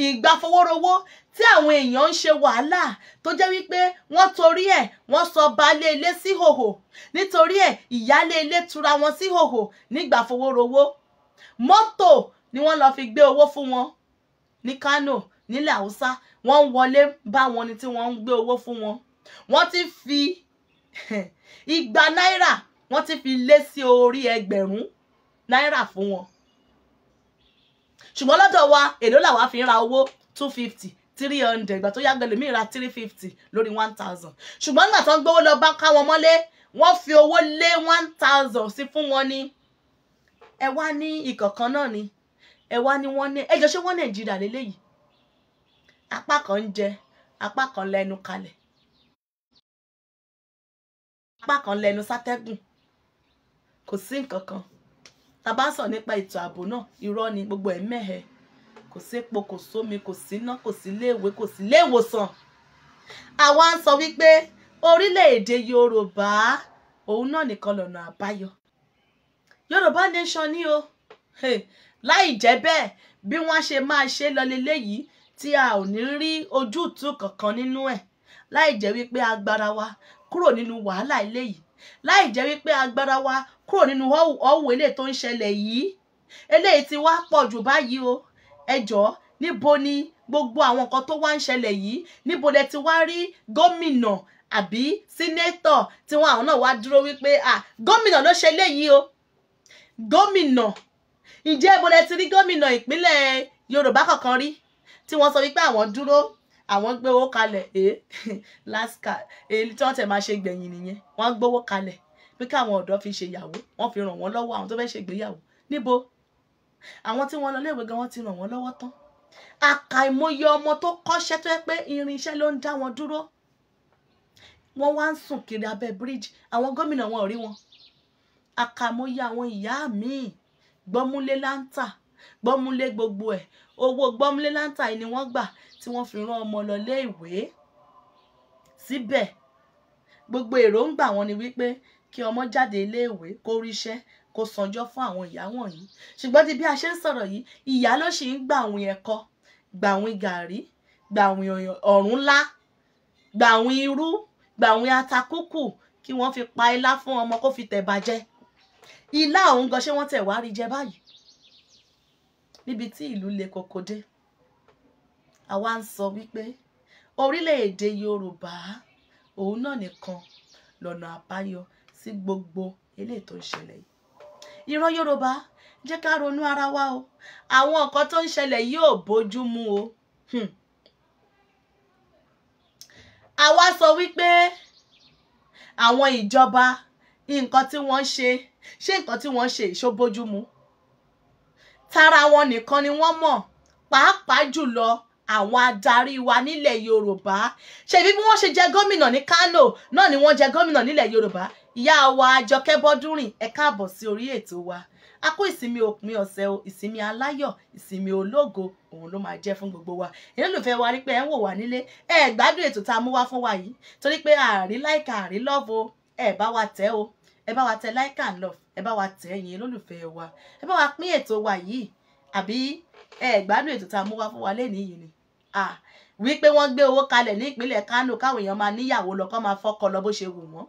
ìgbà fowórowó tí àwọn èèyàn ń ṣe wàhálà tó jẹ́ wípé wọ́n torí ẹ̀ wọ́n sọ baálé ilé sí nítorí ẹ̀ ìyálé ilé tura wọn sí hòhò nígbà fowórowó mọ́tò ni wọ́n lọ fi gbé owó fún wọn ní Kánò nílẹ̀ Haúsá wọ́n ń wọlé bá wọn ni tí wọ́n ń gbé owó fún wọn wọ́n ti fi igba náírà wọ́n ti fi lé sí orí ẹgbẹ̀rún náírà fún wọn ṣùgbọ́n lọ́dọ̀ wa èló làwa fi ń ra owó two fifty three hundred ìgbà tó yá gbẹlẹ̀ mìíràn three fifty lórí one thousand ṣùgbọ́n nígbà tó ń gbowó lọ bá káwọn mọ́lé wọ́n fi owó lé one thousand sí fún wọn ni ẹ wá ní ìkọ̀kan náà ni ẹ wá ní wọ́n ní ẹjọ́ ṣé wọ́n nàìjíríà lélẹ́yìí apá kan ń jẹ apá kan lẹ́nu kalẹ̀ apá kan lẹ́nu sátẹ́gùn kò sí nǹkan kan tá a bá sọ nípa ètò ààbò náà irọ́ ni gbogbo ẹ̀ mẹ́hẹ̀ẹ́ kò sépo kò sómi kò síná kò síléèwé kò síléèwòsàn àwa ń sọ wípé orílẹ̀-èdè yorùbá òun náà nìkan lọ́nà àbáyọ yorùbá nation ni o láì jẹ́ bẹ́ẹ̀ bí wọ́n ṣe máa ṣe lọ leléyìí tí a ò ní rí ojútùú kankan nínú ẹ̀ láì jẹ́ wípé agbára wa kúrò nínú wàhálà eléyìí láì jẹ́ wípé agbára wa kúrò nínú ọ̀hún eléyìí tó ń ṣẹlẹ̀ yìí eléyìí ti wá pọ̀ jù báyìí o ẹ níbo ni gbogbo àwọn nǹkan tó wá ń ṣẹlẹ̀ yìí níbo lẹ ti wá rí gómìnà àbí sínétọ̀ tí wọn àwọn náà wá dúró wípé ah gómìnà ló ṣe léyìí o gómìnà ǹjẹ́ ibo lẹ ti rí gómìnà ìpínlẹ̀ Yorùbá kankan rí tí wọ́n sọ wípé àwọn dúró àwọn gbowó kalẹ̀ ee láska èyí tí wọ́n tẹ̀ máa ṣe gbẹ̀yìn nìyẹn wọ́n gbowó kalẹ̀ pé káwọn ọ̀dọ́ fi ṣèyàwó wọ́n fi ràn wọ́n lọ́wọ́ àwọn tó fẹ́ ṣègbéyàwó níbo àwọn tí wọ́n lọ léèwé gan wọ́n ti ràn wọ́n lọ́wọ́ tán àkàìmọye ọmọ tó kọ́ṣẹ́ tó yẹ pé irinṣẹ́ ló ń dá wọn dúró wọ́n wá ń sùn kiri abẹ́ bíríjì àwọn gómìnà wọn ò rí wọn àkàìmọye àwọn ìyá míì gbọ́múlé láńtà gbọ́múlé gbogbo ẹ̀ owó gbọ́múlé láńtà ni wọ́n gbà tí wọ́n fi rán ọmọ lọ léèwé síbẹ̀ gbogbo èròǹgbà wọn ni wípé kí ọmọ jáde iléèwé kó ríṣẹ́ kó sanjọ́ fún àwọn ìyá wọ̀nyí ṣùgbọ́n di bí a ṣe ń sọ̀rọ̀ yìí ìyá ló ṣì ń gbàwìn ẹ̀kọ gbàwìn gàrí gbàwìn ọ̀rúnlá gbàwìn irú gbàwìn atakúkù kí wọ́n fi pa ilá fún ọmọ kó fi tẹ̀bà jẹ ilá ọ̀hún gan ṣé wọ́n tẹ̀ wá rí jẹ báyìí níbi tí ìlú le koko dé àwa ń sọ wípé orílẹ̀-èdè Yorùbá òun náà nìkan lọ́nà àbáyọ sí gbogbo eléyìí tó ń ṣẹlẹ̀ yìí ìran yorùbá jẹ́ ká ronú ara wa o àwọn nǹkan tó ń ṣẹlẹ̀ yóò bójú mu o àwa hmm. sọ wípé àwọn ìjọba nǹkan tí wọ́n ṣe ṣé nǹkan tí wọ́n ṣe ìṣóbójúmu tara wọn nìkan ni wọ́n mọ̀ pàápàá jùlọ àwọn adarí wa nílẹ̀ yorùbá ṣebí bí wọ́n ṣe jẹ gómìnà ní kánò náà ni wọ́n jẹ gómìnà nílẹ̀ yorùbá ìyá wa àjọkẹ́ bọ́dúnrìn ẹ káàbọ̀ sí orí ètò wa a kó ìsinmi òpin ọ̀sẹ̀ o ìsinmi aláyọ̀ ìsinmi ológo òun ló máa jẹ́ fún gbogbo wa ìrẹ́lùfẹ́ wa rí pé ẹ ń wò wá nílé ẹ gbádùn ètò tá a mú wá fún wa yìí torí pé àárí láìka àárí lọ́ọ̀bù ẹ bá wa tẹ́ o ẹ bá wa tẹ like and love ẹ bá wa tẹ ẹ̀yin olólùfẹ́ wa ẹ bá wa pín ètò wa yìí àbí ẹ gbádùn ètò tá a mú wá fún wa lẹ́nìí yìí ni wípé wọ́n gbé owó kalẹ̀ ní ìpínlẹ̀ Kánò káwọn èèyàn máa níyàwó lọ kọ́ máa fọ́kọ lọ bó ṣe wù wọ́n.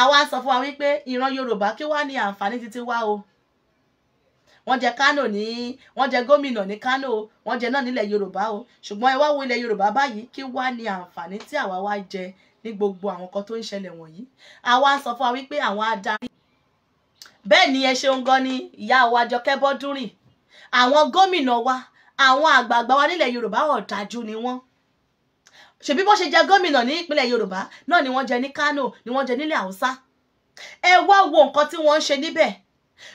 àwa sọ fún wa wípé ìran Yorùbá kí wá ní àǹfààní títí wá o wọ́n jẹ Kánò ní wọ́n jẹ gómìnà ní Kánò o wọ́n jẹ náà nílẹ̀ Yorùbá o ṣùgbọ́n ẹ wá wo ilẹ̀ Yorùbá báyìí kí wá ní àǹfààní tí àwa wá jẹ ní gbogbo àwọn kan tó ń ṣẹlẹ̀ wọ̀nyí àwa sọ fún wa wípé àwọn adarí bẹ́ẹ̀ ni ẹ ṣeun gan ni ìyá wa Àjọkẹ́ Bọ́dúnrìn àwọn gómìnà wa àwọn àgbààgbà wa nílẹ̀ yorùbá ọ̀dájú ni wọ́n ṣèbí bó ṣe jẹ gómìnà ní ìpínlẹ̀ yorùbá náà ni wọ́n jẹ ní kánò ni wọ́n jẹ nílẹ̀ haúsá ẹ wá wo nǹkan tí wọ́n ń ṣe níbẹ̀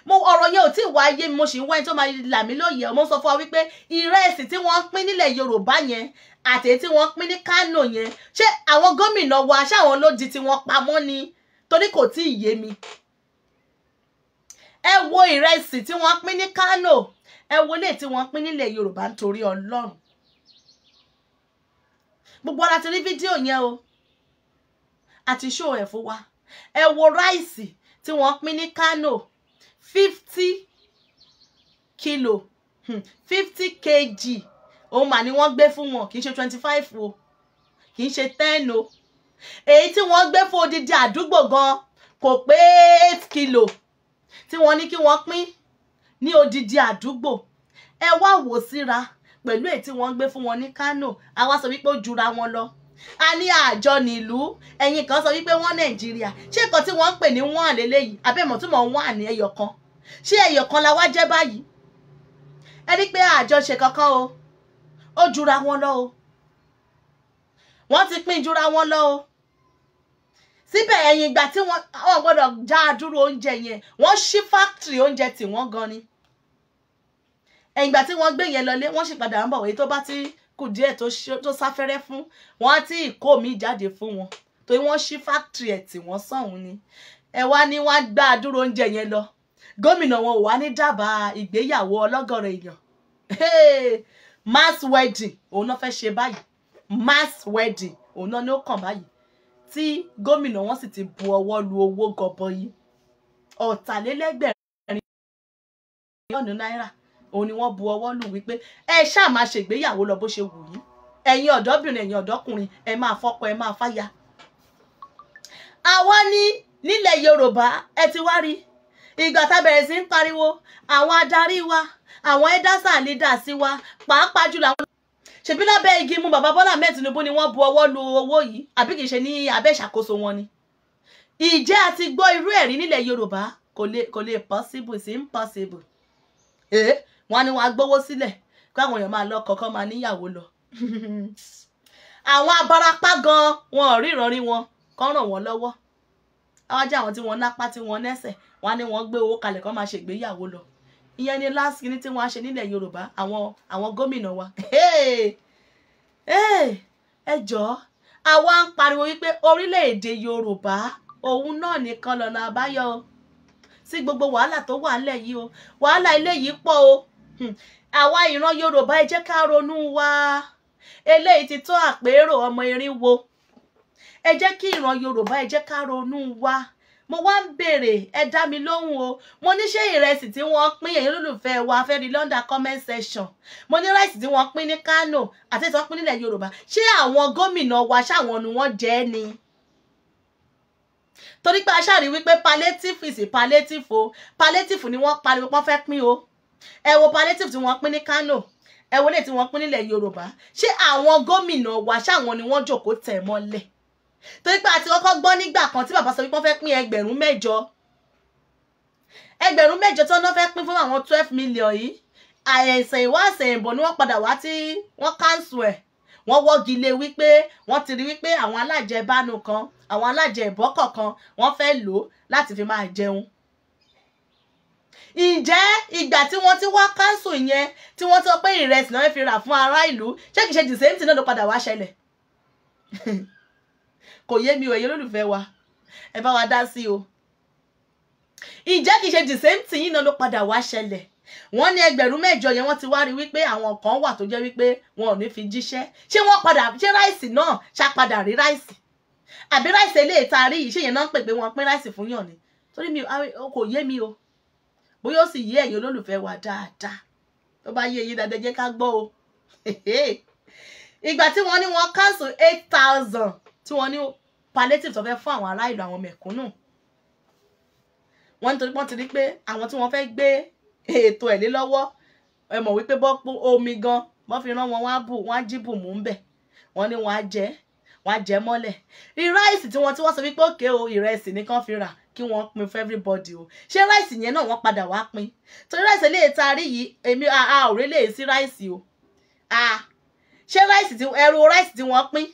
mo ọ̀rọ̀ yẹn ò tí ì wá mi mo sì ń wá ẹni tó máa là mí lóye ọmọ sọ fún wa wípé ìrẹsì tí wọ́n ń pín nílẹ̀ yorùbá yẹn àti èyí tí wọ́n ń pín ní kánò yẹn ṣé àwọn gómìnà wa ṣáwọn ló di tiwọn pamọ́ ni torí kò tí ì yé mi ẹ wo ìrẹsì tí wọ́n ń pín ní kánò ẹ wo lè tí wọ́n pín nílẹ̀ yorùbá nítorí ọlọ́run gbogbo ara ti rí fídíò yẹn o àti ṣó ẹ̀ fún wa ẹ wo ráìsì tí wọ́n pín ní kánò fifty kilo hmm. fifty kg òun mà ni wọ́n gbé fún wọn kì í ṣe twenty five o kì í ṣe ten o èyí tí wọ́n gbé fún odidi àdúgbò gan kò pé eight kilo tí wọ́n ní kí wọ́n pín ní odidi àdúgbò ẹ wá wò síra pẹ̀lú èyí tí wọ́n ń gbé fún wọn ní Kánò àwa sọ wípé ó jura wọn lọ a ní àjọ nílùú ẹ̀yin kan sọ wípé wọ́n Nàìjíríà ṣé nǹkan tí wọ́n ń pè ní wọ́n àlélẹ́yìí abẹ́mọ̀túmọ̀ wọ́n àní ẹyọ kan ṣé ẹyọ kan la wá jẹ́ báyìí ẹ rí pé àjọṣe kankan o ó jura wọn lọ o wọ́n ti pín jura wọn lọ o síbẹ̀ ẹ̀yìn ìgbà tí wọ́n gbọ́dọ̀ já dúró oúnjẹ yẹn wọ́n ṣí fáktìrì oúnjẹ tí wọ́n gan ni ẹ̀yìngbà tí wọ́n gbé yẹn lọlé wọ́n sì padà ń bọ̀ wọ́n tó bá ti kù díẹ̀ tó sáfẹ́rẹ́ fún wọ́n á tí ìkó mi jáde fún wọn torí wọ́n ṣí fáktìrì ẹ̀ tí wọ́n sọ̀hún ni ẹ wá ní wọ́n á gbá àdúró oúnjẹ yẹn lọ gómìnà wọn ò wá ní dábàá ìgbéyàwó ọlọ́gọ̀rọ̀ èèyàn mass wedding òun náà fẹ́ ṣe báyìí mass wedding òun náà ni ó kàn báyìí tí gómìnà wọn sì ti bu ọwọ́ lu owó gọbọyí ọ̀tàlélẹ́gbẹ̀rin náírà òun ni wọ́n bu ọwọ́ lù wípé ẹ ṣáà máa ṣègbéyàwó lọ bó ṣe wù yín ẹ̀yin ọ̀dọ́bìnrin ẹ̀yin ọ̀dọ́kùnrin ẹ máa fọ́kọ ẹ máa fáya. àwa ní nílẹ̀ Yorùbá ẹ ti wá rí ìgbà tá a bẹ̀rẹ̀ sí ń pariwo àwọn adarí wa àwọn ẹ́dásà lè dà sí wa pàápàá jùlọ àwọn ṣèbí lábẹ́ igi mu bàbá Bọ́lá Ahmed Tinubu ni wọ́n bu ọwọ́ lu owó yìí àbí kì í ṣe ní abẹ́ ìṣàkóso wọn ni ìjẹ́ àti gbọ́ irú ẹ̀rí nílẹ̀ Yorùbá kò lè possible it's impossible. Eh? wọ́n á ní wọ́n á gbówó sílẹ̀ káwọn èèyàn máa lọ́kọ kọ́ máa níyàwó lọ. àwọn abarapá gan wọn ò rí ìrọ̀rí wọn kán ràn wọ́n lọ́wọ́ àwọn ajá àwọn tí wọ́n nápá tí wọ́n nẹ́sẹ̀ wọ́n á ní wọ́n gbé owó kalẹ̀ kán máa ṣègbéyàwó lọ ìyẹn ni last kìíní tí wọ́n á ṣe nílẹ̀ Yorùbá àwọn àwọn gómìnà wa ẹ jọ̀ọ́ àwa ń pariwo wípé orílẹ̀-èdè Yorùbá òun náà nìkan lọ́nà àbáyọ sí gbogbo wàhálà tó wà ńlẹ̀ yìí o wàhálà ilé yìí pọ̀ o Hmm. àwa ìran yorùbá ẹ jẹ́ ká ronú wa eléyìí ti tó àpérò ọmọ irinwó ẹ jẹ́ kí ìran yorùbá ẹ jẹ́ ká ronú wa mo wá ń béèrè ẹ dá mi lóhùn o mo ní ṣé ìrẹsì tí wọ́n pín èyí olólùfẹ́ wa fẹ́ẹ́ rí London comment section mo ní ráìsì tí wọ́n pín ní Kano àti tí wọ́n pín nílẹ̀ yorùbá ṣé àwọn gómìnà wa ṣáwọn ni wọ́n jẹ́ ni torí pé aṣáàrí wípé palliative is palliative o palliative ni wọ́n pariwo pọ́n fẹ́ pín o ẹ wo palliative tí wọ́n pín ní Kano ẹ wo lè tí wọ́n pín nílẹ̀ Yorùbá ṣé àwọn gómìnà wa ṣáwọn ni wọ́n jòkó tẹ̀ mọ́lẹ̀ torí pé àti kọ́kọ́ gbọ́ nígbà kan tí bàbá sọ pé wọ́n fẹ́ pín ẹgbẹ̀rún mẹ́jọ ẹgbẹ̀rún mẹ́jọ tí wọ́n fẹ́ pín fún àwọn twelve million yìí àìsàn ìwá àsẹ̀yìnbọ̀ ni wọ́n padà wá tí wọ́n káńsù ẹ̀ wọ́n wọ́gi lé wípé wọ́n ti rí wípé àwọn alájẹbánu kan àwọn alájẹbọ́ kọ̀ọ̀kan wọ́n fẹ́ lò ó láti fi máa jẹun ǹjẹ́ ìgbà tí wọ́n ti wá káńsù yẹn tí wọ́n sọ pé ìrẹsì náà fi rà fún ará ìlú ṣé kìí ṣe the same thing náà ló padà wá ṣẹlẹ̀ kò yé mi ò èyí olólùfẹ́ wa ẹ bá wa dá sí o ǹjẹ́ kìí ṣe the same thing yìí náà ló padà wá ṣẹlẹ̀ wọ́n ní ẹgbẹ̀rún mẹ́jọ yẹn wọ́n ti wá rí wípé àwọn kan wà tó jẹ́ wípé wọn ò ní fi jíṣẹ́ ṣé wọ́n padà ṣé ráìsì náà ṣá padà rí ráìsì àbí ráìsì eléyìí tá a rí yìí ṣé yẹn náà ń pè pé wọ́n pín ráìsì fún yàn ni torí mi kò yé mi o bóyá ó sì yé ẹ̀yin olólùfẹ́ wa dáadáa tó bá yé eyín dáadáa jẹ́ ká gbọ́ o ìgbà tí wọ́n ní wọ́n cancel eight thousand tí wọ́n ní palliative tó fẹ́ fún àwọn ará ìlú àwọn mẹ̀kúnnù wọ́n nítorí wọ́n ti rí pé àwọn tí wọ́n fẹ́ gbé ètò ẹ̀ lé lọ́wọ́ ẹ mọ̀ wípé bọ́pọ̀ omi gan wọ́n fi rán wọn wá bù wọ́n á jí bù mú ń bẹ̀ ní wọ́n á jẹ́ wọ́n á jẹ́ mọ́lẹ̀ ìráìsì tí wọ́n ti wọ́n sọ wípé òkè o ìrẹsì nìkan fi rà kí wọ́n pín fún everybody o ṣé ráìsì yẹn náà wọ́n padà wá pín torí ráìsì eléyìí tá a rí yìí èmi a ò rí eléyìí sí ráìsì o ṣé ráìsì tí ẹrù ráìsì tí wọ́n pín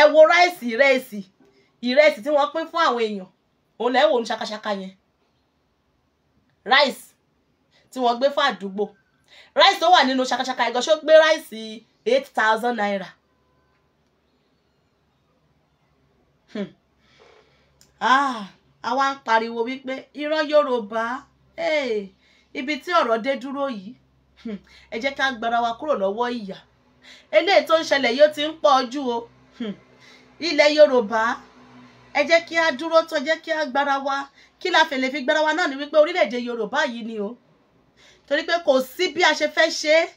ẹ wo ráìsì ìrẹsì ìrẹsì tí wọ́n pín fún àwọn èèyàn òun lẹ́wọ̀ ní ṣakaṣaka yẹn ráìsì tí wọ́n gbé fún àdúgbò ráìsì tó wà nínú ṣakaṣaka ẹ̀gọ́ ṣó gbé ráìsì eight thousand naira. Hmm àwa ah, ń pariwo wípé ìran Yorùbá ibi tí ọ̀rọ̀ dé dúró yìí hmm, ẹ jẹ́ ká gbára wa kúrò lọ́wọ́ ìyà eléyìí tó ń ṣẹlẹ̀ yóò ti ń pọ̀ jù o hmm, ilẹ̀ Yorùbá ẹ jẹ́ kí á dúró tó jẹ́ kí á gbára wa kí la fèlè fi gbára wa náà ni wípé orílẹ̀-èdè Yorùbá yìí ni o torí pé kò sí bí a ṣe fẹ́ ṣe é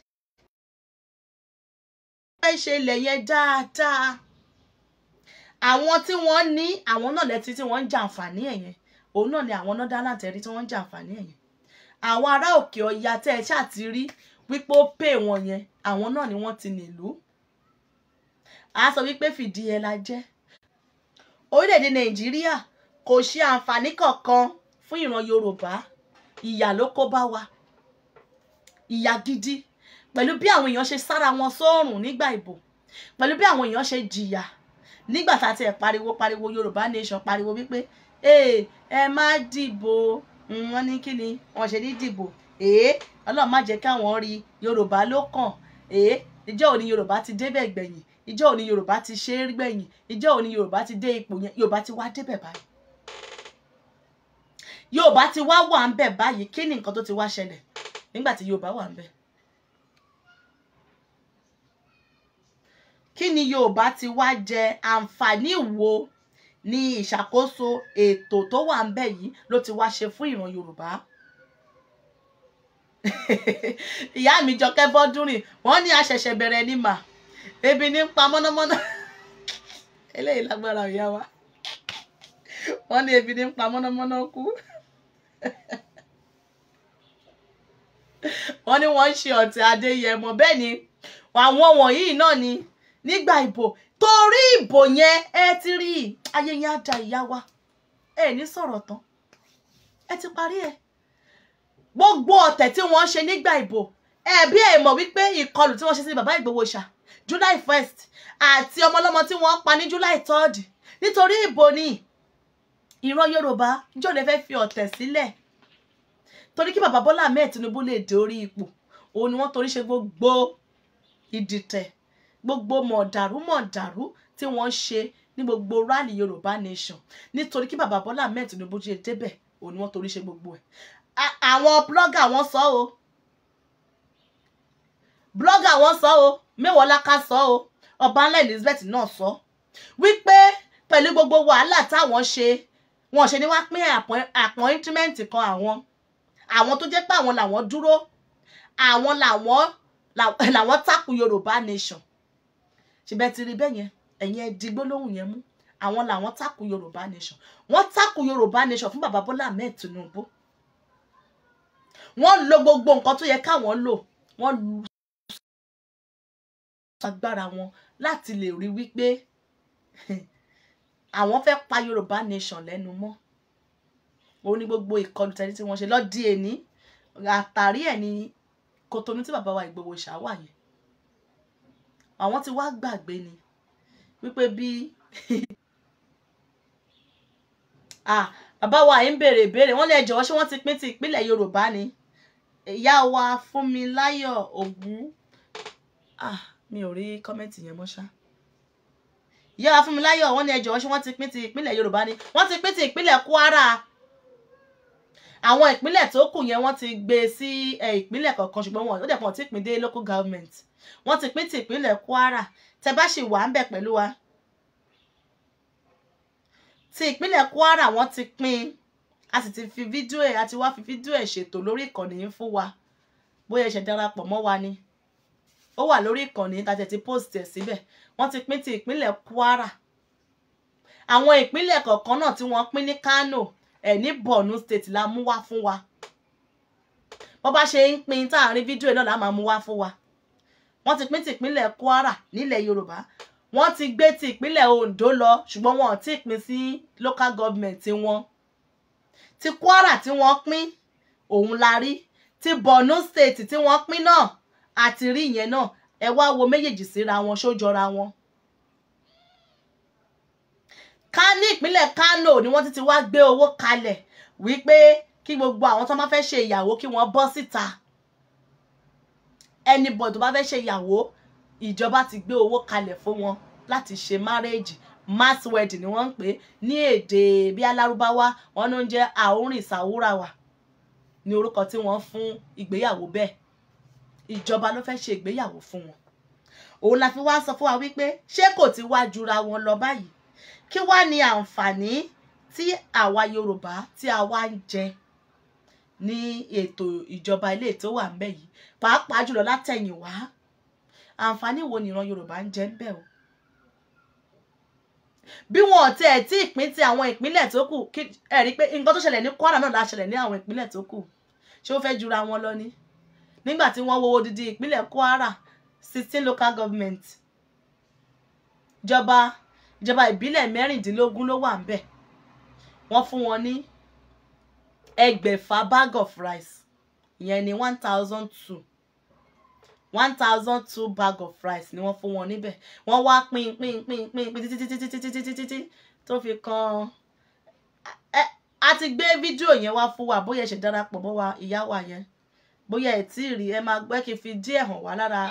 fẹ́ ṣe ilẹ̀ yẹn dáadáa àwọn tí wọ́n ní àwọn náà lẹ́tí tí wọ́n ń jàǹfààní ẹ̀yẹn òun náà ni àwọn náà dá látẹ̀rí tí wọ́n ń jàǹfààní ẹ̀yẹn àwọn ará òkè ọya tẹ́ ẹ ṣáàtì rí wípé ó pè wọ́n yẹn àwọn náà ni wọ́n ti nílùú a sọ wípé fìdí ẹ la jẹ́ orílẹ̀-èdè nàìjíríà kò ṣe àǹfààní kankan fún ìran yorùbá ìyà ló kó bá wa ìyà gidi pẹ̀lú bí àwọn èèyàn ṣe sára wọn sóòrùn nígbà ìbò pẹ̀lú bí àwọn èèyàn ṣe jìyà nígbà tá a ti ẹ̀ pariwo pariwo Yorùbá nation pariwo wípé ẹ má dìbò wọ́n ní kí ni wọ́n ṣe ní dìbò èé Ọlọ́run má jẹ́ káwọn rí Yorùbá ló kàn èé òní Yorùbá ti débẹ̀ gbẹ̀yìn ìjọ́ òní Yorùbá ti ṣe é gbẹ̀yìn ìjọ́ òní Yorùbá ti dé ipò yẹn Yorùbá ti wá débẹ̀ báyìí Yorùbá ti wá wà ń bẹ̀ báyìí kí ni nǹkan tó ti wá ṣẹlẹ̀ nígbà tí Yorùbá wà ń bẹ̀ kí ni Yorùbá ti wá jẹ àǹfààní wo ni ìṣàkóso ètò tó wà ń bẹ̀ yìí ló ti wá ṣe fún ìran Yorùbá ìyá mi Jọkẹ́ Bọ́dúnrìn wọ́n ní àṣẹ̀ṣẹ̀ bẹ̀rẹ̀ ní mà ebi ní pa mọ́nàmọ́ná eléyìí lágbára ìyá wa wọ́n ní ebi ní pa mọ́nàmọ́ná kú wọ́n ní wọ́n ń ṣe ọ̀tẹ̀ Adéyẹmọ bẹ́ẹ̀ ni àwọn wọ̀nyí náà ni nígbà ìbò torí ìbò yẹn ẹ ti rí i ayé yẹn á da ìyá wa ẹ ní sọ̀rọ̀ tán ẹ ti parí ẹ gbogbo ọ̀tẹ̀ tí wọ́n ṣe nígbà ìbò ẹbí ẹ mọ̀ wípé ìkọlù tí wọ́n ṣe sí bàbá Ìgbòho July first àti ọmọlọ́mọ tí wọ́n pa ní July third nítorí ìbò ni ìran Yorùbá jọ̀ọ́ fẹ́ fi ọ̀tẹ̀ sílẹ̀ torí kí bàbá Bọ́lá Ahmed Tinubu lè dé orí ipò òun ni wọ́n torí ṣe gbogbo ìdìtẹ̀ gbogbo mọ̀dàrú mọ̀dàrú tí wọ́n ṣe ní gbogbo rally yorùbá nation nítorí kí bàbá bọ́lá ahmed tinubu ṣe débẹ̀ òun wọ́n torí ṣe gbogbo ẹ̀ àwọn blogger wọ́n sọ o blogger wọ́n sọ o mẹ́wọ̀ọ́láka sọ o ọbańlá elizabeth náà sọ wípé pẹ̀lú gbogbo wàhálà táwọn ṣe wọn ṣe ni wá pín appointment kan àwọn àwọn tó jẹ́ pé àwọn làwọn dúró àwọn làwọn làwọn takùn yorùbá nation ṣùgbọ́n ẹ ti rí bẹ́ẹ̀ yẹn ẹ̀yin ẹ di gbólóhùn yẹn mú àwọn làwọn takò yorùbá nation wọ́n takò yorùbá nation fún bàbá bọ́lá ahmed tinubu wọ́n lo gbogbo nǹkan tó yẹ káwọn lò wọ́n lu agbára wọn láti lè rí wípé àwọn fẹ́ pa yorùbá nation lẹ́nu mọ́ òun ni gbogbo ìkọlù tẹ̀lé tí wọ́n ṣe lọ́ọ́ di èní àtàrí ẹ̀ ní kòtònú tí bàbá wa Ìgbòho ṣáà wà yẹn àwọn ti wá gbàgbé ni wípé bí ah, bàbá wa yìí ń béèrè ìbéèrè wọ́n lè jọ̀wọ́ ṣé wọ́n ti pín ti ìpínlẹ̀ Yorùbá ni ìyá wa Fúnmiláyọ̀ Ògún ah, mi ò rí kọ́mẹ́ǹtì yẹn mọ́ ṣá ìyá wa Fúnmiláyọ̀ wọ́n lè jọ̀wọ́ ṣé wọ́n ti pín ti ìpínlẹ̀ Yorùbá ni wọ́n ti pín ti ìpínlẹ̀ Kwara àwọn ìpínlẹ̀ tó kù yẹn wọ́n ti gbé sí eh, ìpínlẹ̀ kọ̀ọ̀kan ṣùgbọ́n wọn ò dẹ̀ pọ̀ tí ìpín dé local government wọ́n ti pín ti ìpínlẹ̀ Kwara tẹ bá ṣì wà ń bẹ̀ pẹ̀lú wa ti ìpínlẹ̀ Kwara wọ́n ti pín a sì ti fi fídíò ẹ̀ a ti wá fi fídíò ẹ̀ ṣètò lórí ìkànnì yìí fún wa bóyá ẹ̀ṣẹ̀ darapọ̀ mọ́ wa ni ó wà lórí ìkànnì tàtẹ̀ ti post ẹ̀ síbẹ̀ wọ́n ti pín ti ìpínlẹ̀ Kwara àwọn ìpínlẹ̀ kọ̀ọ̀kan náà tí wọ́n pín ní Kano ẹ̀ ní Borno state la mú wá fún wa bó bá ṣe ń pín tá rí fídíò ẹ̀ náà la máa mú wá fún wa wọ́n ti pín ti ìpínlẹ̀ Kwara nílẹ̀ Yorùbá wọ́n ti gbé ti ìpínlẹ̀ Ondo lọ ṣùgbọ́n wọn ò tí ì pín sí local government wọn ti Kwara tí wọ́n pín òun la rí ti Borno state tí wọ́n pín náà àti rí ìyẹn náà ẹ wá wo méjèèjì síra wọn ṣójọra wọn. ká ní ìpínlẹ̀ Kano ni wọ́n ti ti wá gbé owó kalẹ̀ wípé kí gbogbo àwọn tó máa fẹ́ ṣe ìyàwó kí wọ́n bọ́ síta. Si anybody tó bá fẹ́ ṣe ìyàwó ìjọba ti gbé owó kalẹ̀ fún wọn láti ṣe márẹ́ẹ̀jì mass wedding ni wọ́n ń pè ní èdè bí alárúbáwá wọn ló ń jẹ́ àórìn sàwúràwà ní orúkọ tí wọ́n fún ìgbéyàwó bẹ́ẹ̀ ìjọba ló fẹ́ ṣe ìgbéyàwó fún wọn òun la fi wá sọ fún wa wípé ṣé kò ti wá jura wọn lọ báyìí kí wá ní àǹfààní tí àwa Yorùbá tí a wá ń jẹ ní ètò ìjọba ilé tó wà ń bẹ yìí pàápàá jùlọ látẹ̀yìn wá àǹfààní wo nìran Yorùbá ń jẹ ń bẹ o bí wọn ò tiẹ̀ tí ìpín ti àwọn ìpínlẹ̀ tó kù ẹ rí i pé nǹkan tó ṣẹlẹ̀ ní Kwara náà la ṣẹlẹ̀ ní àwọn ìpínlẹ̀ tó kù ṣé ó fẹ́ jura wọn lọ ni nígbà tí wọ́n wo didi ìpínlẹ̀ Kwara sixteen local government ìjọba ìjọba ìbílẹ̀ mẹ́rìndínlógún ló wà ń bẹ̀ wọ́n fún wọn ní ẹgbẹ̀fà bag of rice ìyẹn ni one thousand two one thousand two bag of rice ni wọ́n fún wọn níbẹ̀ wọ́n wá pín pín pín pín pín títí títí títí títí títí tó fi kan a ti gbé fídíò yẹn wá fún wa bóyá ẹ ṣe darapọ̀ mọ́ wa ìyá wa yẹn bóyá ẹ tí ì rí ẹ máa gbẹ́ kí n fi díẹ̀ hàn wá lára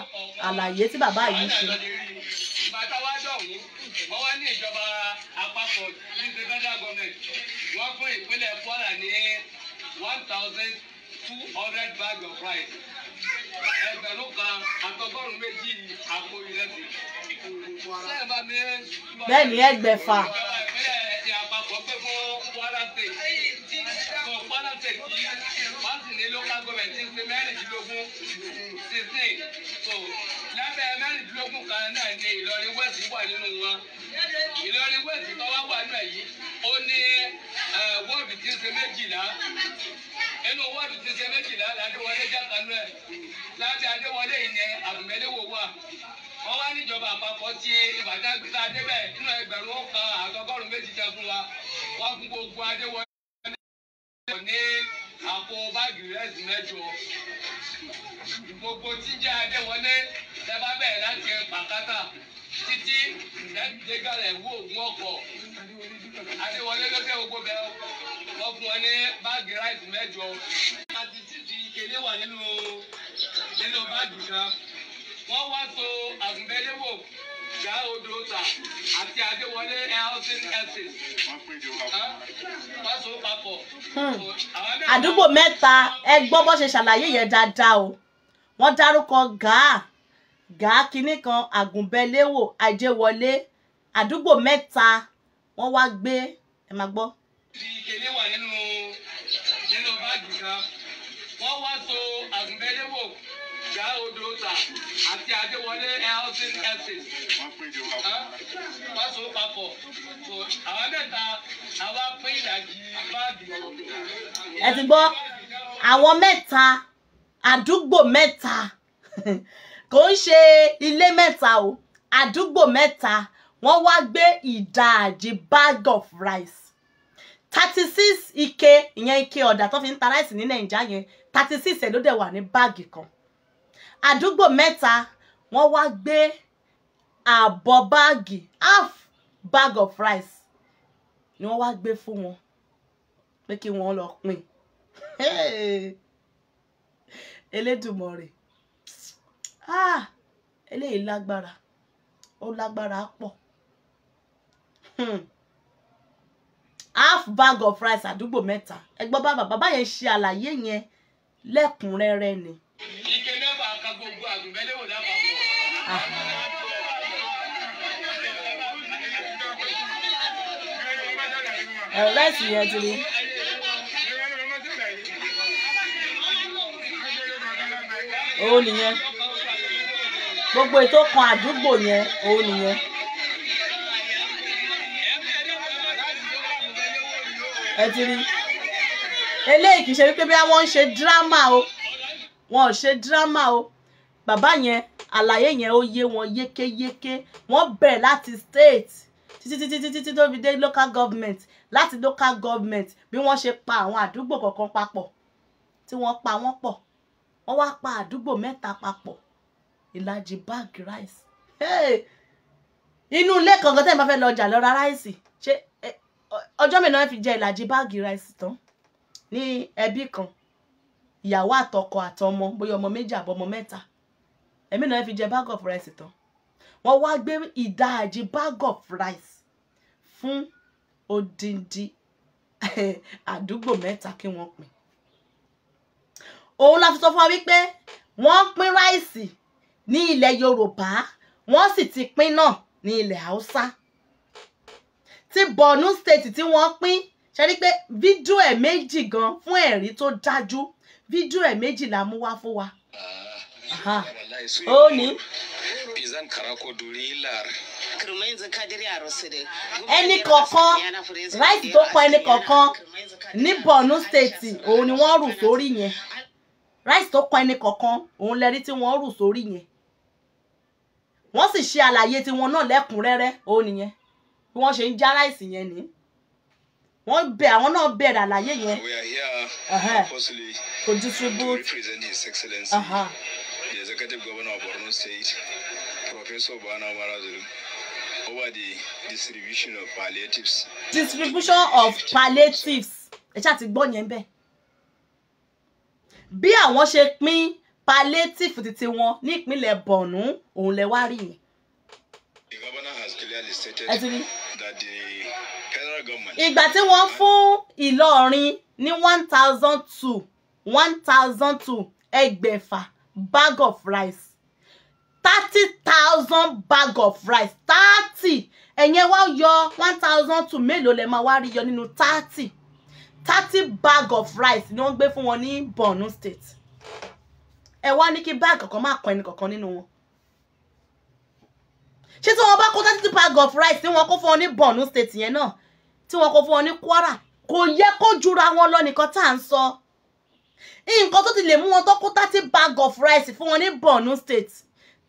àlàyé tí bàbá yìí ṣe. bàtà wá dọ̀wọ́ wọ́n wá ní ìjọba àpapọ̀ ní the federal government wọ́n fún ìpínlẹ̀ Kwara ní one thousand two hundred bags of rice ẹgbẹ̀rún kan àtọgọ́rùn méjì àpò ìrẹsì. bẹ́ẹ̀ ni ẹgbẹ̀fà. ìpínlẹ̀ àpapọ̀ pé fún wàrà state. local government ti ń ṣe mẹ́rìndínlógún sixteen so lábẹ́ mẹ́rìndínlógún kan náà ni Ìlọrin West wà nínú wọn Ìlọrin West tó wá wà náà yìí ó ní wọ́ọ̀dù ti ń ṣe méjìlá inú wọ́ọ̀dù ti ń ṣe méjìlá ládéwọlé jákàánú ẹ̀ láti Adéwọlé ìyẹn àgùnmẹ́lẹ́wò wà wọ́n wá níjọba àpapọ̀ tí Ìbàdàn gbé ta débẹ̀ nínú ẹgbẹ̀rún kan àtọgọ́rùn-ún méjì jẹ fún wa wọ́n fún gbogbo Adéwọlé ní àpò báàgì rẹ́sì mẹ́jọ gbogbo tíjà adéwọlé lẹ́bà bẹ̀rẹ̀ láti pàkátà títí ìdẹ́gbẹ̀gàlẹ̀ wò wọ́n kọ̀ adéwọlé ló dé gbogbo bẹ́ẹ̀ wọ́n fún wọn ní báàgì rẹ́sì mẹ́jọ. àti títí ìkéde wà nínú nínú báàgì kan wọ́n wá so àgùnbẹ́lẹ́wò ìyá odò ta àti adéwọlé elton elton pásó papọ̀. Hmm. àdúgbò mẹ́ta ẹ gbọ́ bó ṣe ṣàlàyé yẹn dáadáa o wọ́n dárúkọ gàá gàá kinní kan àgùnbẹ́léwò ajéwọlé àdúgbò mẹ́ta wọ́n wá gbé ẹ máa gbọ́. ìkéde wà nínú nínú báàgì kan wọ́n wá so àgùnbẹ́léwò Àjàgà Odòta àti Adéwọlé Elton Essex. Wọ́n so papọ̀. Àwọn mẹ́ta àwa pín ìdajì báàgì. Ẹ ti gbọ́, àwọn mẹ́ta àdúgbò mẹ́ta kò ń ṣe ilé mẹ́ta o àdúgbò mẹ́ta wọ́n wá gbé ìdajì bag of rice thirty six ike ìyẹn ike ọ̀dà tó fi ń ta ráìsì ní nàìjíríà yẹn thirty six ẹ̀ ló dẹ̀ wà ní báàgì kan àdúgbò mẹ́ta wọ́n wá gbé ààbọ̀ báàgì half bag of rice ni wọ́n wá gbé fún wọn pé kí wọ́n lọ pín Elédùmarè ah eléyìí lágbára ó lágbára pọ̀ hmm. half bag of rice àdúgbò mẹ́ta ẹgbọ́n bàbá bàbá yẹn ṣe àlàyé yẹn lẹ́kùnrẹ́rẹ́ ni gbogbo àgùnbẹ́lẹ̀ wò lápapọ̀. ẹ̀rọ láìsí yẹn ti rí. òun nìyẹn gbogbo ètò kan àdúgbò yẹn òun nìyẹn. ẹ ti rí eléyìí kì í ṣe wípé bí wọ́n ń ṣe dírámà o wọn ò ṣe dírámà o bàbá yẹn àlàyé yẹn ó yé wọn yékéyéké wọ́n bẹ̀rẹ̀ láti state títí tó fi dé local government láti local government bí wọ́n ṣe pa àwọn àdúgbò kọ̀ọ̀kan papọ̀ tí wọ́n pa wọ́n pọ̀ wọ́n wá pa àdúgbò mẹ́ta papọ̀ ìlàjì bag rice inú ilé kankan tẹ́yìn bá fẹ́ lọ ọjà lọ ra ráìsì ṣé ọjọ́ mìíràn fi jẹ ìlàjì báàgì ráìsì tán ní ẹbí kan ìyàwó àtọkọ àtọmọ bóyá ọmọ méjì àbọmọ mẹ́ta èmi náà fi jẹ bag of rice tán wọ́n wá gbé ìdajì bag of rice fún odindi eh, àdúgbò mẹ́ta kí wọ́n pín òun la fi sọ fún wa wípé wọ́n pín ráìsì ní ilẹ̀ Yorùbá wọ́n sì ti pín náà ní ilẹ̀ Haúsá tí Borno state tí wọ́n pín ṣe rí pé fídíò ẹ̀ méjì gan fún ẹ̀rí tó dájú fídíò ẹ̀ méjì la mú wá fún wa o ni. pizan karako duri lar. ẹnì kọ̀ọ̀kan láìsí tó kọ ẹnì kọ̀ọ̀kan ní Borno state òun ni wọ́n rù sórí yẹn láìsí tó kọ ẹnì kọ̀ọ̀kan òun lẹ́rí tí wọ́n rù sórí yẹn wọ́n sì ṣe àlàyé tiwọn náà lẹ́kùnrẹ́rẹ́ òun nìyẹn bí wọ́n ṣe ń já láìsí yẹn nìyẹn wọ́n bẹ àwọn náà bẹ̀rẹ̀ àlàyé yẹn oh, to distribute. Uh -huh the executive governor of Borno State, Professor Bana Marazulu, over the distribution of palliatives. Distribution of palliatives. Ẹ ṣáà ti gbọ́ yẹn bẹ́ẹ̀. Bí àwọn ṣe pín palliative titi wọn ní ìpínlẹ̀ Borno, òun lẹ wá rí The governor has clearly stated that the federal government. Ìgbà tí wọ́n fún Ìlọrin ní one thousand two one thousand bag of rice thirty thousand bag of rice thirty ẹ̀yẹn wá yọ one thousand two mélòó lè máa wá rí yọ nínú thirty thirty bag of rice ni wọ́n gbé fún wọn ní Borno state E wá niki bag báàgì kankan má kan ẹnì kankan nínú wọn ṣé tí wọ́n bag of rice tí wọ́n kó fún wọn ní Borno state yẹn náà tí wọ́n kó fún wọn ní Kwara kò yẹ kó jura wọn lọ nìkan tá à nǹkan tó ti lè mú wọn tó thirty bag of rice fún wọn ní Borno state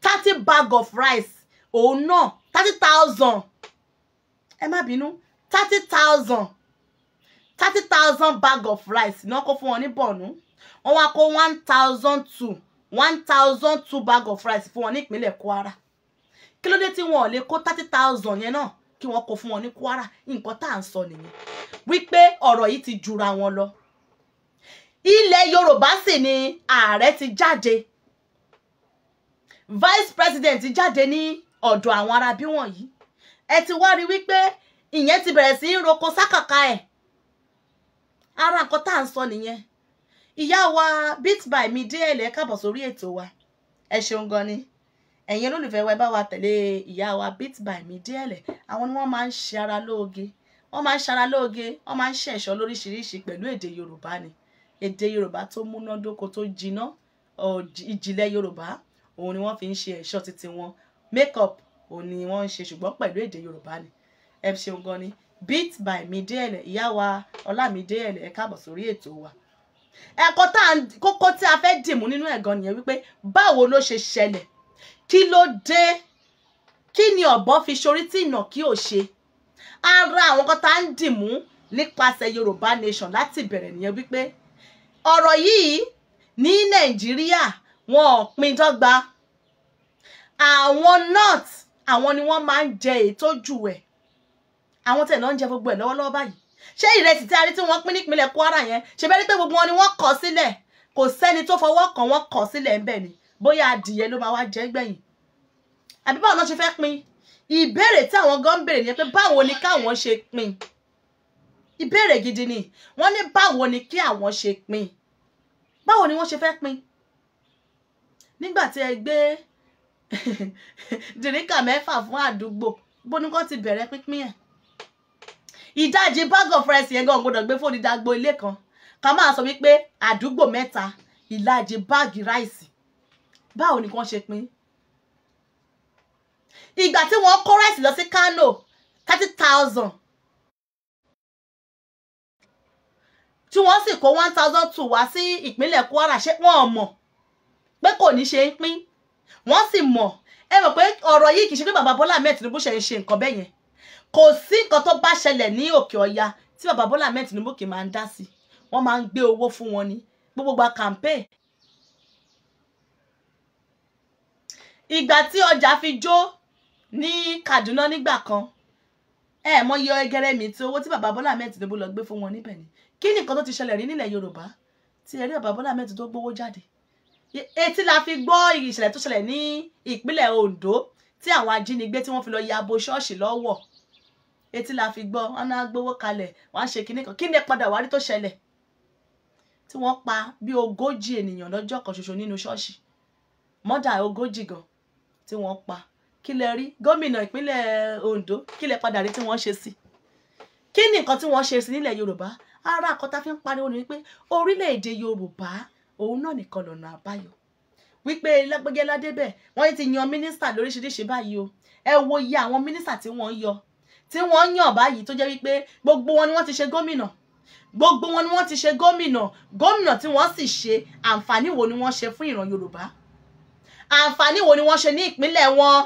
thirty bag of rice òun náà thirty thousand ẹ má bínú thirty thousand thirty thousand bag of rice ni wọ́n kó fún wọn ní Borno wọ́n wá kó one thousand two one thousand two bag of rice fún wọn ní ìpínlẹ̀ Kwara kí ló dé tí wọn ò lè kó thirty thousand yẹn náà kí wọ́n kó fún wọn ní Kwara nǹkan tá à ń sọ nìyẹn wípé ọ̀rọ̀ yìí ti jura wọn lọ ilẹ̀ yorùbá sì ni ààrẹ ti jáde vice president ti jáde ní ọ̀dọ̀ àwọn ará bí wọ̀nyí ẹ ti wá rí wípé ìyẹn ti bẹ̀rẹ̀ sí í roko sákàkà ẹ̀ ara nǹkan tá à ń sọ nìyẹn ìyá wa beat by mi dé ẹ̀lẹ́ káàbọ̀ sórí ètò wa ẹ ṣeun gan ni ẹ̀yin olólùfẹ́ wa ẹ bá wa tẹ̀lé ìyá wa beat by mi dé ẹ̀lẹ́ àwọn ni wọ́n máa ń ṣe ara lóoge wọ́n máa ń ṣara lóoge wọ́n máa ń ṣẹ̀ṣọ́ lóríṣiríṣi pẹ̀lú èdè yorùbá ni èdè yorùbá tó múnádóko tó jiná ìjìnlẹ̀ yorùbá òun ni wọ́n fi ń ṣe ẹ̀ṣọ́ títí wọn makeup òun ni wọ́n ń ṣe ṣùgbọ́n pẹ̀lú èdè yorùbá ni ẹ ṣeun gan ni beat by Mide Ele ìyá wa Ọlámídé Ele ẹ káàbọ̀ sórí ètò wa ẹ̀kọ́ tá à ń kókó tí a fẹ́ dìmú nínú ẹ̀gan nìyẹn wípé báwo ló ṣe ṣẹlẹ̀ kí ló dé kí ni ọ̀bọ fi ṣorí tí ìnà kí ò ṣe ara àwọn kan tá à ń dìmú nípasẹ̀ Yorùbá Nation láti bẹ̀rẹ̀ nìyẹn wípé ọ̀rọ̀ yìí ní nàìjíríà wọn ò pín dọ́gba àwọn north àwọn ni wọ́n máa ń jẹ ètò jù ẹ̀ àwọn tẹ̀ náà ń jẹ gbogbo ẹ̀ lọ́wọ́lọ́wọ́ báyìí ṣé ìrẹsì tí a rí tí wọ́n pín nípínlẹ̀ kwara yẹn ṣe bẹ́ẹ̀ ni pé gbogbo wọn ni wọ́n kọ̀ sílẹ̀ kò sẹ́ni tó fọwọ́ kàn wọ́n kọ̀ sílẹ̀ ńbẹ̀ ni bóyá adìyẹ ló máa wá jẹ́ gbẹ̀yìn àbí báwo náà ṣe fẹ́ pín ìbéèrè tí àwọn gan ń béèrè yẹn pé báwo ni káwọn ṣe pín ìbéèrè gidi ni wọ́n ní báwo ni kí àwọn ṣe pín báwo ni wọ́n ṣe fẹ́ pín nígbà tí ẹ gbé dìríkà mẹ́fà fún àdúgbò bó ni wọ́n ti bẹ̀rẹ̀ pínpín ẹ̀ ìdajì bag of rice yẹn gan gbọ́dọ̀ gbé fóònù dagbo ilé kan ká máa sọ wípé àdúgbò mẹ́ta ìlàjì Bag ráìsì báwo ni wọ́n ṣe pín ìgbà tí wọ́n kó ráìsì lọ sí Kano thirty thousand tí wọ́n sì kó one thousand two wá sí ìpínlẹ̀ Kwara ṣé wọ́n mọ̀ pé kò ní ṣe é pín wọ́n sì mọ̀ ẹ mọ̀ pé ọ̀rọ̀ yìí kì í ṣe pé bàbá Bọ́lá Ahmed Tinubu ṣe ń ṣe nǹkan bẹ́ẹ̀ yẹn kò sí nǹkan tó bá ṣẹlẹ̀ ní òkè ọ̀yà tí bàbá Bọ́lá Ahmed Tinubu kì í máa ń dá sí wọ́n máa ń gbé owó fún wọn ní gbogbo gba ìgbà tí ọjà fi jó ní Kaduna nígbà kan ẹ mọ̀ iye ẹgẹrẹ mi tí owó tí bàbá Bọ́lá Ahmed Tinubu lọ gbé fún wọn níbẹ̀ ni kí ni nǹkan tó ti ṣẹlẹ̀ rí nílẹ̀ yorùbá tí ẹ̀rí bàbá Bọ́lá mẹ́tò tó gbowó jáde etí la fi gbọ́ ìṣẹ̀lẹ̀ tó ṣẹlẹ̀ ní ìpínlẹ̀ Ondo tí àwọn ajínigbé tí wọ́n fi lọ ya bo ṣọ́ọ̀ṣì lọ́wọ́ etí la fi gbọ́ wọn á gbowó kalẹ̀ wọn á ṣe kinní kan kí ni padà wárí tó ṣẹlẹ̀ tí wọ́n pa bí ogójì ènìyàn lọ́jọ́ kan ṣoṣo nínú ṣọ́ọ̀ṣì mọ́dà ogójì gan tí wọ́n pa kí lẹ rí gómìnà ìpínlẹ̀ Ondo kí lẹ padà rí tí wọ́n ṣe sí kí ni nǹkan tí wọ́n ṣe sí nílẹ̀ Yorùbá ara àkọ́tà fi ń pariwo ni wípé orílẹ̀-èdè yorùbá òun náà nìkan lọ́nà àbáyọ wípé lágbẹ́gẹ́ ládébẹ̀ wọ́n ti yan mínísítà lóríṣiríṣi báyìí o ẹ wo iye àwọn mínísítà tí wọ́n yọ tí wọ́n yàn báyìí tó jẹ́ wípé gbogbo wọn ni wọ́n ti ṣe gómìnà gbogbo wọn ni wọ́n ti ṣe gómìnà gómìnà tí wọ́n sì ṣe àǹfààní wo ni wọ́n ṣe fún ìran yorùbá àǹfààní wo ni wọ́n ṣe ní ìpínlẹ̀ wọn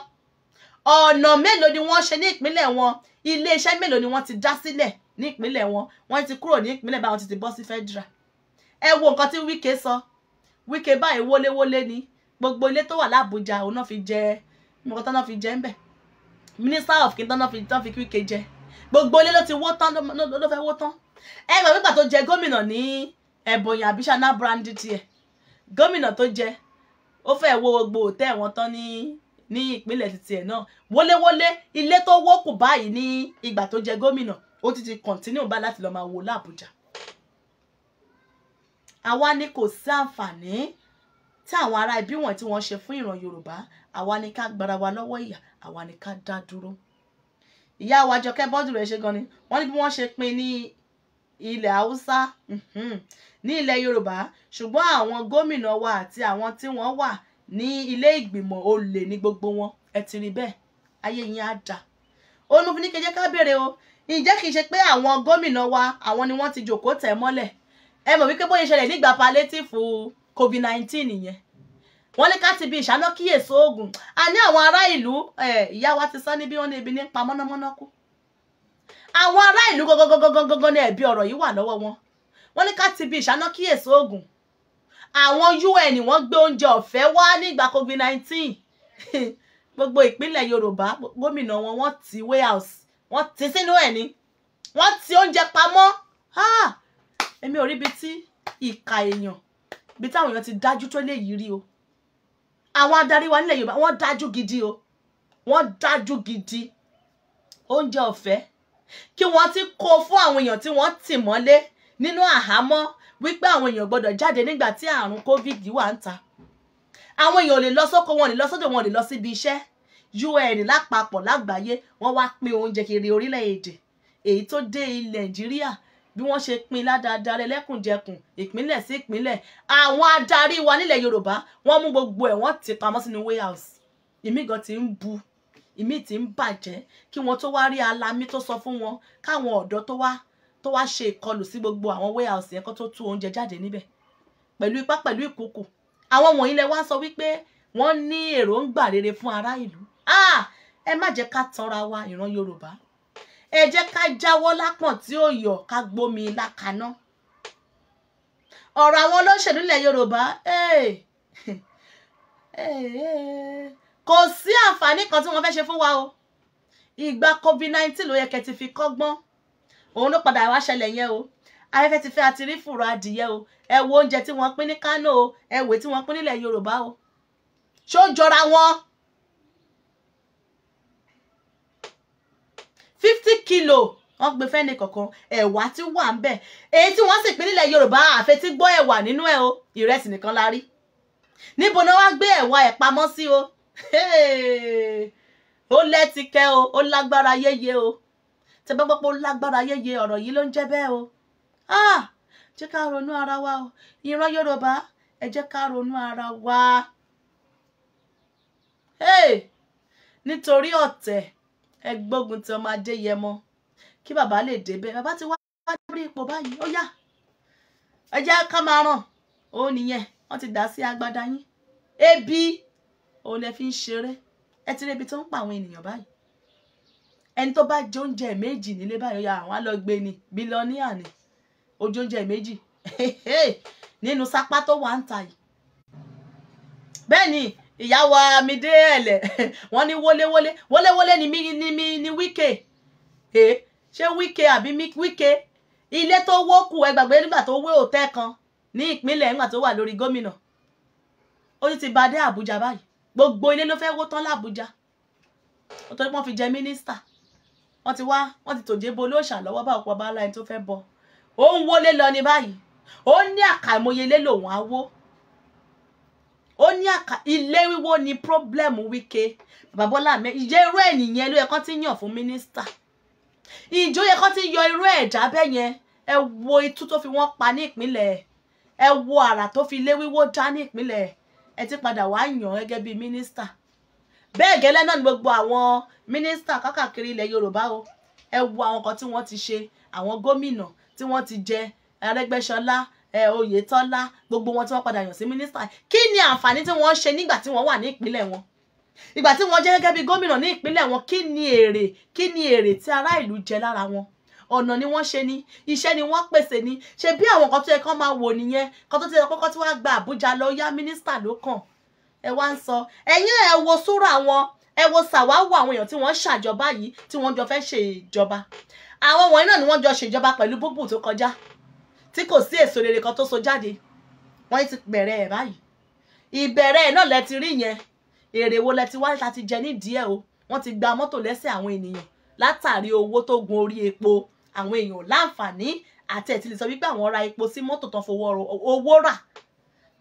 ọ̀nà mélòó ni wọ́n ṣe ní ìpínlẹ̀ wọn iléeṣẹ́ mélòó ni wọ́n ti dá sílẹ̀ ní ìpínlẹ̀ wọn wọ́n ti kúrò ní ìpínlẹ̀ báwọn ti ti bọ́ sí federal ẹ wo nǹkan tí Wike sọ Wike báyìí wọléwọlé ni gbogbo ilé tó wà lábújá òun náà fi jẹ nǹkan tán náà fi jẹ ń bẹ̀ minister of kin tán náà fi tán fi Wike jẹ gbogbo ilé ló ti wó tán ló fẹ́ wó tán ẹ gbà pípa tó jẹ gómìnà ní Ebonyi àbí Sanna Brand tiẹ̀ gómìnà tó jẹ ó fẹ́ wo gbogbo òtẹ́ wọn tán ní ní ìpínlẹ̀ títí ẹ̀ náà wọléwọlé ilé tó wó kù báyìí ní ìgbà tó jẹ gómìnà ó ti ti continue bá láti lọ máa wo lábújá àwa ni kò sí àǹfààní tí àwọn ará ibi wọn tí wọ́n ṣe fún ìran yorùbá àwa ni ká gbára wa lọ́wọ́ ìyà àwa ni ká dá dúró ìyá wa Àjọkẹ́ Bọ́dúrè ṣe gan ni wọ́n ní bí wọ́n ṣe pín ní ilẹ̀ haúsá mhm, ní ilẹ̀ yorùbá ṣùgbọ́n àwọn gómìnà wa àti àwọn tí wọ́n wà ní ilé ìgbìmọ̀ olè ní gbogbo wọn ẹ ti rí bẹ́ẹ̀ ayé yín á dà olùfin ní kẹjẹ ká bèrè o ǹjẹ́ kìí ṣe pé àwọn gómìnà wa àwọn ni wọ́n ti jòkó tẹ̀ mọ́lẹ̀ ẹ mọ̀ wípé bóyá ìṣẹ̀lẹ̀ nígbà palétífù covid nineteen yẹn wọ́n ní ká ti bi ìṣáná kíyèsí oògùn a ní àwọn ará ìlú ìyá wa ti sọ ní bí wọ́n ní ebi ní pa mọ́nàmọ́ná kú àwọn ará ìlú gangan ní ẹ̀bi ọ̀rọ̀ yìí wà lọ́wọ́ wọn wọ́n ní ká ti bi ìṣáná kíyèsí oògùn àwọn UN wọ́n gbé oúnjẹ ọ̀fẹ́ wá nígbà covid nineteen gbogbo ìpínlẹ̀ Yorùbá gómìnà wọn wọ́n ti warehouse wọ́n ti sínú ẹ̀ ni wọ́n ti oúnjẹ pamọ́ ah! èmi ò rí ibi tí ìka èèyàn ibi táwọn èèyàn ti dájú tó léyìí rí o àwọn adarí wa nílẹ̀ Yorùbá wọ́n dájú gidi o wọ́n dájú gidi oúnjẹ ọ̀fẹ́ kí wọ́n ti kó fún àwọn èèyàn tí wọ́n tì mọ́lé nínú àhámọ́ wípé àwọn èèyàn gbọ́dọ̀ jáde nígbà tí àrùn covid wà ń ta àwọn èèyàn ò lè lọ sóko wọn ò lè lọ sódò wọn ò lè lọ síbi iṣẹ́ UN lápapọ̀ lágbàáyé wọ́n wá pín oúnjẹ kiri orílẹ̀-èdè èyí tó dé ilẹ̀ Nàìjíríà bí wọ́n ṣe pín ládàádáa lẹ́kùnjẹkùn ìpínlẹ̀ sí ìpínlẹ̀ àwọn adarí wa nílẹ̀ Yorùbá wọ́n mú gbogbo ẹ̀ wọ́n ti pamọ́ sínú warehouse ìmí gan ti ń bu ìmí ti ń bàjẹ́ kí wọ́n tó wá rí alamí tó sọ fún wọn káwọn ọ̀dọ́ tó wá tó wá ṣe ìkọlù sí gbogbo àwọn warehouse yẹn kó tó tú oúnjẹ jáde níbẹ̀ pẹ̀lú ipá pẹ̀lú ìkòkò àwọn wọ̀nyí lẹ wá sọ wípé wọ́n ní èròǹgbà rere fún ará ìlú Ah, ẹ má jẹ́ ká tanra wa ìran yorùbá ẹ jẹ́ ká jáwọ́ lápọ̀n tí ó yọ̀ ká gbómi lákaná ọ̀rọ̀ àwọn olóṣèlú ilẹ̀ yorùbá eh, eh, eh, kò sí àǹfààní kan tí wọ́n fẹ́ ṣe fún wa o ìgbà covid nineteen ló yẹ kẹ́ ti fi kọ́gbọ́n òun ló padà wá ṣẹlẹ̀ yẹn o afẹ́fẹ́ ti fẹ́ àti rí fùrọ adìyẹ o ẹ wo oúnjẹ tí wọ́n pín ní kánò o ẹ wèé tí wọ́n pín nílẹ̀ yorùbá o ṣó jọra wọn. fifty kilo wọ́n gbé fẹ́ni kọ̀ọ̀kan ẹ̀wà tí wà ń bẹ̀ èyí tí wọ́n sì pín nílẹ̀ yorùbá àfetí gbọ́ ẹ̀wà nínú ẹ̀ o ìrẹsì nìkan la rí níbo ni wọ́n gbé ẹ̀wà ẹ̀ pamọ́ sí o ó lẹ́tìkẹ́ o ó lágbára yéye o tẹ bá gbọ́ pé ó lágbára yéye ọ̀rọ̀ yìí ló ń jẹ́ bẹ́ẹ̀ o ah! jẹ́ ká ronú ara wa o ìran yorùbá ẹ jẹ́ ká ronú ara wa nítorí ọ̀tẹ̀ ẹ gbógun ti ọmọ adéyẹmọ kí bàbá lè débẹ̀ bàbá ti wá lórí ipò báyìí ó yá ẹ ká máa ràn ó nìyẹn wọ́n ti dà sí agbada yín ebi òun lẹ fi ń ṣeré ẹ ti rí ibi tó ń pa àwọn ènìyàn báyìí ẹni tó bá jẹ oúnjẹ méjì nílé báyìí ó àwọn á ni bílíọ̀nìyà ni ojú oúnjẹ méjì nínú sápá tó wà ń ta yìí bẹ́ẹ̀ ìyá wa amídé ẹ̀lẹ̀ wọ́n ní wọléwọlé wọléwọlé ni mi ni mi ni wíkè ẹ̀ ṣé wíkè àbí wíkè ilé tó wó kù ẹ gbàgbé nígbà tó wé òtẹ́ kan ní ìpínlẹ̀ nígbà tó wà lórí gómìnà ó ti ti ba dé àbújá báyìí gbogbo ilé ló fẹ́ wó tán lábújá nítorí wọ́n fi jẹ mínísítà wọ́n ti wá wọ́n ti tòjé bo olóòṣà lọ́wọ́ bá òpó ọba aláìní tó fẹ́ bọ ó ń wọlé lọ ní báyìí ó ní àkàìmọye ilé lòun á wó ó ní àkà ilé wíwó ni problem Wike babola Bọ́lá Ahmed ìjẹ́ irú ẹ̀ nìyẹn ló yẹ kán ti yàn fún mínísítà ìjọ yẹ kán ti yọ irú ẹ̀ jábẹ́ yẹn ẹ wo itú tó fi wọ́n pa ní ìpínlẹ̀ ẹ wo àrà tó fi ilé wíwó já ní ìpínlẹ̀ ẹ ti padà wá yàn gẹ́gẹ́ bí mínísítà bẹ́ẹ̀ gẹ́lẹ́ náà ni gbogbo àwọn mínísítà kákàkiri ilẹ̀ Yorùbá o ẹ wo àwọn kan tí wọ́n ti ṣe àwọn gómìnà tí wọ́n ti jẹ Arẹ́gbẹ́ṣọlá Oyètọ́lá gbogbo wọn tí wọ́n padà yàn sí mínísítà kí ni àǹfààní tí wọ́n ṣe nígbà tí wọ́n wà ní ìpínlẹ̀ wọn ìgbà tí wọ́n jẹ́ gẹ́gẹ́ bí gómìnà ní ìpínlẹ̀ wọn kí ni èrè kí ni èrè tí ará ìlú jẹ lára wọn ọ̀nà ni wọ́n ṣe ni iṣẹ́ ni wọ́n pèsè ni ṣe bí àwọn kan tó yẹ kán máa wò nìyẹn kan tó ti yẹ kọ́kọ́ tí wọ́n á gba Àbújá lọ yá mínísítà ló kàn ẹ wá ń sọ ẹ̀yin ẹ wo súrà wọn ẹ wo sàwáwò àwọn èèyàn tí wọ́n ń ṣàjọba yìí tí wọ́n jọ fẹ́ ṣèjọba àwọn wọ̀nyí náà ni wọ́n jọ ṣèjọba pẹ̀lú búbù tó kọjá tí kò sí èso rere kan tó so jáde wọ́n ti bẹ̀rẹ̀ ẹ̀ báyìí ìbẹ̀rẹ̀ ẹ̀ náà lẹ ti rí yẹn èrè wo lẹ ti wá láti jẹ nídìí ẹ̀ o wọ́n ti gba mọ́tò lẹ́sẹ̀ àwọn ènìyàn látàrí owó tó gun orí epo àwọn èèyàn láǹfààní àti ẹ̀ ti lè sọ wípé àwọn ra epo sí mọ́tò tán fowó owó rà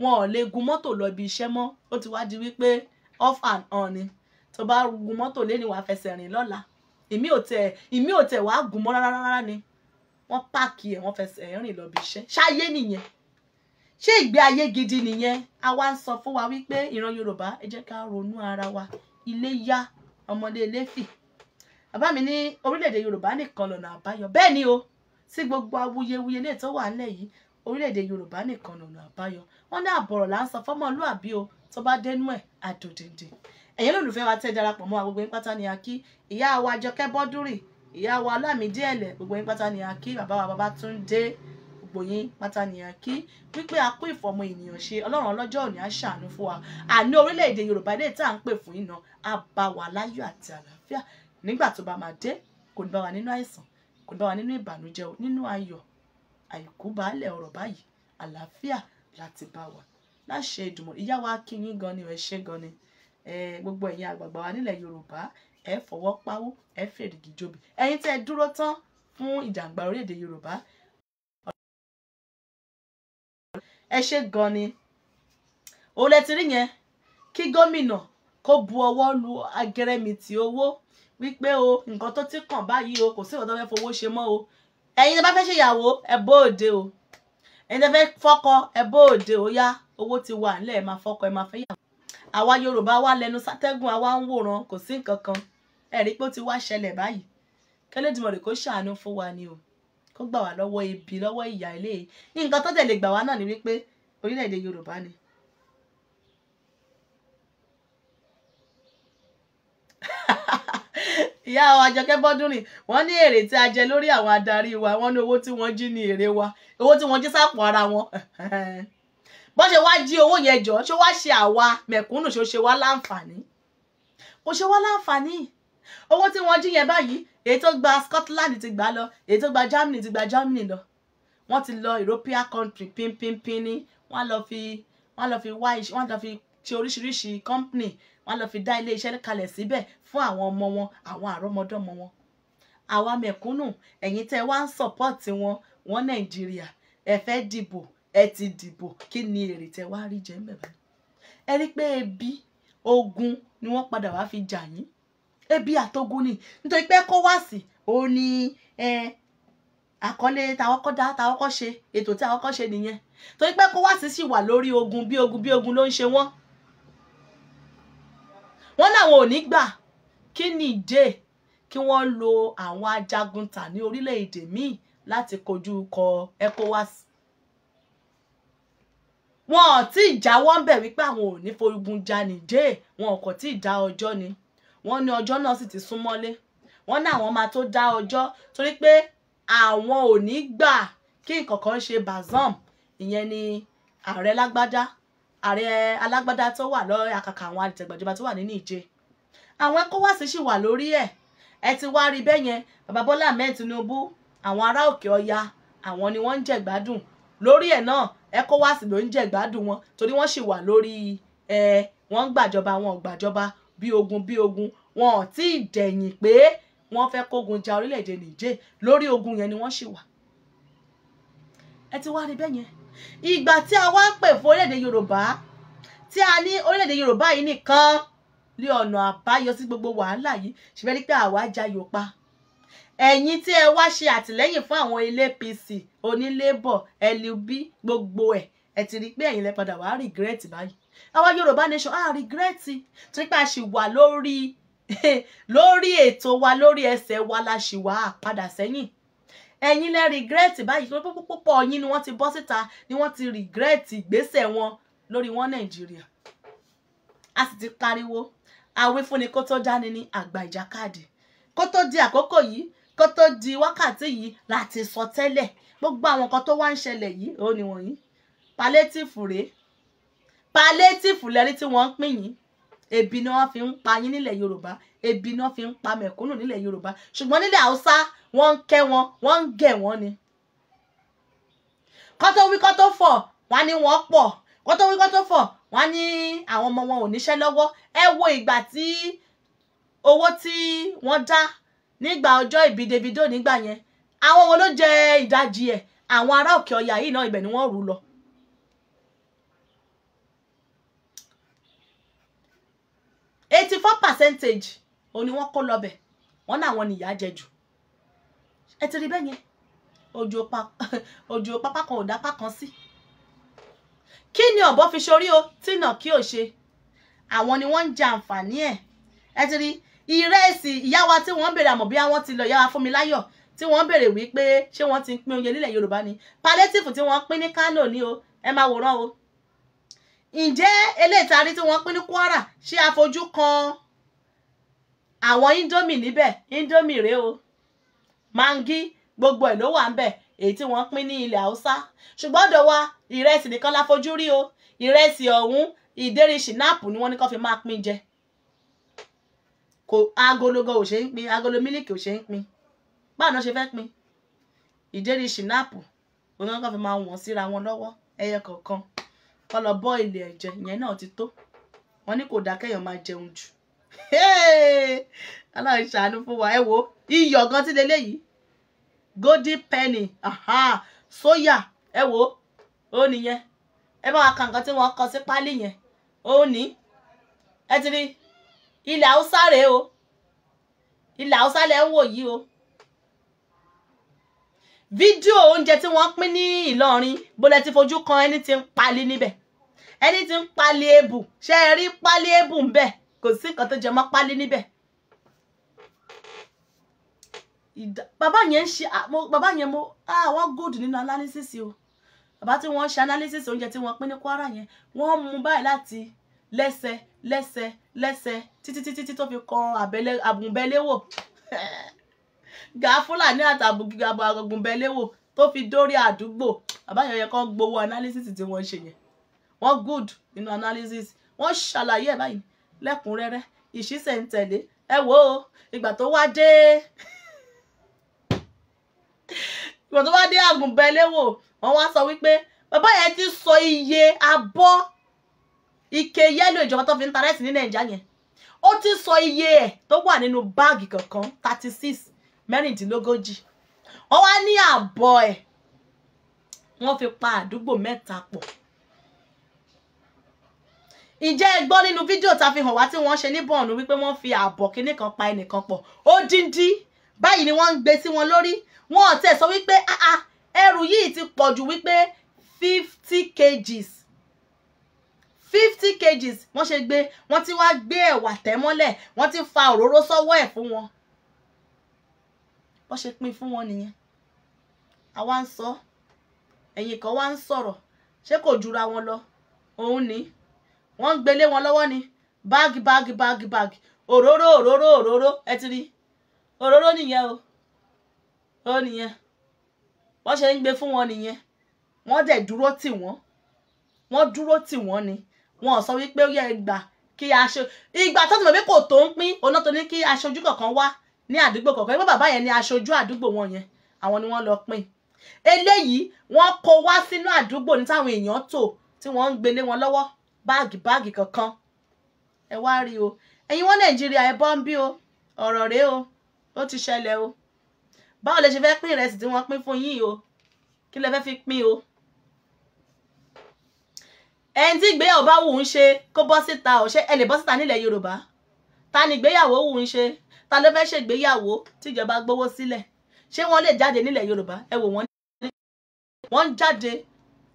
wọn ò lè gun mọ́tò lọ ibi iṣẹ́ mọ́ ó ti wá di wípé off and on ni tó bá gun mọ́tò lé ní wàá fẹsẹ̀ rìn lọ́la ìmí ò tẹ̀ ìmí ò tẹ̀ wàá gùn mọ́ rárá rárá ni wọ́n páàkì ẹ̀ wọ́n fẹsẹ̀ ẹ̀ rìn lọ bí iṣẹ́ ṣáyé nìyẹn ṣé ìgbé ayé gidi nìyẹn a wá ń sọ fún wa wípé ìran Yorùbá ẹ jẹ́ ká ronú ara wa ilé yá ọmọdé ilé fì bàbá mi ní orílẹ̀-èdè Yorùbá nìkan lọ́nà àbáyọ bẹ́ẹ̀ ni o sí gbogbo awuyewuye lè tó wà nílẹ̀ yìí orílẹ̀-èdè Yorùbá nìkan lọ́nà àbáyọ wọ́n ní àbọ̀rọ̀ là ń sọ fọ́mọlúàbí o tó bá dénú ẹ̀ àdòdìndì ẹ̀yin lólùfẹ́ wa tẹ́ darapọ̀ mọ́ agbègbè pátá ni a kí ìyá wa Àjọkẹ́ Bọ́dúnrìn ìyá wa Lámídì Ẹ̀lẹ̀ gbogbo yín pátá ni a kí bàbá wa Babátúndé gbogbo yín pátá ni a kí wípé a kú ìfọmọ ènìyàn ṣe ọlọ́run ọlọ́jọ́ òní á ṣàánú fún wa àní orílẹ̀-èdè Yorùbá dé tá à ń pè fún iná á bá wa láyọ̀ àti àlàáfíà nígbà tó bá máa dé kò ní bá wa nínú àìsàn kò ní bá wa nínú ìbànújẹ́ o nínú ayọ̀ àìkú baálẹ̀ ọ̀rọ̀ báyìí àlàáfíà láti bá wa láṣẹ ìdùnmọ̀ ìyá wa kí yín gan ni ẹ ṣé gan ni gbogbo ẹ̀yin àgbààgbà wa nílẹ̀ Yorùbá ẹ fọwọ́ pawó ẹ fèrègì jobi ẹ̀yin tẹ́ ẹ dúró tán fún ìjàǹgbá orílẹ̀-èdè Yorùbá ẹ ṣe gan ni òun lẹ ti rí yẹn kí gómìnà kó bu ọwọ́ lu agẹrẹmìtì owó wípé o nǹkan tó ti kàn báyìí o kò sí ìwọ́n tó fẹ́ fowó ṣe mọ́ o ẹ̀yin tẹ́ bá fẹ́ ṣèyàwó ẹ bóde o ẹ̀yin tẹ́ fẹ́ fọ́kọ ẹ bóde o yá owó ti wà nílẹ̀ ẹ máa fọ́kọ ẹ máa fẹ́ yàwó àwa Yorùbá wa lẹnu sátẹ́gùn àwa ń wòran kò sí nǹkan kan ẹ̀rí pé ó ti wá ṣẹlẹ̀ báyìí kẹlẹ́dìmọ̀rì kó ṣàánú fún wa ni o kó gbà wá lọ́wọ́ ebi lọ́wọ́ ìyà ilé yìí nǹkan tó tẹ̀lé gbà wá náà ni wípé orílẹ̀-èdè Yorùbá ni. ìyá Àjọkẹ́ Bọ́dúnrin wọ́n ní èrè tí a jẹ lórí àwọn adarí wa wọ́n ní owó tí wọ́n jí ní èrè wa owó tí wọ́n jí sápò ara wọn bọ́n ṣe wá jí owó yẹn jọ ṣó wá ṣe àwa mẹ̀kúnnù ṣó ṣe wá láǹfààní kò ṣe wá láǹfààní owó tí wọ́n jí yẹn báyìí èyí tó gba Scotland ti gbà lọ èyí tó gba Germany ti gba Germany lọ wọ́n ti lọ European country pínpínpín ní wọ́n lọ fi wọ́n lọ fi wá iṣẹ́ wọ́n lọ fi ṣe oríṣiríṣi company wọ́n lọ fi dá ilé iṣẹ́ kalẹ̀ síbẹ̀ fún àwọn ọmọ wọn àwọn àrọ́mọdọ́mọ wọn àwa mẹ̀kúnnù ẹ̀yin tẹ́ wá ń support wọn wọn Nàìjíríà ẹ fẹ́ dìbò ẹ ti dìbò kí ni èrè tẹ́ wá rí jẹ ń ẹ rí pé ebi ogun ni wọ́n padà wá fi jà yín ebi àtogun ni nítorí pé ECOWAS ó ní àkọlé táwọn kọ́ dá táwọn kọ́ ṣe ètò tí àwọn kọ́ ṣe nìyẹn torí pé ECOWAS sì wà lórí ogun bí ogun bí ogun ló ń ṣe wọ́n wọ́n láwọn ò ní gbà kí nìdé kí wọ́n lo àwọn ajagunta ní orílẹ̀-èdè míì láti kojú kọ ECOWAS wọn ò tí ì jáwọ́ ń bẹ̀ wípé àwọn ò ní forígun jà nìdé wọn kò tí ì dá ọjọ́ ni. Jay, wọ́n ní ọjọ́ náà sì ti súnmọ́lé wọ́n ní àwọn máa tó dá ọjọ́ torí pé àwọn ò ní gbà kí nǹkan kan ṣe Bazum ìyẹn ni ààrẹ lágbádá ààrẹ alágbádá tó wà lọ àkàkà àwọn àdìtẹ̀gbàjọba tó wà ní Níjẹ̀ àwọn ECOWAS sì wà lórí ẹ̀ ẹ ti wá rí bẹ́ẹ̀ yẹn bàbá Bọ́lá Ahmed Tinubu àwọn ará òkè ọya àwọn ni wọ́n ń jẹ̀gbádùn lórí ẹ̀ náà ECOWAS ló ń jẹ̀gbádùn wọn torí wọ́n sì wà lórí ẹ̀ wọ́n ń gbàjọba wọn ò gbàjọba bí ogun bí ogun wọn ò tí ì dẹ̀yìn pé wọ́n fẹ́ kógun ja orílẹ̀-èdè Niger lórí ogun yẹn ni wọ́n ṣì wà ẹ ti wá rí bẹ́ẹ̀ yẹn ìgbà tí a wá ń pè fún orílẹ̀-èdè Yorùbá tí a ní orílẹ̀-èdè Yorùbá yìí nìkan ní ọ̀nà àbáyọ sí gbogbo wàhálà yìí ṣùgbọ́n ní pé àwa jayò pa ẹ̀yin tí ẹ wá ṣe àtìlẹ́yìn fún àwọn ilé pc onílébọ̀ lub gbogbo ẹ̀ ẹ ti rí i pé ẹ̀yin lẹ padà wá rìgírẹ́tì báyìí àwa yorùbá nation a regret torí pé a ṣì wà lórí lórí ètò wa lórí ẹsẹ̀ wa la ṣì wà á padà sẹ́yìn ẹ̀yin lẹ regret báyìí pé púpọ̀ yín ni wọ́n ti bọ́ síta ni wọ́n ti regret ìgbésẹ̀ wọn lórí wọn nàìjíríà a sì ti pariwo àwífúnni kó tó dání ní àgbà ìjàkadì kó tó di àkókò yìí kó tó di wákàtí yìí láti sọ tẹ́lẹ̀ gbogbo àwọn kan tó wá ń ṣẹlẹ̀ yìí ó ní wọ̀nyí palliative rèé palliative lẹ́rí tí wọ́n ń pín yín ebi ni wọ́n fi ń pa yín nílẹ̀ yorùbá ebi ni wọ́n fi ń pa mẹ̀kúnnù nílẹ̀ yorùbá ṣùgbọ́n nílẹ̀ haúsá wọ́n ń kẹ́ wọn wọ́n ń gẹ̀ wọ́n ni. kọ́tó wí kọ́tó fọ̀ wọ́n ní wọ́n pọ̀ kọ́tó wí kọ́tó fọ̀ wọ́n ní àwọn ọmọ wọn ò níṣẹ́ lọ́wọ́ ẹ wo ìgbà tí owó tí wọ́n dá nígbà ọjọ́ ìbí Davido nígbà yẹn àwọn wo ló jẹ ìdajì ẹ̀ àwọn ará òkè ọ̀yà yìí náà ibẹ̀ ni wọ́n rù lọ eighty four percentage òní wọ́n kó lọ́bẹ̀ wọ́n náà wọ́n nìyà jẹ jù ẹ ti rí bẹ́ẹ̀ yẹn òjò pápá kan ò dá pápá kan sí. kí ni ọ̀bọ fi ṣorí o tí nà kí o ṣe àwọn ni wọ́n ń jẹ àǹfààní ẹ̀ ẹ ti rí ìrẹsì ìyá wa tí wọ́n ń bèrè àmọ̀ bí wọ́n ti lọ ìyá wa fún mi láyọ̀ tí wọ́n ń bèrè wípé ṣé wọ́n ti ń pín oúnjẹ nílẹ̀ Yorùbá ni palliative tí wọ́n pín ní Kánò ni o ẹ máa wòran o ǹjẹ́ eléyìí tí wọ́n pín ní Kwara ṣé àfojú kan àwọn indomie níbẹ̀ indomie rèé o mangi gbogbo ẹ̀ ló wà ń bẹ̀ èyí tí wọ́n pín ní ilẹ̀ haúsá ṣùgbọ́n ọ̀dọ̀ wa ìrẹsì nìkan la rí o ìrẹsì ọ̀hún ìdérí ṣìnáàpù ni wọ́n ní kó fi máa pín jẹ kò agologo ò ṣe ń pín agolo mílìkì ò ṣe ń pín báwo ni wọ́n ṣe fẹ́ pín ìdérí ṣìnáàpù òun ni wọ́n kó fi máa wọ̀n síra wọn lọ́wọ́ ẹyẹ kọ̀ọ̀kan kọ́ lọ bọ́ ilé ẹ̀jẹ̀ ìyẹn náà ti tó wọ́n ní kò dá máa jẹun jù Ọlọ́run ṣàánú fún wa ẹ wo iyọ̀ gan ti leléyìí golden penny aha soya ẹ wo ó nìyẹn ẹ bá wa ka nǹkan tí wọ́n kọ sí pálí yẹn ó ní ẹ ti rí ilẹ̀ haúsá rèé o ilẹ̀ haúsá lẹ́ ń wò yìí o fídíò oúnjẹ tí wọ́n pín ní Ìlọrin bólẹ̀ ti fojú kan ẹni tí ń pali níbẹ̀ ẹni tí ń pali ebù ṣe é rí pali ebù ń bẹ̀ kò sí nǹkan tó jẹ mọ́ pali níbẹ̀ bàbá yẹn ń ṣe bàbá yẹn mo àwọn gold nínú analysis o bàbá tí wọ́n ń ṣe analysis oúnjẹ tí wọ́n pín ní Kwara yẹn wọ́n mú báyìí láti lẹ́sẹ̀ lẹ́sẹ̀ lẹ́sẹ̀ títí títí tó fi kan àbùnbẹ́lẹ́wò ga fúlàní àtàbùkù agbọ̀nbẹ̀léwò tó fi dórí àdúgbò àbáyọ̀ yẹ kán gbowó analysis tí wọ́n ṣe yẹn wọ́n good nínú analysis wọ́n ṣàlàyé ẹ̀ báyìí lẹ́kùnrẹ́rẹ́ ìṣísẹ̀ ń tẹ̀lé ẹ wò ó ìgbà tó wá dé ìgbà tó wá dé àgùnbẹ̀léwò wọ́n wá sọ wípé bàbá yẹn ti sọ iye abọ́ ike yẹ́lò ìjọba tó fi ń ta rẹ́sì ní nàìjíríà yẹn ó ti sọ iye ẹ̀ tó wà nínú báàgì kọ̀ọ̀kan thirty six mẹ́rìndínlógójì wọ́n wá ní àbọ̀ ẹ̀ wọ́n fi pa àdúgbò mẹ́ta pọ̀ ǹjẹ́ ẹ gbọ́ nínú fídíò ta fi hàn wá tí wọ́n ṣe ní bọ̀ọ̀nù wípé wọ́n fi ààbọ̀ kinní kan pa ẹnìkan pọ̀ odindi báyìí ni wọ́n ń gbé sí wọn lórí wọn ò tẹ̀ sọ wípé ẹrù yìí ti pọ̀ ju wípé fifty kgs fifty kgs wọ́n ṣe gbé wọ́n ti wá gbé ẹ̀wà tẹ́ mọ́lẹ̀ wọ́n ti fa òróró sọ́wọ́ ẹ̀ fún wọn wọ́n ṣe pín fún wọn nìyẹn àwa ń sọ ẹ̀yìn kan wá ń sọ̀rọ̀ ṣé kò jura wọn lọ òun ni wọ́n ń gbélé wọn lọ́wọ́ ni báàgì báàgì báàgì báàgì òróró òróró òróró ẹ ti rí òróró nìyẹn o ó nìyẹn wọ́n ṣe ń gbé fún wọn nìyẹn wọ́n dẹ̀ dúró tì wọ́n wọ́n dúró tì wọ́n ni wọn ò sọ wípé ó yẹ gbà kí aṣọ ìgbà tó ti mọ̀ pé kò tó ń pín oná tó ní kí aṣojú kankan wá ní àdúgbò kọ̀ọ̀kan ẹgbẹ́ bàbá yẹn ni aṣojú àdúgbò wọn yẹn àwọn ni wọ́n lọ pín eléyìí wọ́n kó wá sínú àdúgbò ní táwọn èèyàn tò tí wọ́n ń gbélé wọn lọ́wọ́ báàgì báàgì kankan ẹ wá rí o ẹ̀yin wọn nàìjíríà ẹ bọ́ ń bí o ọ̀rọ̀ rèé o ó ti ṣẹlẹ̀ o báwo lè ṣe fẹ́ pín ìrẹsì tí wọ́n pín fún yín o kí lè fẹ́ fi pín o ẹni tí ìgbéyàwó bá wù ń ṣe kó bọ́ síta ò ṣe ẹ lè bọ́ síta nílẹ̀ yorùbá ta ni ìgbéyàwó wù ń ṣe ta ló fẹ́ẹ́ ṣègbéyàwó tíjọba gbowó sílẹ̀ ṣé wọ́n lè jáde nílẹ̀ Yorùbá ẹ wò wọ́n ní wọ́n ń jáde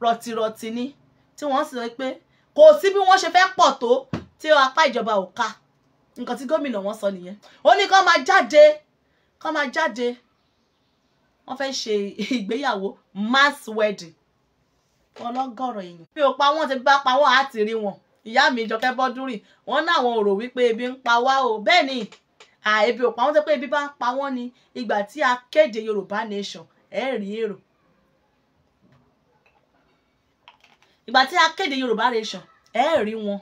rọ̀tìrọ̀tì ni tí wọ́n sì sọ pé kò sí bí wọ́n ṣe fẹ́ pọ̀ tó tí apá ìjọba ò ka nǹkan tí gómìnà wọn sọ nìyẹn ó ní kán máa jáde kán máa jáde wọ́n fẹ́ ṣe ìgbéyàwó mass wedding wọn lọ́gọ̀rọ̀ èèyàn bí o pa wọ́n ti bá pa wọ́n á ti rí wọn ìyá mi Jọkẹ́ Bọ́dúnrìn wọ́n náà wọn ò rò wípé ebi ń pa wá o bẹ́ẹ̀ ni àìbí ò pa wọ́n tó pé ibi bá ń pa wọ́n ni ìgbà tí a kéde Yorùbá nation ẹ̀ rí èrò ìgbà tí a kéde Yorùbá nation ẹ̀ rí wọn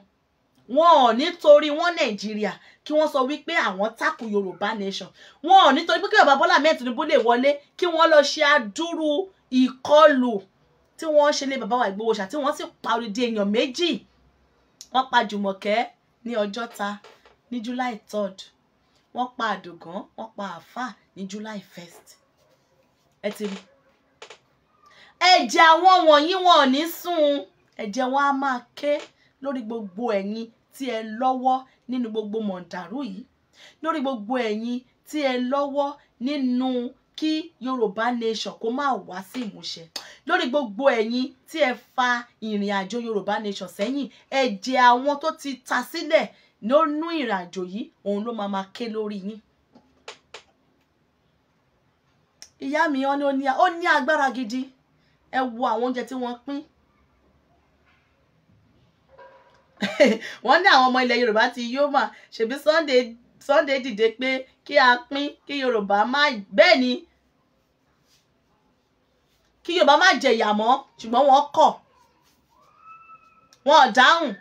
wọn ò nítorí wọn Nàìjíríà kí wọ́n sọ wípé àwọn takò Yorùbá nation wọn ò nítorí pé kí Bàbá Bọ́lá Ahmed Tinubu lè wọlé kí wọ́n lọ ṣe adúrú ìkọlù tí wọ́n ṣe lé bàbá wa Ìgbòho ṣá tí wọ́n sì pa odidi èèyàn méjì wọ́n pa Jùmọ̀kẹ́ ní Ọjọ́ta ní July 3 wọ́n pa àdògán wọ́n pa àfà ní July 1st ẹ ti rí ẹ̀jẹ̀ àwọn wọ̀nyí wọn ò ní sùn ẹ̀jẹ̀ wọn á máa ké lórí gbogbo ẹ̀yin tí ẹ lọ́wọ́ nínú gbogbo mọ̀ǹdàrú yìí lórí gbogbo ẹ̀yin tí ẹ lọ́wọ́ nínú kí Yorùbá nation kó má wá sí ìmúṣẹ lórí gbogbo ẹ̀yin tí ẹ fa ìrìn àjò Yorùbá nation sẹ́yìn ẹ̀jẹ̀ àwọn tó ti ta sílẹ̀ nínú ìrìn àjò yìí òun ló máa máa ké lórí yín ìyá mi ó ní ó ní agbára gidi ẹ wo àwọn oúnjẹ tí wọ́n pín wọ́n ní àwọn ọmọ ilẹ̀ Yorùbá ti yóò ṣèbí Sunday Sunday dìde pé kí a pín kí Yorùbá má bẹ́ẹ̀ ni kí Yorùbá má jẹ̀yà mọ́ ṣùgbọ́n wọ́n kọ̀ wọ́n dáhùn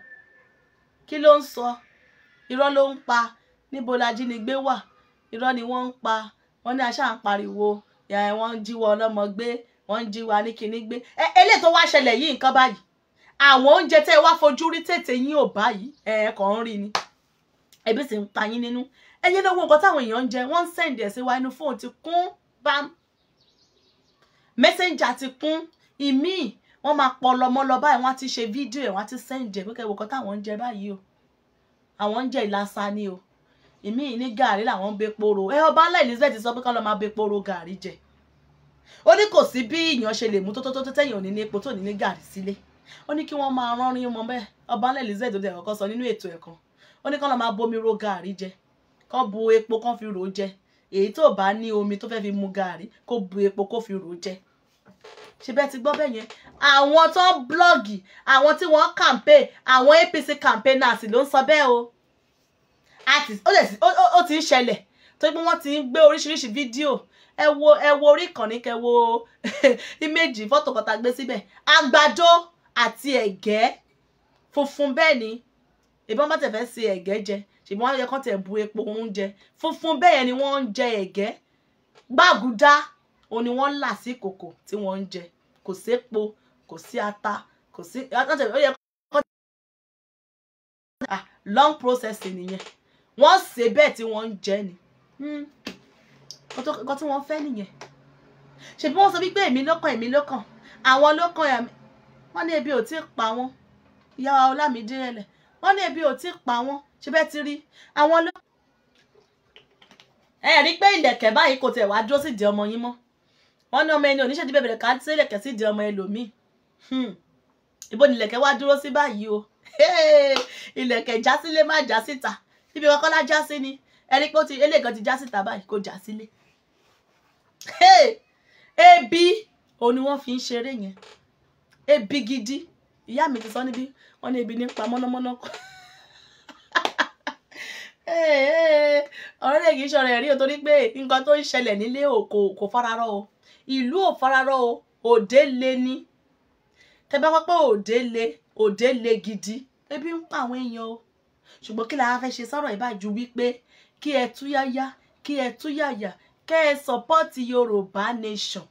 kí ló ń sọ. So? irọ́ ló ń pa níbo lajínigbé wà irọ́ ni wọ́n ń pa wọ́n ní aṣáà ń pariwo wọ́n ń jíwọ́ ọlọ́mọ gbé wọ́n ń jíwọ́ aníkíní gbé ẹ eléyìí tó wá ṣẹlẹ̀ yìí nǹkan báyìí àwọn oúnjẹ tẹ́ ẹ wá fojú rí tètè yín ò báyìí ẹ kàn ń rí ni ẹbí sì ń pa yín nínú ẹyẹ lọ́wọ́ nǹkan táwọn èèyàn ń jẹ wọ́n ń sẹ́ǹdì ẹ̀ sí wa inú fóònù ti kún bam messenger ti kún ìmíì wọ́n máa pọ̀ lọmọ lọ báyìí wọ́n ti ṣe fídíò ẹ̀ wọ́n ti sẹ́ǹdì ẹ̀ pé kẹ́ wo nǹkan táwọn ń jẹ báyìí o àwọn ń jẹ ìlàsà ni o ìmí yìí ní gàrí làwọn ń bẹ poro ẹ ọba ńlá Elizabeth sọ pé ká lọ máa bẹ poro gàrí jẹ ó ní kò sí bí ìyàn ṣe lè mú tó tó tó tẹyìn òní ní epo tó ní ní gàrí sílé ó ní kí wọ́n máa ránrin mọ bẹ́ẹ̀ ọba ńlá Elizabeth òde ẹ̀kọ́ sọ nínú ètò ẹ̀kan ó ní kán lọ máa bomi ro gàrí jẹ kán bu epo kán fi rò ó jẹ èyí tó bá ní omi tó fẹ́ fi mu gàrí kó bu epo kó fi rò ó jẹ ṣe bẹ́ẹ̀ ti gbọ́ bẹ́ẹ̀ yẹn àwọn tó ń blọ́ọ̀gì àwọn tí wọ́n campaign àwọn APC campaigners ló ń sọ bẹ́ẹ̀ o ó ti ń ṣẹlẹ̀ torí pé wọ́n ti ń gbé oríṣiríṣi fídíò ẹ wo ẹ wo orí ìkànnì kẹ wo íméèjì fọ́tò kọ́ta gbé síbẹ̀ àgbàdo àti ẹ̀gẹ́ funfun bẹ́ẹ̀ ni ìbọn bá tẹ̀ fẹ́ ṣe ẹ̀gẹ́ jẹ ṣùgbọ́n wọ́n yẹ kán tẹ̀ bu epo oúnjẹ funfun bẹ́ẹ̀ ni wọ́n ń jẹ ẹ̀gẹ́ gbàgùdá òun ni wọ́n là sí kòkò tí wọ́n ń jẹ kò sépo kò sí ata kò sí ó yẹ kó ah, long processing nìyẹn wọ́n sè bẹ́ẹ̀ tí wọ́n ń jẹ ni hmm. nǹkan tí wọ́n fẹ́ nìyẹn ṣèbí wọ́n sọ wípé èmi lọ́kàn èmi lọ́kàn àwọn lọ́kàn ẹ̀mí wọ́n ní ebi ò tí ì pa wọ́n ìyá wa Ọlámídé ẹlẹ̀ wọ́n ní ebi ò tí ì pa wọ́n ṣe bẹ́ẹ̀ ti rí àwọn lọ́kàn. ẹ rí i pé ìlẹ̀kẹ̀ báyìí kò tẹ̀ wá dúró sídìí ọmọ yín mọ́ wọ́n ní ọmọ ẹni oníṣẹ́jú bẹ̀bẹ̀rẹ̀ ká tí ìlẹ̀kẹ̀ sí di ọmọ ẹlòmíì hmm. ibo ni ìlẹ̀kẹ̀ wá dúró sí báyìí o ìlẹ̀kẹ̀ já sílé má já síta ibi kọ́kọ́ lá já sí ni ẹni pé ó ti eléèkan ti já síta báyìí kó já sílé ebi òun ni wọ́n fi ń ṣeré yẹn ebi gidi ìyá mi ti sọ níbí wọ́n ní ebi ní pa mọ́nàmọ́ná kọ́ ọ̀rẹ́ lè kì í ṣọ̀rọ̀ ẹ̀rí o torí pé nǹkan tó ń ṣẹlẹ̀ nílé o kò fararọ́ o ìlú ò o òde le ni tẹ́ bá wá pé òde le òde le gidi ebi ń pa àwọn èèyàn o ṣùgbọ́n kí la fẹ́ ṣe sọ̀rọ̀ ìbájú wípé kí ẹ túyáyá kí ẹ túyàyà kẹ́ ẹ sọ́pọ́ọ̀tì yorùbá nation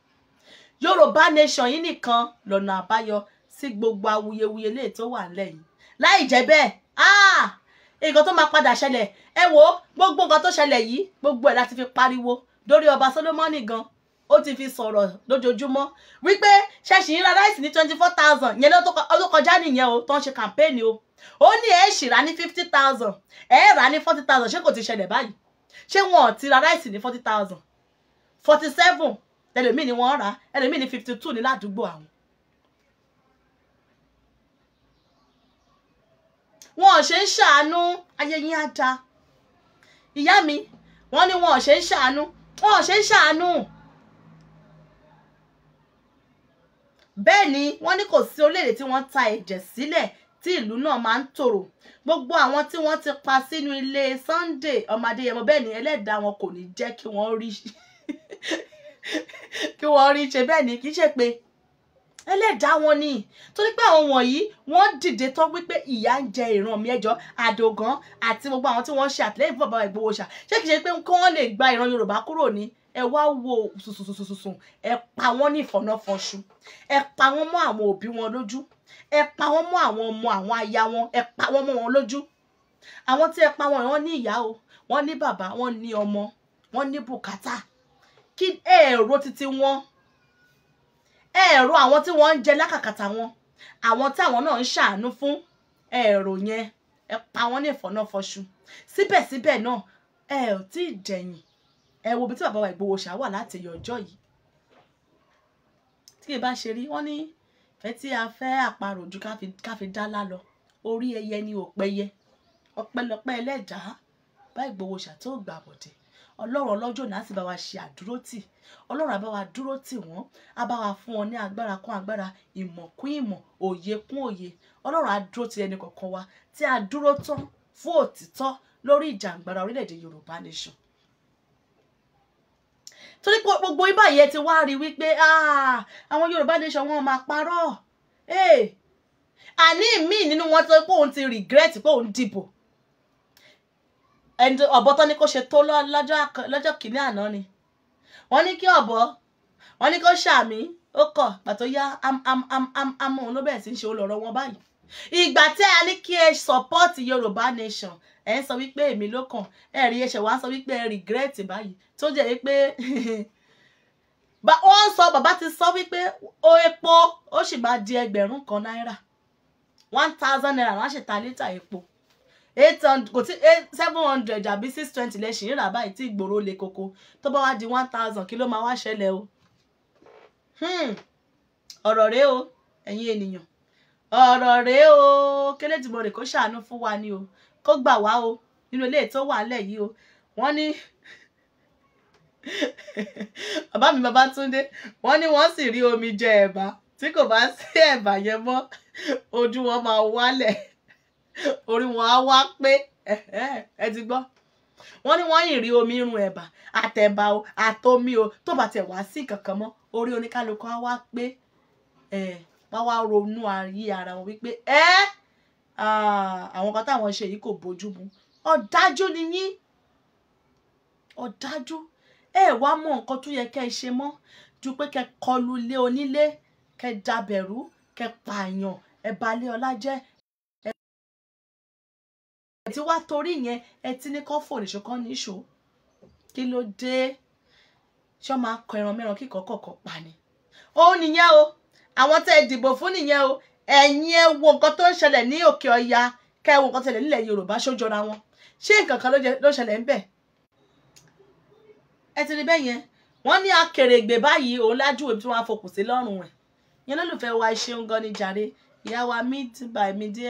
yorùbá nation yìí nìkan lọ́nà àbáyọ sí gbogbo awuyewuye lè tó wà lẹ́yìn láì jẹ́ bẹ́ẹ̀ ah! nǹkan tó máa padà ṣẹlẹ̀ ẹ wo gbogbo nǹkan tó ṣẹlẹ̀ yìí gbogbo ẹ̀ láti fi pariwo dórí ọba solomoni gan ó ti fi sọ̀rọ̀ lójoojúmọ́ wípé ṣẹ́ẹ̀ṣì ń ra ráìsì ní twenty four thousand yẹn ló kọjá nìyẹn o tó ń ṣe kàmpéènì o ó ní ẹ̀ ṣì rà ní fifty thousand ẹ̀ rà ní forty thousand ṣé kò ti ṣẹlẹ̀ báyìí ṣé wọn ò ti ra ráìsì ní forty thousand forty seven ẹlòmíì ni wọ́n rà ẹlòmíì ni fifty two ní ládùúgbò àwọn. wọn ò ṣe ń ṣàánú ayé yín á ìyá mi wọ́n ní wọn ò ṣe ń ṣàánú wọn ò ṣe ń ṣàánú. bẹ́ẹ̀ ni wọ́n ní kò sí orílẹ̀-èdè tí wọ́n ta ẹ̀jẹ̀ sílẹ̀ tí ìlú náà máa ń tòrò gbogbo àwọn tí wọ́n ti pa sínú ilé Sunday ọmọ Adéyẹmọ bẹ́ẹ̀ ni ẹlẹ́dàá wọn kò ní jẹ́ kí wọ́n rí kí wọ́n rí ṣe bẹ́ẹ̀ ni kì í ṣe pé ẹlẹ́dàá wọn ni torí pé àwọn wọ̀nyí wọ́n dìde tán wípé ìyá ń jẹ ìran mi ẹjọ́ àdògán àti gbogbo àwọn tí wọ́n ṣe àtìlẹ́yìn fún bàbá Ìgbòho ṣà ṣé kìí ṣe pé kí wọ́n lè gba ìran Yorùbá kúrò ní ẹ wá wo sùsùsùsùsùn ẹ pa wọ́n ní ìfọ̀nàfọ̀ṣù ẹ pa wọ́n mọ́ àwọn òbí wọn lójú ẹ pa wọ́n mọ́ àwọn ọmọ àwọn aya wọn ẹ pa wọ́n mọ́ wọn lójú àwọn tí ẹ pa wọn wọ́n ní ìyá o wọ́n ní bàbá wọ́n ní ọmọ wọ́n ní bùkátà kí ẹ̀rọ títí wọn ẹ̀rọ àwọn tí wọ́n ń jẹ lákàkàtà wọn àwọn táwọn náà ń ṣàánú fún ẹ̀rọ yẹn ẹ pa wọ́n ní ìfọ̀nàfọ̀ṣù síbẹ̀síbẹ̀ náà ẹ ò tí ì dẹ̀yìn ẹ wo ibi tí bàbá wa Ìgbòho ṣá wà láti ẹyọ ọjọ́ yìí tí kì bá ṣe rí wọ́n ní fẹ́ tí a fẹ́ àparò ju ká fi dá lálọ orí ẹyẹ ni òpẹyẹ ọpẹ́lọpẹ́ ẹlẹ́dàá bá Ìgbòho ṣá tó gbà bọ̀dẹ̀ ọlọ́run ọlọ́jọ́ náà sì bá wa ṣe àdúró tì ọlọ́run á wa dúró tì wọ́n á bá wa fún wọn ní agbára kún agbára ìmọ̀ kún ìmọ̀ òye kún òye ọlọ́run á dúró ti ẹnì kọ̀ọ̀kan wa tí a dúró tán fún òtítọ́ lórí ìjàǹgbara orílẹ̀ yorùbá nation torí pé gbogbo ibà yẹn ti wá rí wípé ah, àwọn Yorùbá nation wọn máa parọ́ eh, àní míì nínú wọn tó pé òun ti regret pé òun dìbò ẹni ọ̀bọ tó ní kó ṣe tó lọ́jọ́ kìíní àná ni wọ́n ní kí ọ̀bọ wọ́n ní kó ṣàmì ó kọ̀ pàtó yá amóhun ló bẹ̀rẹ̀ sí ń ṣe olùrọ̀ wọn báyìí ìgbà tẹ́ a ní kí ẹ support Yorùbá nation ẹ ń sọ wípé èmi ló kàn ẹ rí ẹsẹ̀ wá sọ wípé ẹ regret báyìí tó jẹ́ wípé wọ́n sọ bàbá ti sọ wípé o epo ó sì máa di ẹgbẹ̀rún kan náírà one thousand naira wọ́n á sì ta lítà epo eight hundred kò tí seven hundred àbí six twenty lẹ́sìn ìrà báyìí tí ìgboro le koko tó bá wá di one thousand kí ló máa wá ṣẹlẹ̀ o hmm, ọ̀rọ̀ rèé o ẹ̀yin ènìyàn ọ̀rọ̀ rèé o kélédìmọ̀ rẹ̀ kó ṣàánú fún wa ni o kó gbà wá o nínú ilé tó wà lẹ̀ yìí o wọ́n ní bàbá mi Babátúndé wọ́n ní wọ́n sì rí omi jẹ ẹ̀bà tí kò bá sí ẹ̀bà yẹn mọ́ ojú wọn máa wálẹ̀ orí wọn á wá pé ẹ ti gbọ́ wọ́n ní wọ́n yìn rí omi irun ẹ̀bà àtẹ̀bà o àtomi o tó bá tẹ̀ wá sí kankan mọ́ orí oníkálukú á wá pé ẹ̀ wá wá ronú ayé ara wọn wípé ẹ́. Eh? Ah, àwọn kan táwọn ṣe yìí kò bójú mu ọ̀dájú ni yín ọ̀dájú ẹ wá mọ nǹkan tó yẹ kẹ́ ẹ ṣe mọ́ ju pé kẹ́ kọlu ilé onílé kẹ́ dàbẹ̀rú kẹ́ pààyàn ẹ balẹ̀ ọlá jẹ́ ẹ ti wá torí yẹn ẹ ti ní kán fòníṣó kán níṣó kí ló dé ṣé ọ máa kọ ẹran mẹ́ran kíkọ́ kọ̀ọ̀kan pa ni ó nìyẹn o àwọn tẹ́ ẹ dìbò fún nìyẹn o ẹ̀yin ẹ wo nǹkan tó ń ṣẹlẹ̀ ní òkè ọya ká ẹ wo nǹkan tó ṣẹlẹ̀ nílẹ̀ yorùbá ṣó jọra wọn ṣé nǹkan kan ló ṣẹlẹ̀ ń bẹ̀ ẹ ti rí bẹ́ẹ̀ yẹn wọ́n ní akèrègbè báyìí òun lájú òbí tí wọ́n á fokùn sí lọ́rùn ẹ̀ yẹn lólùfẹ́ wa ṣeun gan ni jàre ìyá wa mid by midl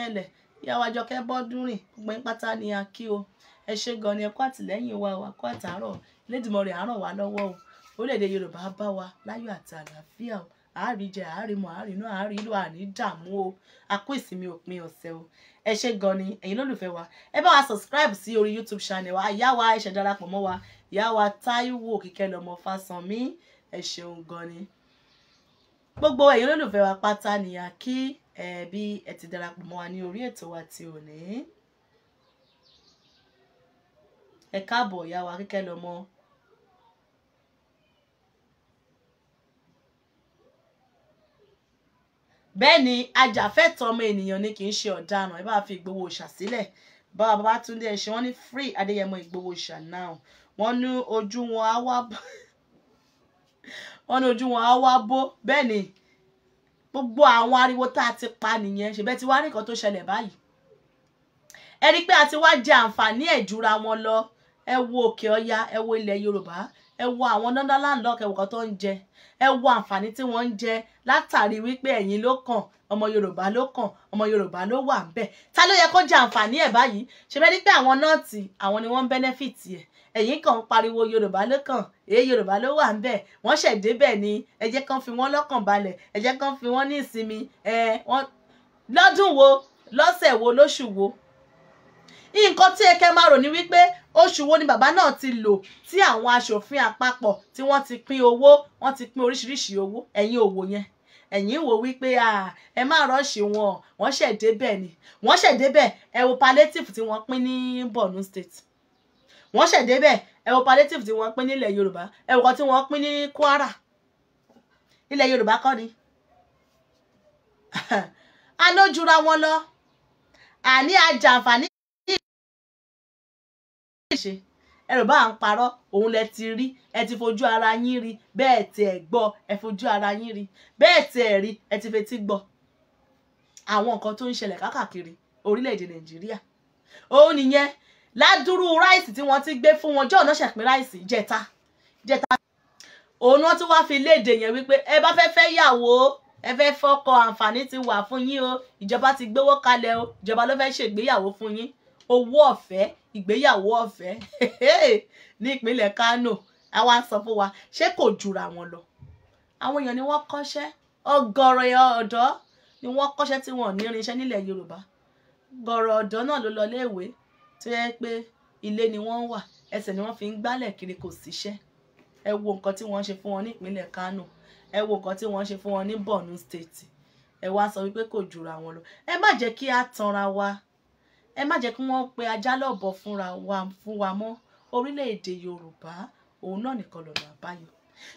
ìyá wa jọkẹ́ bọ́dúnrìn gbogbo yín pátá ni a kí o ẹ ṣe gan ni ẹ kó àtìlẹ́yìn wa wà kó àtàárọ̀ lédìmọ̀ rẹ̀ àárọ̀ wa lọ́wọ́ o orílẹ̀-èdè yorùbá bá wa láyọ̀ àti àlàáfíà o àárí jẹ àárí mọ àárí náà àárí lò àní dààmú o a kú ìsinmi òpin ọ̀sẹ̀ o ẹ ṣe gan ni ẹ̀yin lólùfẹ́ wa ẹ bá wa subscribe sí orí youtube channel wa ìyá wa ẹ ṣe darapọ̀ mọ́ wa ìyá wa táíwò kíkẹ́ lọ́mọ fásánmi ẹ ṣeun gan ni gbogbo ẹ̀yin olólùfẹ́ wa pátá ni a kí ẹ bí ẹ ti darapọ̀ mọ́ wa ní orí ètò wa ti òní ẹ káàbọ̀ ìyá wa kíkẹ́ lọ́mọ bẹ́ẹ̀ ni ajàfẹ́tọ̀ọ́ ọmọ ènìyàn ni kì í ṣe ọ̀daràn ẹ bá fi Ìgbòho Òòṣà sílẹ̀ bá Babátúndé ẹ ṣe wọ́n ní free Adéyẹmọ Ìgbòho Òòṣà now wọ́n ní ojú wọn á wá wọ́n ní ojú wọn á wá bó bẹ́ẹ̀ ni gbogbo àwọn ariwo tá a ti pa nìyẹn ṣèbẹ́ tí wàá rí nǹkan tó ṣẹlẹ̀ báyìí ẹ rí i pé a ti wá jẹ àǹfààní ẹ̀ jura wọn lọ ẹ wo ẹ wo àwọn dandan landlock ẹ wo kan tó ń jẹ ẹ wo àǹfààní tí wọ́n ń jẹ látàrí wípé ẹ̀yin ló kàn ọmọ yorùbá ló kàn ọmọ yorùbá ló wà ń bẹ ta ló yẹ kó jẹ àǹfààní ẹ̀ báyìí ṣebẹ́ ní pé àwọn nọ́ọ̀tì àwọn ni wọ́n ń bẹ́nẹ́fìtì ẹ̀ ẹ̀yin kan ń pariwo yorùbá ló kàn èyí yorùbá ló wà ń bẹ wọ́n ṣẹ̀ débẹ̀ ni ẹ jẹ́ kán fi wọ́n lọ́kàn balẹ̀ ẹ jẹ́ kán fi wọ́n ní ìsinmi ẹ wọ́n lọ́dún wo lọ́sẹ̀ wo lóṣù wo nǹkan tí ẹkẹ máa rò ní wípé oṣù wo ni bàbá náà ti lò tí àwọn aṣòfin àpapọ̀ tí wọ́n ti pín owó wọ́n ti pín oríṣiríṣi owó ẹ̀yin òwò yẹn ẹ̀yin wò wípé ẹ má rọ́ọ̀ṣì wọn wọ́n ṣẹ̀ débẹ̀ ni wọ́n ṣẹ̀ débẹ̀ ẹ wo palliative tí wọ́n pín ní Borno State wọ́n ṣẹ̀ débẹ̀ ẹ wo palliative tí wọ́n pín nílẹ̀ Yorùbá ẹ wo kan tí wọ́n pín ní Kwara nílẹ̀ Yorùbá kọ́ ni alójúra wọn lọ àní ajàǹfààní ṣe ẹrù bá ń parọ́ òun lẹ ti rí ẹ ti fojú ara yín rí bẹ́ẹ̀ tí ẹ gbọ́ ẹ fojú ara yín rí bẹ́ẹ̀ tí ẹ rí ẹ ti fetí gbọ́ àwọn nǹkan tó ń ṣẹlẹ̀ káàkiri orílẹ̀-èdè nàìjíríà òun nìyẹn ládùúrú ráìsì tí wọ́n ti gbé fún wọn jọ́ ọ̀nà ṣẹ̀pín ráìsì jẹta jẹta òun wọn tún wá fi léde yẹn wípé ẹ bá fẹ́ fẹ́ yàwó ẹ fẹ́ fọ́kọ àǹfààní ti wà fún yín o ìjọba ti gbówó kalẹ̀ o ìjọba ló fẹ́ ṣègbéyàwó fún yín owó ọ̀fẹ́ ìgbéyàwó ọ̀fẹ́ ní ìpínlẹ̀ Kánò àwa sọ fún wa ṣé kò jura wọn lọ àwọn èèyàn ni wọ́n kọ́ṣẹ́ ọ̀gọ̀rọ̀ ọ̀dọ́ ni wọ́n kọ́ṣẹ́ tí wọ́n ní irinṣẹ́ nílẹ̀ Yorùbá gọ̀rọ̀ ọ̀dọ́ náà ló lọ léèwé tó yẹ pé ilé ni wọ́n wà ẹsẹ̀ ni wọ́n fi ń gbálẹ̀ kiri kò síṣẹ́ ẹ wo nǹkan tí wọ́n ṣe fún wọn ní ìpínlẹ̀ Kánò ẹ wo nǹkan tí wọ́n ṣe fún wọn ní Borno State ẹ wá sọ wípé kò jura wọn lọ ẹ má jẹ́ kí a tanra wa ẹ má jẹ́ kí wọ́n pe ajá lọ́bọ̀ fúnra wa fún wa mọ́ orílẹ̀-èdè yorùbá òun náà nìkan lọ́nà àbáyọ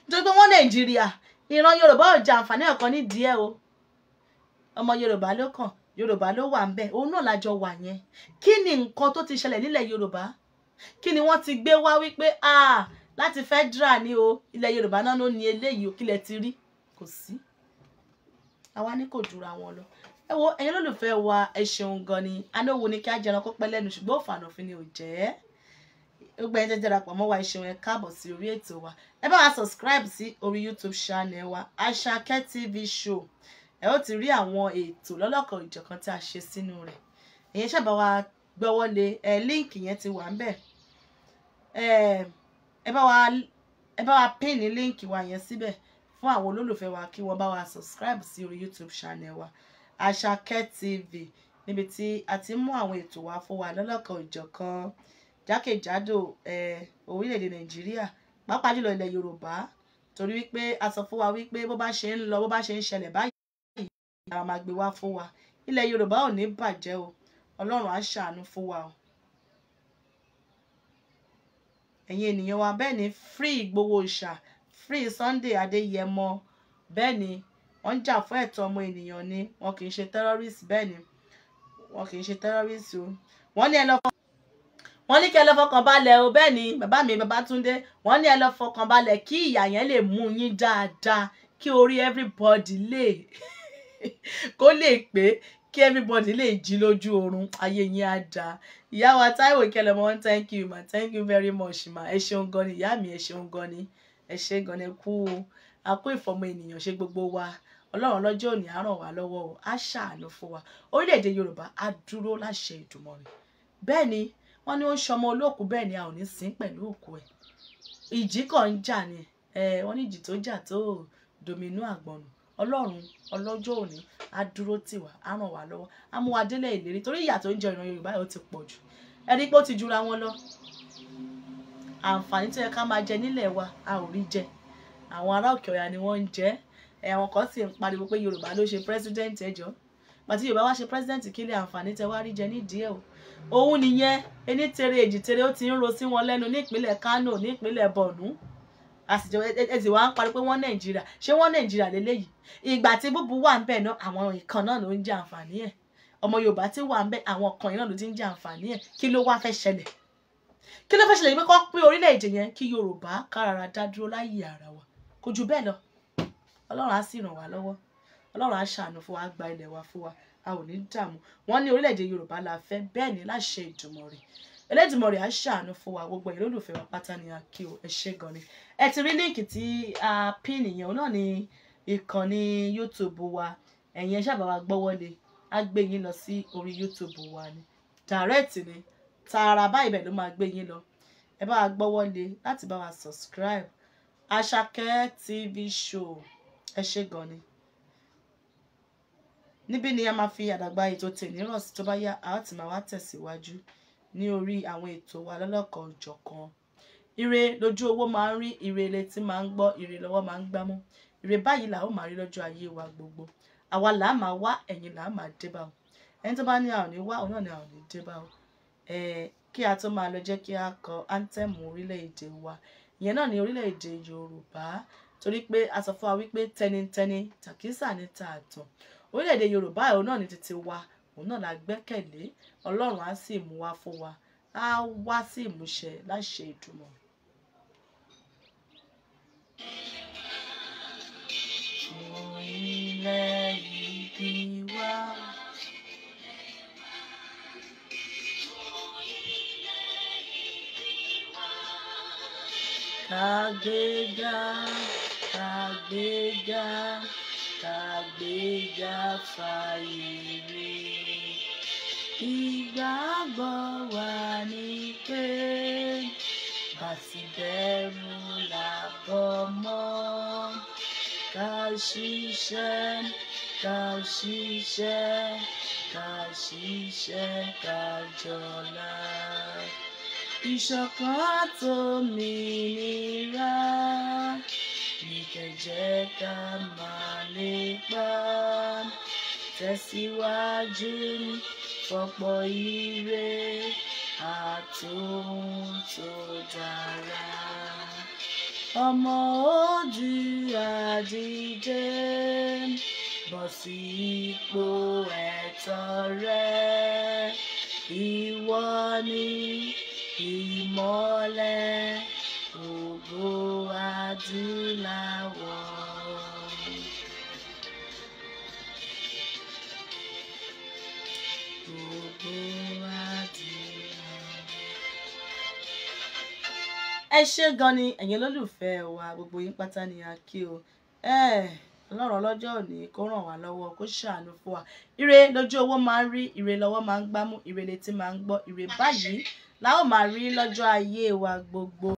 nítorí pé wọ́n nàìjíríà ìran yorùbá ò jẹ àǹfààní ọ̀kan nídìí ẹ̀ o ọmọ yorùbá ló kàn yorùbá ló wà ń bẹ òun náà lájọ wà yẹn kí ni nǹkan tó ti ṣẹlẹ̀ nílẹ̀ yorùbá kí ni wọ́n ti gbé wá wípé ah láti federal ni o ilẹ̀ yorùbá náà ló ní eléyìí o kílẹ̀ ti rí kò sí àwa ní kò jura wọn lọ ẹ wo ẹ̀yin olólùfẹ́ wa ẹ ṣeun gan ni anáwó ni kí á jẹran kó pẹ́ lẹ́nu ṣùgbọ́n òfàànà òfin ni ò jẹ́ gbogbo ẹni jẹjẹrẹ àpọ̀ wa ẹ ṣeun ẹ káàbọ̀ sí orí ètò wa ẹ bá wa subscribe sí orí YouTube channel wa Àṣàkẹ́ TV show ẹ ó ti rí àwọn ètò lọ́lọ́kan ìjọ̀kan tí a ṣe sínú rẹ̀ ìyẹn ṣàbá wa gbọ́wọ́ lé ẹ líǹkì yẹn ti wà ń bẹ̀ ẹ bá wa ẹ bá wa pín ní líǹkì wa yẹn síbẹ̀ fún àwọn olólùfẹ́ wa kí wọ́n bá wa subscribe sí orí YouTube channel wa. Àṣàkẹ́ TV níbi tí a ti mú àwọn ètò wá fún wa lọ́lọ́kan òjọ̀kan jákèjádò orílẹ̀-èdè Nàìjíríà pàápàá jùlọ ilẹ̀ Yorùbá torí wípé a sọ fún wa wípé bó bá ṣe ń lọ bó bá ṣe ń ṣẹlẹ̀ báyìí àwọn máa gbé wá fún wa ilẹ̀ Yorùbá ò ní bàjẹ́ o Ọlọ́run á ṣàánú fún wa o ẹ̀yin ènìyàn wa bẹ́ẹ̀ ni free Igboho Òòṣà free Sunday Adéyẹmọ bẹ́ẹ̀ ni wọ́n ń jà fún ẹ̀tọ́ ọmọ ènìyàn ni wọn kì í ṣe terrorist bẹ́ẹ̀ ni wọn kì í ṣe terrorist o wọ́n ní ẹ lọ fọkàn wọ́n ní kí ẹ lọ fọkàn balẹ̀ o bẹ́ẹ̀ ni bàbá mi Babátúndé wọ́n ní ẹ lọ fọkàn balẹ̀ kí ìyà yẹn lè mú yín dáadáa kí orí everybody lè kó lè pé kí everybody lè jí lójú oorun ayé yín á dáa ìyá wa Táíwò Ìkẹlẹmọ thank you ma thank you very much ma ẹ ṣeun gan ni ìyá mi ẹ ṣeun gan ni ẹ ṣe gan ni kú o a ìfọmọ ènìyàn ṣe gbogbo wa ọlọ́run lọ́jọ́ òní á wa wá lọ́wọ́ o á ṣàánú fún wa orílẹ̀-èdè yorùbá á dúró láṣẹ Èdùmàrè bẹ́ẹ̀ ni wọ́n ní ó ń ṣọmọ olóòkú bẹ́ẹ̀ ni a ò ní sìn pẹ̀lú òkú ẹ̀ ìjì kan ń jà ni wọ́n ní ìjì tó jà tó dominú àgbọ̀nù ọlọ́run ọlọ́jọ́ òní á dúró tì wá á ràn wá lọ́wọ́ á mú wa délẹ̀ ìlérí torí ìyà tó ń jẹ ìran yorùbá yóò ti pọ̀ jù ẹni pé ó ti jura wọn lọ àǹfààní tó yẹ ká máa jẹ nílẹ̀ wa a ò rí jẹ àwọn ará òkè ọ̀yà ni wọ́n ń jẹ àwọn kan sì ń pariwo pé yorùbá ló ṣe president ẹjọ́ pàtí yorùbá wá ṣe president kí àǹfààní tẹ wá jẹ nídìí ẹ o òun nìyẹn ẹni tere èjì tere ó ti ń ro sí wọn lẹ́nu nípínlẹ̀ kánò nípínlẹ̀ borno àsìjọ ẹsì wa ń parí pé wọ́n nàìjíríà ṣé wọ́n nàìjíríà lélẹ́yìí ìgbà tí búbu wà ń bẹ̀ náà àwọn ìkan náà ló ń jẹ àǹfààní ẹ̀ ọmọ yorùbá tí wà ń bẹ̀ àwọn kan náà ló ti ń jẹ àǹfààní ẹ̀ kí ló wá fẹ́ ṣẹlẹ̀ kí ló fẹ́ ṣẹlẹ̀ yìí pé kọ́ pé orílẹ̀-èdè yẹn kí yorùbá kárara dá dúró láyé ara wa kò jù bẹ́ẹ̀ lọ ọlọ́run á sì ràn wá lọ́wọ́ ọlọ́run á ṣàánú fún wa gba ilẹ̀ wa fún wa a ò ní dààmú wọ́n ní orílẹ̀-èdè yorùbá la fẹ́ bẹ́ẹ̀ ni láṣẹ ìdùmọ̀rì elédìmọ̀rì á ṣàánú fún wa gbogbo ẹ̀yin olólùfẹ́ wa pátá ni a kí o ẹ ṣé gan ni ẹ ti rí líǹkì tí a pín nìyẹn òun náà ni ìkànnì youtube wa ẹ̀yin ẹ ṣàbàwà gbọ́wọ́lé á gbé yín lọ sí orí youtube wa ni direct ni tààrà báyìí bẹ́ẹ̀ ló máa gbé yín lọ ẹ bá wa gbọ́wọ́lé láti bá wa subscribe Àṣàkẹ́ TV show ẹ ṣe gan ni níbí ni a máa fi àdàgbà ètò tèmi rọ̀ sí tó bá yá a ó ti máa wá tẹ̀síwájú ní orí àwọn ètò wa lọ́lọ́kan òjọ̀kan ire lójú owó máa ń rí ire létí máa ń gbọ́ ire lọ́wọ́ máa ń gbámú ire báyìí là ó máa rí lọ́jọ́ ayé wa gbogbo àwa là á máa wá ẹ̀yìn là á máa débà o ẹni tó bá ní àwọn ní wá òun náà ní àwọn ní débà o kí a tó máa lọ jẹ́ kí a kọ áńtẹ́mù orílẹ̀-èdè wa ìyẹn náà ní orílẹ̀-èdè Yorùbá torí pé a sọ fún wa wípé tẹnitẹni tàkísà ní tààtàn orílẹ̀-èdè yorùbá òun náà ní títí wa òun náà la gbẹ́kẹ̀lé ọlọ́run á sì mú wa fún wa á wá sí ìmúṣẹ láṣẹ ìdùnmọ̀. ilẹ̀ ibi tàgbéga tàgbéga fàyè rẹ̀ ìgbàgbọ́ wa ni pé bàtìbẹ̀rù làbọ̀ mọ́ ká ṣiṣẹ́ ká ṣiṣẹ́ ká ṣiṣẹ́ ká jọlá ìṣọ̀kan àtòmìnira. Nikajeka màlẹ́gbàá tẹ̀síwájú fọ̀pọ̀ ire àtòhun tó dára. Ọmọ ojú àdìde bọ̀ sí ipò ẹ̀tọ́ ìmọ́lẹ̀ òun. gbogbo adúláwọ̀. Gbogbo adúláwọ̀. Ẹ ṣé gan ni ẹ̀yin olólùfẹ́ wa gbogbo yín pátá ni a kí o. Ọlọ́run ọlọ́jọ́ òní kó ràn wá lọ́wọ́ kó ṣàánú fún wa. Ire lójú owó máa ń rí, ire lọ́wọ́ máa ń gbámú, ire létí máa ń gbọ́, ire báyìí la ó máa rí lọ́jọ́ ayé wa gbogbo.